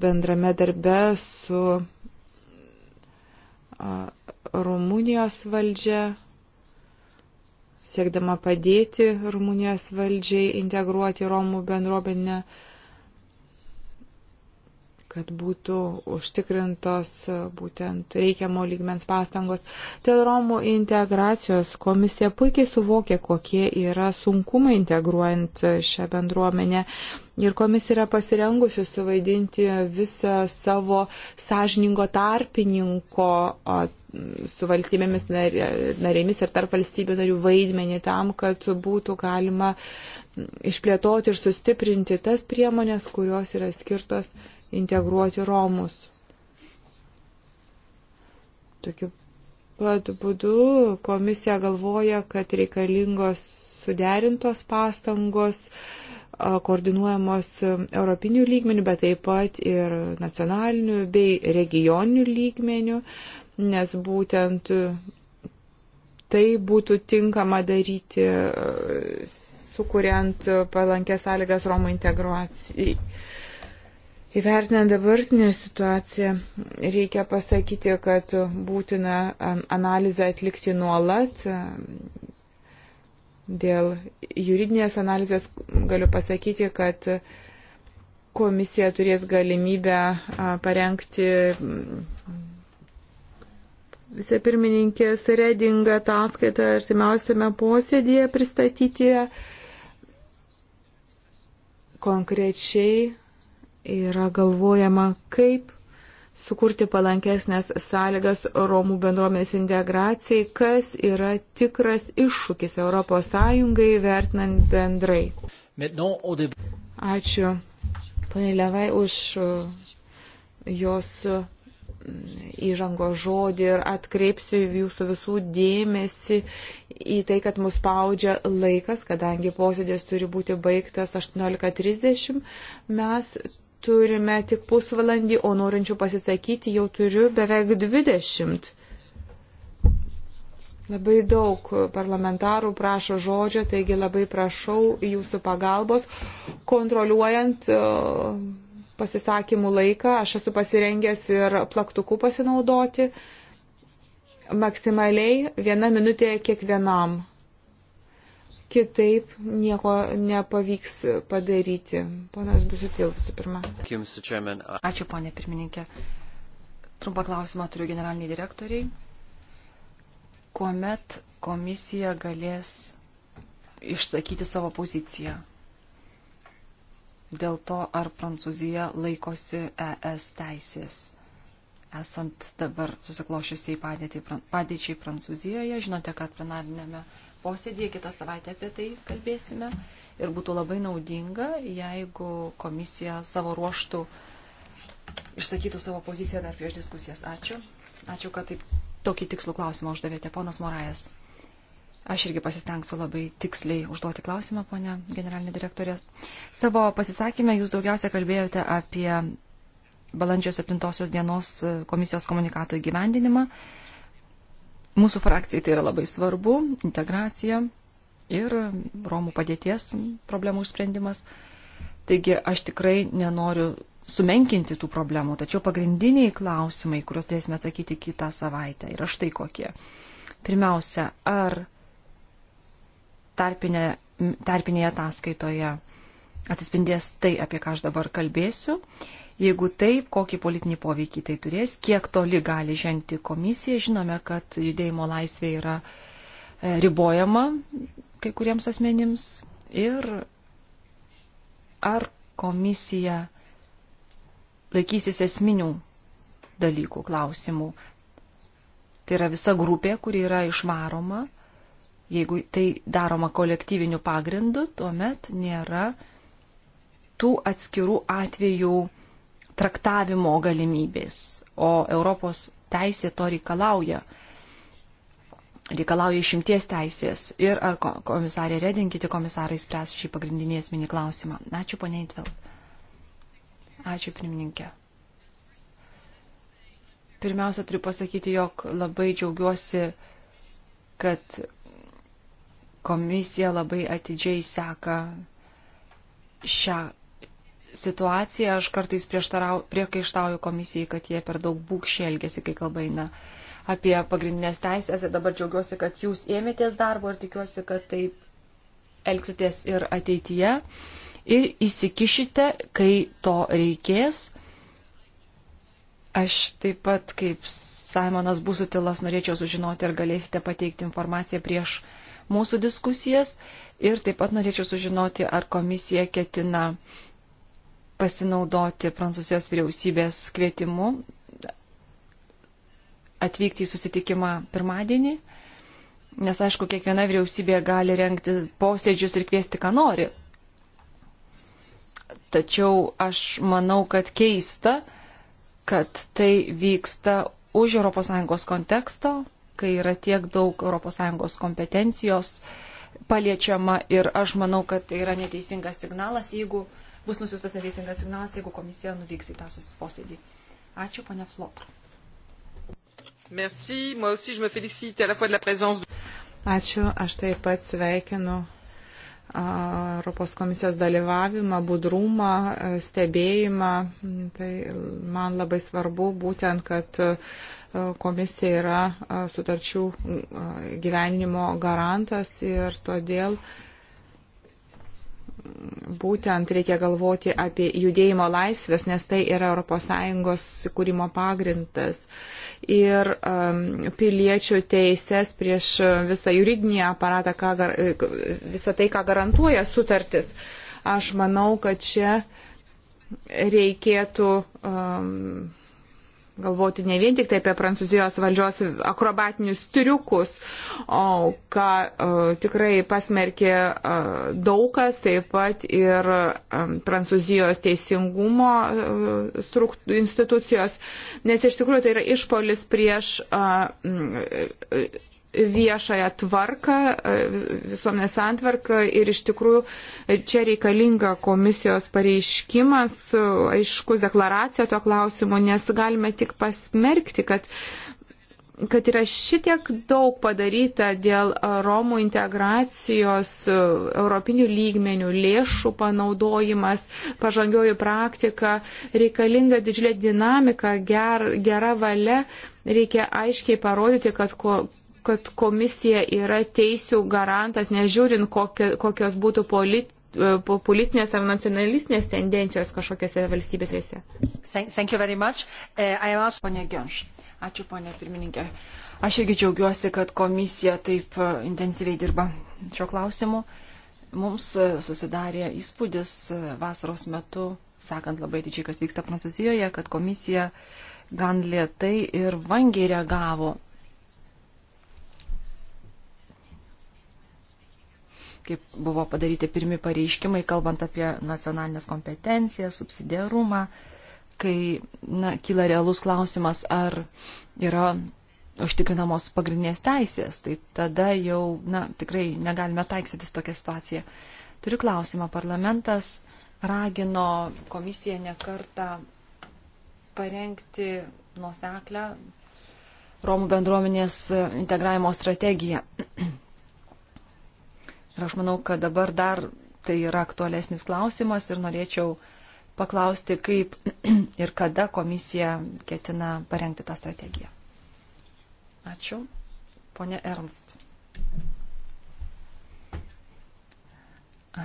bendrame darbe su Rumunijos valdžia, siekdama padėti Rumunijos valdžiai integruoti Romų bendruomenę, kad būtų užtikrintos būtent reikiamo lygmens pastangos. Dėl Romų integracijos komisija puikiai suvokė, kokie yra sunkumai integruojant šią bendruomenę. Ir komisija yra pasirengusi suvaidinti visą savo sąžiningo tarpininko su valstybėmis narėmis ir tarp valstybių narių vaidmenį tam, kad būtų galima išplėtoti ir sustiprinti tas priemonės, kurios yra skirtos integruoti Romus. Tokiu pat būdu komisija galvoja, kad reikalingos suderintos pastangos, koordinuojamos europinių lygmenių, bet taip pat ir nacionalinių bei regioninių lygmenių, nes būtent e, tai būtų tinkama daryti, e, sukuriant palankės sąlygas Romų integruacijai. Įvertinant dabartinę situaciją, reikia pasakyti, kad būtina analizę atlikti nuolat. Dėl juridinės analizės galiu pasakyti, kad komisija turės galimybę parengti vicepirmininkės Redinga ataskaitą artimiausiame posėdėje pristatyti konkrečiai yra galvojama, kaip sukurti palankesnės sąlygas Romų bendruomenės integracijai, kas yra tikras iššūkis ES vertinant bendrai. Ačiū, panelevai, už jos įžango žodį ir atkreipsiu jūsų visų dėmesį į tai, kad mus spaudžia laikas, kadangi posėdės turi būti baigtas 18.30. Mes turime tik pusvalandį, o norinčių pasisakyti jau turiu beveik 20. Labai daug parlamentarų prašo žodžio, taigi labai prašau jūsų pagalbos kontroliuojant. Uh, pasisakymų laiką. Aš esu pasirengęs ir plaktuku pasinaudoti. Maksimaliai viena minutė kiekvienam. Kitaip nieko nepavyks padaryti. Ponas Busutil visų pirma. Ačiū, ponė pirmininkė. Trumpą klausimą turiu generaliniai direktoriai. Kuomet komisija galės išsakyti savo poziciją dėl to, ar Prancūzija laikosi ES teisės. Esant dabar susiklošiusiai padėčiai Prancūzijoje, žinote, kad plenarinėme posėdėje kitą savaitę apie tai kalbėsime ir būtų labai naudinga, jeigu komisija savo ruoštų išsakytų savo poziciją dar prieš diskusijas. Ačiū. Ačiū, kad taip tokį tikslų klausimą uždavėte, ponas Morajas. Aš irgi pasistengsiu labai tiksliai užduoti klausimą, ponia generalinė direktorė. Savo pasisakymę jūs daugiausia kalbėjote apie balandžio 7 dienos komisijos komunikato įgyvendinimą. Mūsų frakcijai tai yra labai svarbu - integracija ir Romų padėties problemų išsprendimas. Taigi aš tikrai nenoriu sumenkinti tų problemų, tačiau pagrindiniai klausimai, kuriuos turėsime atsakyti kitą savaitę, yra štai kokie. Pirmiausia, ar tarpinė, tarpinėje ataskaitoje atsispindės tai, apie ką aš dabar kalbėsiu. Jeigu taip, kokį politinį poveikį tai turės, kiek toli gali žengti komisija, žinome, kad judėjimo laisvė yra e, ribojama kai kuriems asmenims ir ar komisija laikysis esminių dalykų, klausimų. Tai yra visa grupė, kuri yra išvaroma Jeigu tai daroma kolektyviniu pagrindu, tuomet nėra tų atskirų atvejų traktavimo galimybės, o Europos teisė to reikalauja. Reikalauja išimties teisės ir ar komisarė Reding, kiti komisarai spręs šį pagrindinį esminį klausimą. Ačiū, ponė Intveld. Ačiū, pirmininkė. Pirmiausia, turiu pasakyti, jog labai džiaugiuosi, kad Komisija labai atidžiai seka šią situaciją. Aš kartais priekaištauju komisijai, kad jie per daug būkščiai elgesi, kai kalba eina apie pagrindinės teisės. Ir dabar džiaugiuosi, kad jūs ėmėtės darbo ir tikiuosi, kad taip elgsitės ir ateityje. Ir įsikišite, kai to reikės. Aš taip pat, kaip Simonas Busutilas, norėčiau sužinoti, ar galėsite pateikti informaciją prieš mūsų diskusijas ir taip pat norėčiau sužinoti, ar komisija ketina pasinaudoti Prancūzijos vyriausybės kvietimu atvykti į susitikimą pirmadienį, nes aišku, kiekviena vyriausybė gali renkti posėdžius ir kviesti, ką nori. Tačiau aš manau, kad keista, kad tai vyksta už ES konteksto, kai yra tiek daug ES kompetencijos paliečiama ir aš manau, kad tai yra neteisingas signalas, jeigu bus nusiustas neteisingas signalas, jeigu komisija nuvyks į tą susiposėdį. Ačiū, ponia Flotr. Merci, moi aussi je me félicite à la fois de la présence. Ačiū, aš taip pat sveikinu Europos komisijos dalyvavimą, budrumą, stebėjimą. Tai man labai svarbu būtent, kad komisija yra sutarčių gyvenimo garantas ir todėl būtent reikia galvoti apie judėjimo laisvės, nes tai yra ES įkūrimo pagrindas. Ir um, piliečių teisės prieš visą juridinį aparatą, ką, visą tai, ką garantuoja sutartis. Aš manau, kad čia reikėtų um, galvoti ne vien tik tai apie prancūzijos valdžios akrobatinius triukus, o ką o, e, tikrai pasmerkė o, e, daugas, taip pat ir o, e, prancūzijos teisingumo o, strukt, institucijos, nes iš tikrųjų tai yra išpolis prieš o, viešąją tvarką, visuomenės santvarką ir iš tikrųjų čia reikalinga komisijos pareiškimas, aiškus deklaracija to klausimu, nes galime tik pasmerkti, kad kad yra šitiek daug padaryta dėl Romų integracijos europinių lygmenių, lėšų panaudojimas, pažangioji praktika, reikalinga didžiulė dinamika, ger, gera valia. Reikia aiškiai parodyti, kad ko, kad komisija yra teisių garantas, nežiūrint kokios būtų polit, e, populistinės ar nacionalistinės tendencijos kažkokiose valstybėse. Thank you very much. Uh, I am also... Pone Genš. Ačiū, ponė pirmininkė. Aš irgi džiaugiuosi, kad komisija taip e, intensyviai dirba šio klausimu. Mums e, susidarė įspūdis vasaros metu, sakant labai didžiai, kas vyksta Prancūzijoje, kad komisija gan lietai ir vangiai reagavo kaip buvo padaryti pirmi pareiškimai, kalbant apie nacionalinės kompetencijas, subsidiarumą, kai na, kyla realus klausimas, ar yra užtikrinamos pagrindinės teisės, tai tada jau na, tikrai negalime taiksytis tokią situaciją. Turiu klausimą. Parlamentas ragino komisiją nekartą parengti nuoseklę Romų bendruomenės integravimo strategiją. Ir aš manau, kad dabar dar tai yra aktualesnis klausimas ir norėčiau paklausti, kaip ir kada komisija ketina parengti tą strategiją. Ačiū. Pone Ernst.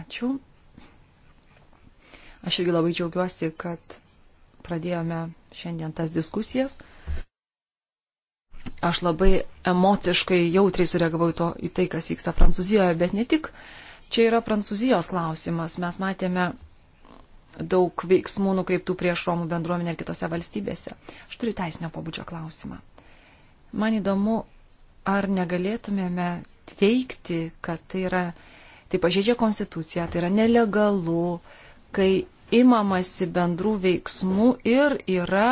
Ačiū. Aš irgi labai džiaugiuosi, kad pradėjome šiandien tas diskusijas. Aš labai emociškai jautriai sureagavau į, to, į tai, kas vyksta Prancūzijoje, bet ne tik. Čia yra Prancūzijos klausimas. Mes matėme daug veiksmų nukreiptų prieš Romų bendruomenę ir kitose valstybėse. Aš turiu teisinio pobūdžio klausimą. Man įdomu, ar negalėtumėme teikti, kad tai yra, tai pažeidžia konstituciją, tai yra nelegalu, kai imamasi bendrų veiksmų ir yra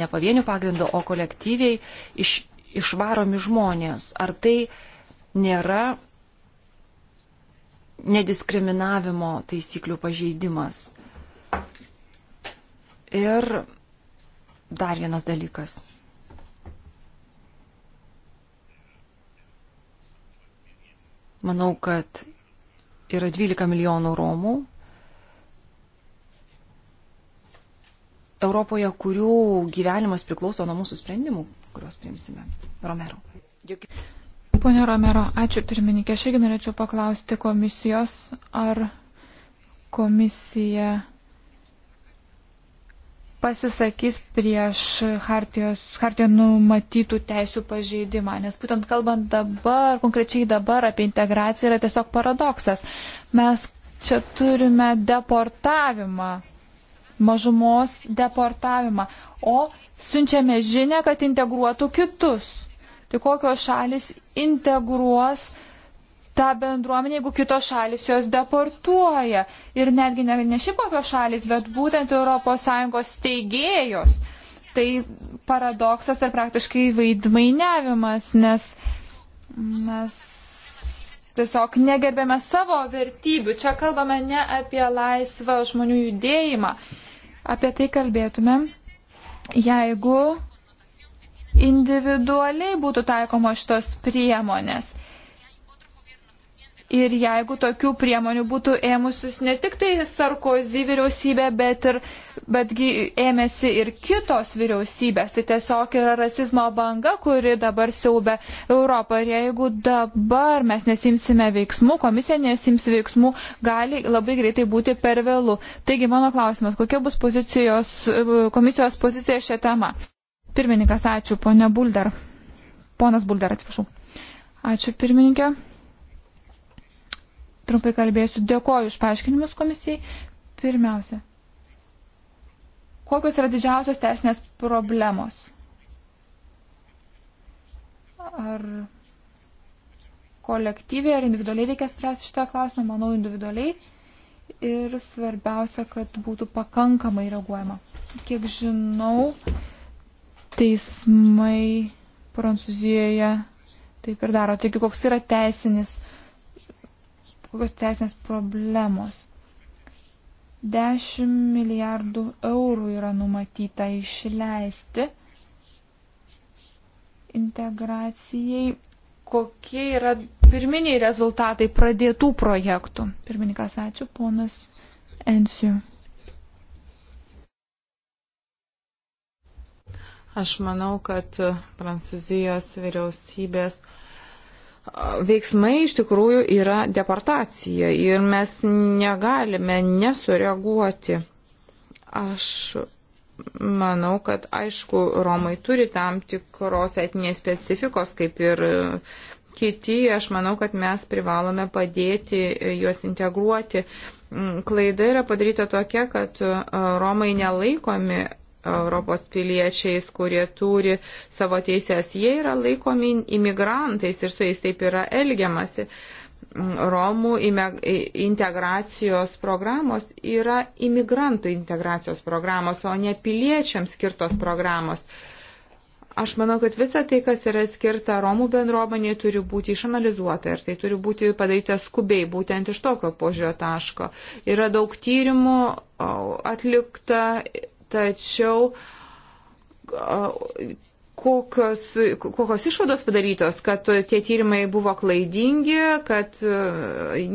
ne pavienių pagrindų, o kolektyviai iš išvaromi žmonės. Ar tai nėra nediskriminavimo taisyklių pažeidimas? Ir dar vienas dalykas. Manau, kad yra 12 milijonų Romų Europoje, kurių gyvenimas priklauso nuo mūsų sprendimų, kuriuos priimsime. Romero. Pone Romero, ačiū pirmininkė. Aš irgi norėčiau paklausti komisijos, ar komisija pasisakys prieš hartijos, hartijo numatytų teisų pažeidimą. Nes būtent kalbant dabar, konkrečiai dabar apie integraciją yra tiesiog paradoksas. Mes čia turime deportavimą mažumos deportavimą, o siunčiame žinę, kad integruotų kitus. Tai kokios šalis integruos tą bendruomenę, jeigu kitos šalis jos deportuoja. Ir netgi ne, ne šiaip kokios šalis, bet būtent ES steigėjos. Tai paradoksas ir praktiškai vaidmainiavimas, nes mes tiesiog negerbėme savo vertybių. Čia kalbame ne apie laisvą žmonių judėjimą, apie tai kalbėtumėm, jeigu individualiai būtų taikomos šitos priemonės. Ir jeigu tokių priemonių būtų ėmusis ne tik tai Sarkozy vyriausybė, bet ir betgi ėmėsi ir kitos vyriausybės, tai tiesiog yra rasizmo banga, kuri dabar siaubia Europą. Ir jeigu dabar mes nesimsime veiksmų, komisija nesims veiksmų, gali labai greitai būti per vėlų. Taigi mano klausimas, kokia bus pozicijos, komisijos pozicija šią temą? Pirmininkas, ačiū, ponia Bulder. Ponas Bulder, atsiprašau. Ačiū, pirmininkė trumpai kalbėsiu. Dėkoju už paaiškinimus komisijai. Pirmiausia, kokios yra didžiausios teisinės problemos? Ar kolektyviai ar individualiai reikia spręsti šitą klausimą, manau, individualiai. Ir svarbiausia, kad būtų pakankamai reaguojama. Kiek žinau, teismai Prancūzijoje taip ir daro. Taigi, koks yra teisinis kokios teisinės problemos. 10 milijardų eurų yra numatyta išleisti integracijai. Kokie yra pirminiai rezultatai pradėtų projektų? Pirmininkas, ačiū, ponas Ensijų. Aš manau, kad Prancūzijos vyriausybės veiksmai iš tikrųjų yra deportacija ir mes negalime nesureaguoti. Aš manau, kad aišku, Romai turi tam tikros etinės specifikos, kaip ir kiti. Aš manau, kad mes privalome padėti juos integruoti. Mm, klaida yra padaryta tokia, kad e, Romai nelaikomi Europos piliečiais, kurie turi savo teisės, jie yra laikomi imigrantais ir su jais taip yra elgiamasi. Romų integracijos programos yra imigrantų integracijos programos, o ne piliečiams skirtos programos. Aš manau, kad visa tai, kas yra skirta Romų bendruomeniai, turi būti išanalizuota ir tai turi būti padaryta skubiai, būtent iš tokio požiūrio taško. Yra daug tyrimų atlikta Tačiau kokios, kokios išvados padarytos, kad tie tyrimai buvo klaidingi, kad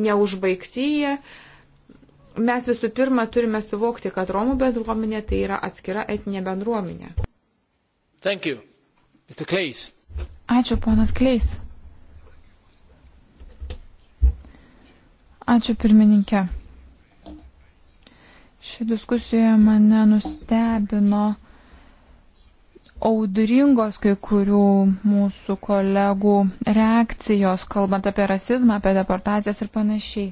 neužbaigti jie. Mes visų pirma turime suvokti, kad Romų bendruomenė tai yra atskira etinė bendruomenė. Thank you. Mr. Kleis. Ačiū, ponas Kleis. Ačiū, pirmininkė. Ši diskusija mane nustebino audringos kai kurių mūsų kolegų reakcijos, kalbant apie rasizmą, apie deportacijas ir panašiai.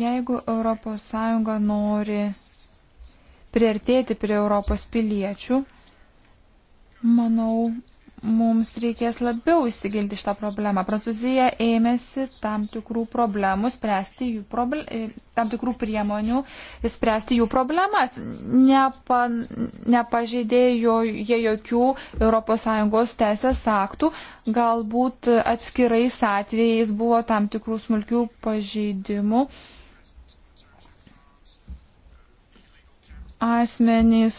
Jeigu ES nori priartėti prie Europos piliečių, manau, mums reikės labiau įsigilti šitą problemą. Prancūzija ėmėsi tam tikrų problemų, spręsti jų problem, e, tam tikrų priemonių, spręsti jų problemas. Nepa, nepažeidėjo jie jokių ES teisės aktų, galbūt atskirais atvejais buvo tam tikrų smulkių pažeidimų. Uh, asmenys,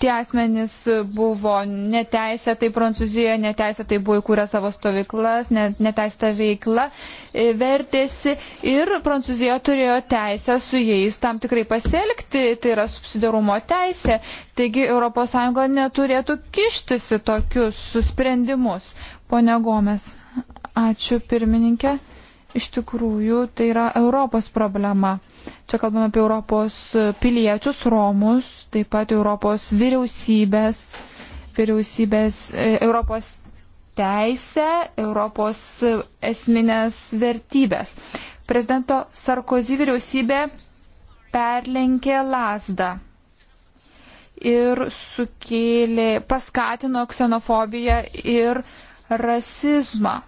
tie asmenys buvo neteisėtai Prancūzijoje, neteisėtai buvo įkūrę savo stovyklas, neteisėta veikla, e, vertėsi ir Prancūzija turėjo teisę su jais tam tikrai pasielgti, tai yra subsidarumo teisė. Taigi ES neturėtų kištis į tokius sprendimus. Pone Gomes, ačiū pirmininkė iš tikrųjų tai yra Europos problema. Čia kalbame apie Europos piliečius, Romus, taip pat Europos vyriausybės, vyriausybės e, Europos teisę, Europos esminės vertybės. Prezidento Sarkozy vyriausybė perlenkė lasdą ir sukėlė, paskatino ksenofobiją ir rasizmą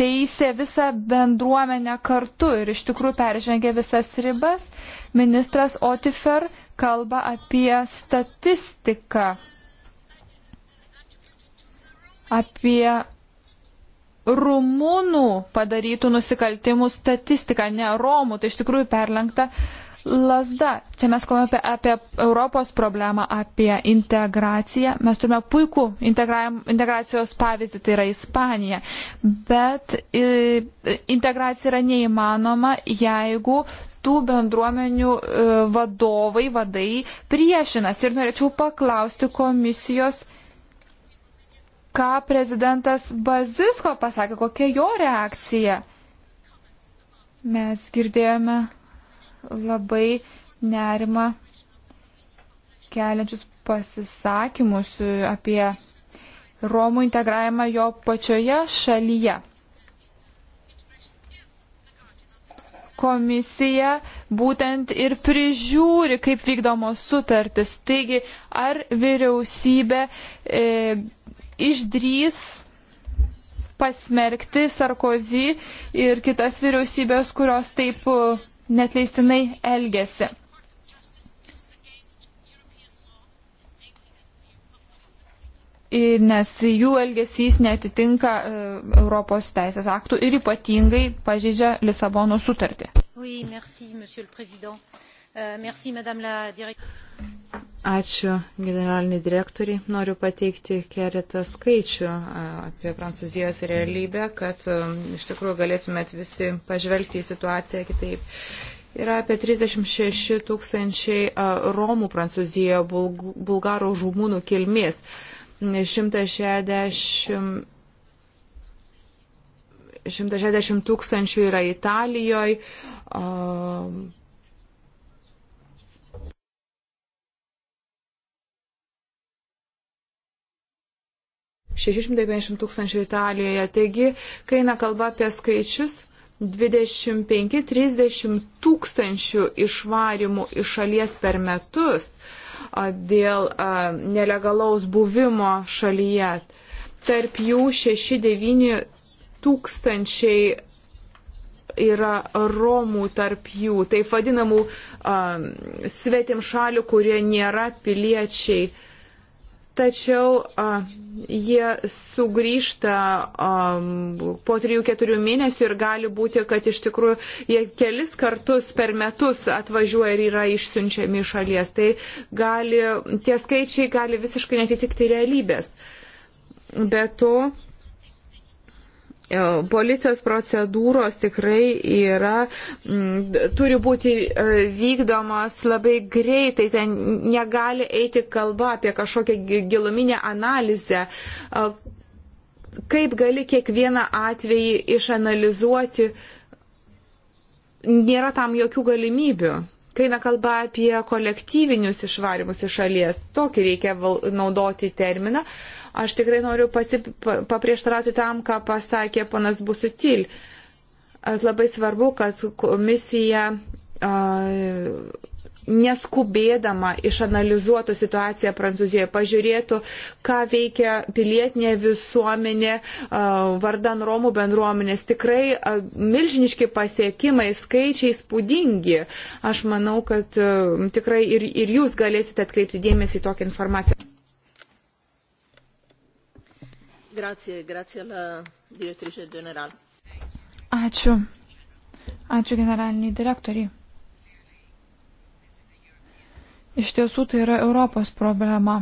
teisė visą bendruomenę kartu ir iš tikrųjų peržengia visas ribas. Ministras Otifer kalba apie statistiką, apie rumūnų padarytų nusikaltimų statistiką, ne romų, tai iš tikrųjų perlenkta uh, lasda. Čia mes kalbame apie, apie Europos problemą, apie integraciją. Mes turime puikų integracijos pavyzdį, tai yra Ispanija. Bet i, integracija yra neįmanoma, jeigu tų bendruomenių e, vadovai, vadai priešinas. Ir norėčiau paklausti komisijos, ką prezidentas Bazisko pasakė, kokia jo reakcija. Mes girdėjome labai nerima keliančius pasisakymus apie Romų integravimą jo pačioje šalyje. Komisija būtent ir prižiūri, kaip vykdomos sutartis. Taigi, ar vyriausybė e, išdrys pasmerkti Sarkozy ir kitas vyriausybės, kurios taip e, netleistinai elgesi. nes jų elgesys netitinka e, Europos teisės aktų ir ypatingai pažeidžia Lisabono sutartį. Oui, merci, Ačiū generaliniai direktoriai. Noriu pateikti keletą skaičių apie Prancūzijos realybę, kad iš tikrųjų galėtumėt visi pažvelgti į situaciją kitaip. Yra apie 36 tūkstančiai Romų Prancūzijoje, bulgarų žumūnų kilmės. 160 160 tūkstančių yra Italijoje, 650 tūkstančių Italijoje. Taigi, kai eina kalba apie skaičius, 25-30 tūkstančių išvarimų iš šalies per metus dėl nelegalaus buvimo šalyje. Tarp jų 6-9 tūkstančiai yra Romų tarp jų, taip vadinamų um, svetim šalių, kurie nėra piliečiai. Uh, tačiau a, jie sugrįžta a, po 3-4 mėnesių ir gali būti, kad iš tikrųjų jie kelis kartus per metus atvažiuoja ir yra išsiunčiami iš šalies. Tai gali, tie skaičiai gali visiškai netitikti realybės. Be to, E, policijos procedūros tikrai yra, m, turi būti e, vykdomos labai greitai, ten negali eiti kalba apie kažkokią giluminę analizę. E, kaip gali kiekvieną atvejį išanalizuoti, nėra tam jokių galimybių. Kai eina kalba apie kolektyvinius išvarimus iš šalies, tokį reikia naudoti terminą. Uh, Aš tikrai noriu pasip, paprieštarauti tam, ką pasakė ponas Busutil. Labai svarbu, kad komisija neskubėdama išanalizuotų situaciją Prancūzijoje, pažiūrėtų, ką veikia pilietinė visuomenė vardan Romų bendruomenės. Tikrai milžiniški pasiekimai, skaičiai spūdingi. Aš manau, kad tikrai ir, ir jūs galėsite atkreipti dėmesį į tokią informaciją. Grazie, grazie la direttrice general. Ačiū. Ačiū generaliniai direktoriai. Iš tiesų tai yra Europos problema.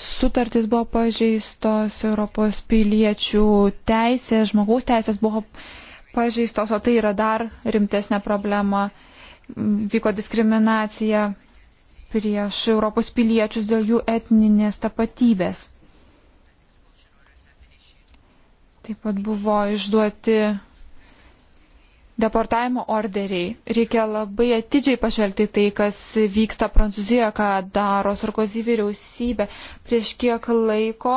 Sutartys buvo pažeistos, Europos piliečių teisės, žmogaus teisės buvo pažeistos, o tai yra dar rimtesnė problema. Vyko diskriminacija prieš Europos piliečius dėl jų etninės tapatybės. Taip pat buvo išduoti deportavimo orderiai. Reikia labai atidžiai pažvelgti tai, kas vyksta Prancūzijoje, ką daro Sarkozy vyriausybė. Prieš kiek laiko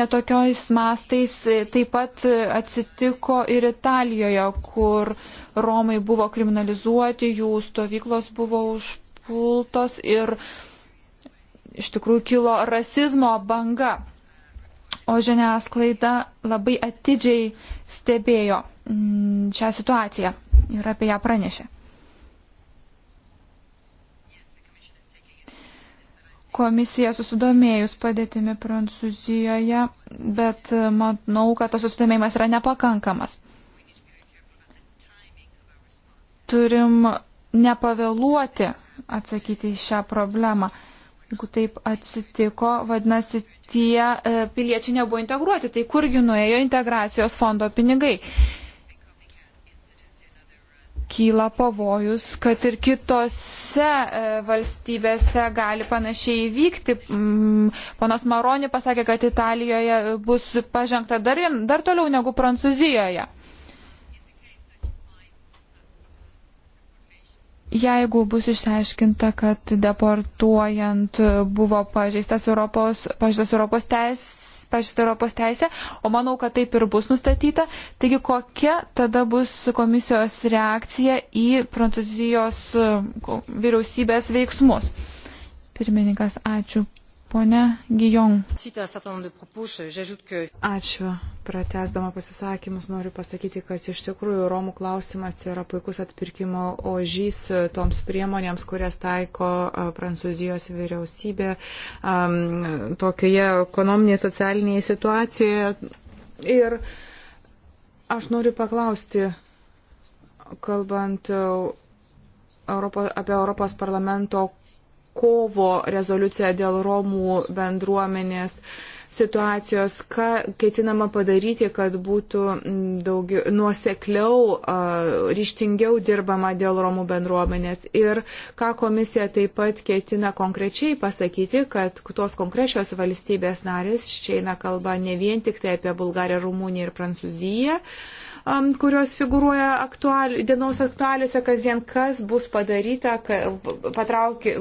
netokiojais mastais taip pat atsitiko ir Italijoje, kur Romai buvo kriminalizuoti, jų stovyklos buvo užpultos ir iš tikrųjų kilo rasizmo banga o žiniasklaida labai atidžiai stebėjo mm, šią situaciją ir apie ją pranešė. Komisija susidomėjus padėtimi Prancūzijoje, bet manau, kad tas susidomėjimas yra nepakankamas. Turim nepavėluoti atsakyti į šią problemą. Jeigu taip atsitiko, vadinasi, tie e, piliečiai nebuvo integruoti, tai kurgi nuėjo integracijos fondo pinigai? Kyla pavojus, kad ir kitose e, valstybėse gali panašiai įvykti. Mm, ponas Maroni pasakė, kad Italijoje bus pažengta dar, dar toliau negu Prancūzijoje. Jeigu bus išsiaiškinta, kad deportuojant buvo pažeistas Europos, pažeistas Europos teisės pažįsta Europos teisė, o manau, kad taip ir bus nustatyta. Taigi, kokia tada bus komisijos reakcija į Prancūzijos vyriausybės veiksmus? Pirmininkas, ačiū Pone Gijong. Ačiū. Pratesdama pasisakymus noriu pasakyti, kad iš tikrųjų Romų klausimas yra puikus atpirkimo ožys toms priemonėms, kurias taiko Prancūzijos vyriausybė tokioje ekonominėje socialinėje situacijoje. Ir aš noriu paklausti, kalbant Europo, apie Europos parlamento kovo rezoliuciją dėl Romų bendruomenės situacijos, ką ketinama padaryti, kad būtų mm, daugiau, nuosekliau, ryštingiau dirbama dėl Romų bendruomenės ir ką komisija taip pat ketina konkrečiai pasakyti, kad tos konkrečios valstybės narės, čia eina kalba ne vien tik tai apie Bulgariją, Rumuniją ir Prancūziją, um, kurios figuruoja aktuali, dienos aktualiuose kasdien, kas bus padaryta, ka, patraukė,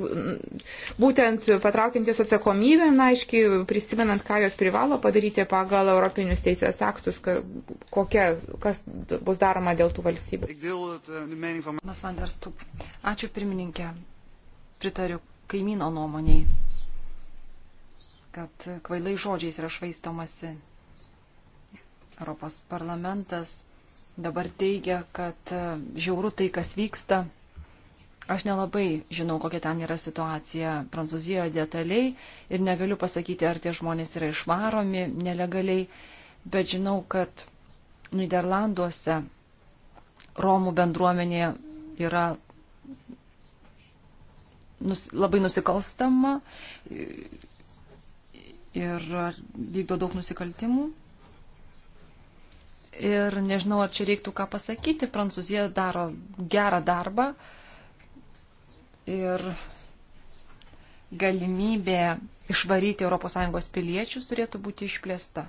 būtent patraukiantis atsakomybę, na, aiškiai, prisimenant, ką jos privalo padaryti pagal Europinius teisės aktus, ka, kokia, kas bus daroma dėl tų valstybių. Ačiū pirmininkė. Pritariu kaimyno nuomoniai, kad kvailai žodžiais yra švaistomasi Europos parlamentas dabar teigia, kad e, žiauru tai, kas vyksta. Aš nelabai žinau, kokia ten yra situacija Prancūzijoje detaliai ir negaliu pasakyti, ar tie žmonės yra išvaromi nelegaliai, bet žinau, kad Niderlanduose Romų bendruomenė yra nus, labai nusikalstama ir vykdo daug nusikaltimų. Ir nežinau, ar čia reiktų ką pasakyti, Prancūzija daro gerą darbą ir galimybė išvaryti ES piliečius turėtų būti išplėsta.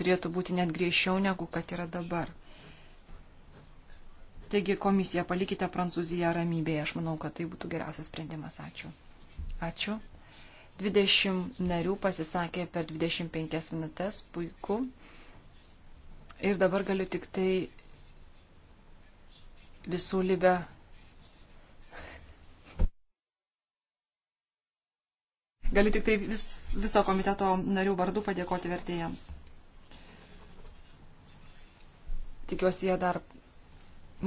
Turėtų būti net griežčiau negu kad yra dabar. Taigi komisija, palikite Prancūziją ramybėje. Aš manau, kad tai būtų geriausias sprendimas. Ačiū. Ačiū. 20 narių pasisakė per 25 minutės, puiku. Ir dabar galiu tik tai visų libę. Galiu tik tai vis, viso komiteto narių vardu padėkoti vertėjams. Tikiuosi, jie dar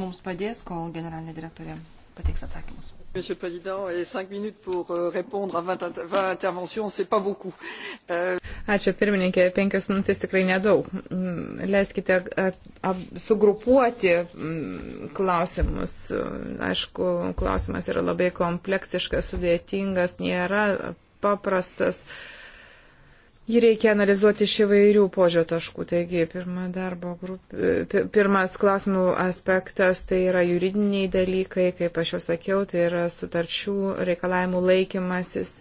mums padės, kol generalinė direktorė pateiks atsakymus. Monsieur le Président, et 5 minutes pour euh, répondre à 20, 20 interventions, c'est pas beaucoup. Euh... Ačiū pirmininkė, penkios minutės tikrai nedaug. Mm, leiskite sugrupuoti mm, klausimus. Aišku, klausimas yra labai kompleksiškas, sudėtingas, nėra paprastas. Uh, Jį reikia analizuoti iš įvairių požio taškų. Taigi, pirma darbo grupė, e, pirmas klausimų aspektas tai yra juridiniai dalykai, kaip aš jau sakiau, tai yra sutarčių reikalavimų laikymasis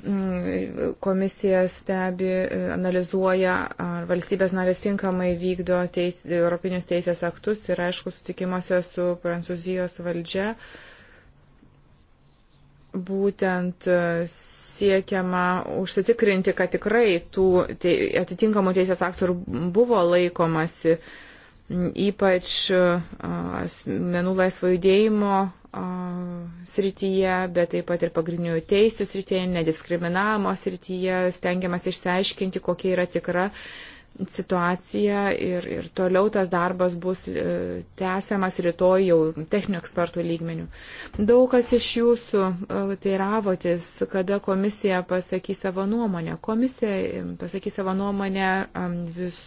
mm, komisija stebi, e, analizuoja, ar valstybės narės tinkamai vykdo teis, Europinius teisės aktus ir, aišku, sutikimuose su Prancūzijos valdžia būtent e, siekiama užsitikrinti, kad tikrai tų atitinkamų teisės aktų ir buvo laikomasi, ypač e, asmenų laisvo judėjimo srityje, bet taip pat ir pagrindinių teisų srityje, nediskriminavimo srityje, stengiamas išsiaiškinti, kokia yra tikra situacija ir, ir toliau tas darbas bus e, tęsiamas rytoj jau techninių ekspertų lygmenių. Daug kas iš jūsų e, teiravotis, kada komisija pasakys savo nuomonę. Komisija e, pasakys savo nuomonę vis,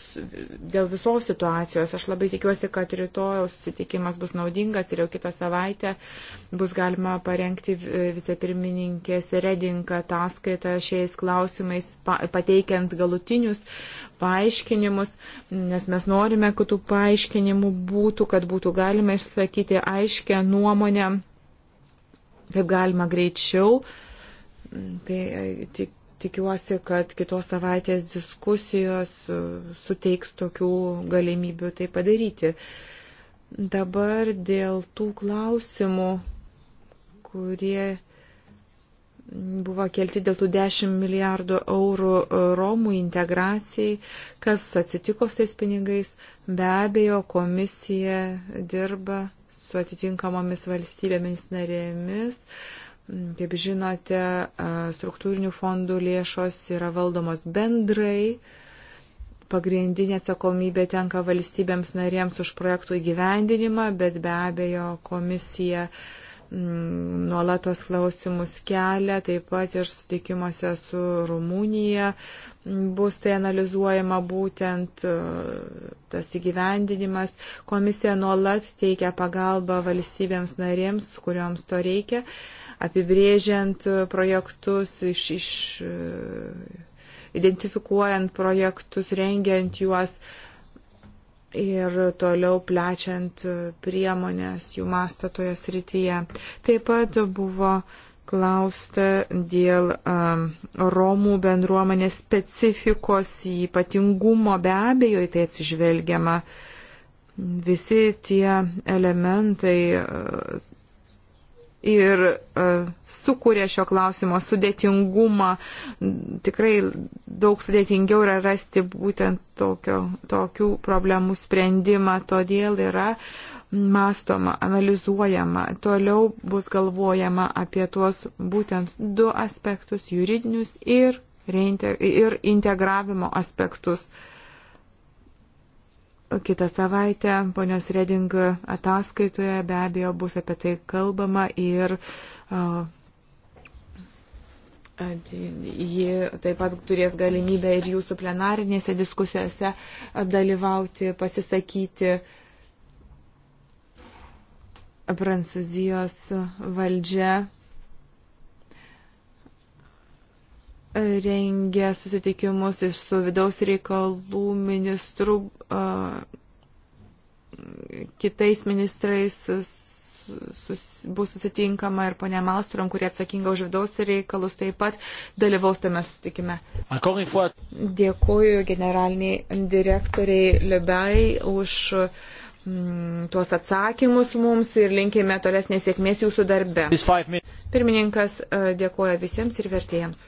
dėl visos situacijos. Aš labai tikiuosi, kad rytojaus sutikimas bus naudingas ir jau kitą savaitę bus galima parengti vicepirmininkės redinką ataskaitą šiais klausimais, pateikiant galutinius paaiškinimus, nes mes norime, kad tų paaiškinimų būtų, kad būtų galima išsakyti aiškę nuomonę, kaip galima greičiau. Tai e, tik, tikiuosi, kad kitos savaitės diskusijos e, suteiks tokių galimybių tai padaryti. Dabar dėl tų klausimų, kurie buvo kelti dėl tų 10 milijardų eurų e, Romų integracijai. Kas atsitiko su tais pinigais? Be abejo, komisija dirba su atitinkamomis valstybėmis narėmis. Mm, kaip žinote, e, struktūrinių fondų lėšos yra valdomos bendrai. Pagrindinė atsakomybė tenka valstybėms narėms už projektų įgyvendinimą, bet be abejo komisija uh, Mm, nuolatos klausimus kelia, taip pat ir sutikimuose su Rumunija mm, bus tai analizuojama būtent e, tas įgyvendinimas. Komisija nuolat teikia pagalbą valstybėms narėms, kurioms to reikia, apibrėžiant e, projektus iš. iš e, identifikuojant projektus, rengiant juos, uh, ir toliau plečiant priemonės jų mastą toje srityje. Taip pat buvo klausta dėl um, Romų bendruomenės specifikos ypatingumo, be abejo, į tai atsižvelgiama. Visi tie elementai ir uh, sukuria šio klausimo sudėtingumą. Tikrai daug sudėtingiau yra rasti būtent tokio, tokių problemų sprendimą, todėl yra mastoma, analizuojama, toliau bus galvojama apie tuos būtent du aspektus - juridinius ir, ir integravimo aspektus. Uh, Kita savaitė ponios Reding ataskaitoje be abejo bus apie tai kalbama ir uh, ji taip pat turės galimybę ir jūsų plenarinėse diskusijose dalyvauti, pasisakyti. Prancūzijos valdžia rengia susitikimus su vidaus reikalų ministru, kitais ministrais sus, bus susitinkama ir ponia Malstrom, kurie atsakinga už vidaus reikalus, taip pat dalyvaus tame sutikime. Dėkuoju generaliniai direktoriai Libai už mm, tuos atsakymus mums ir linkime tolesnės sėkmės jūsų darbe. Pirmininkas dėkuoja visiems ir vertėjams.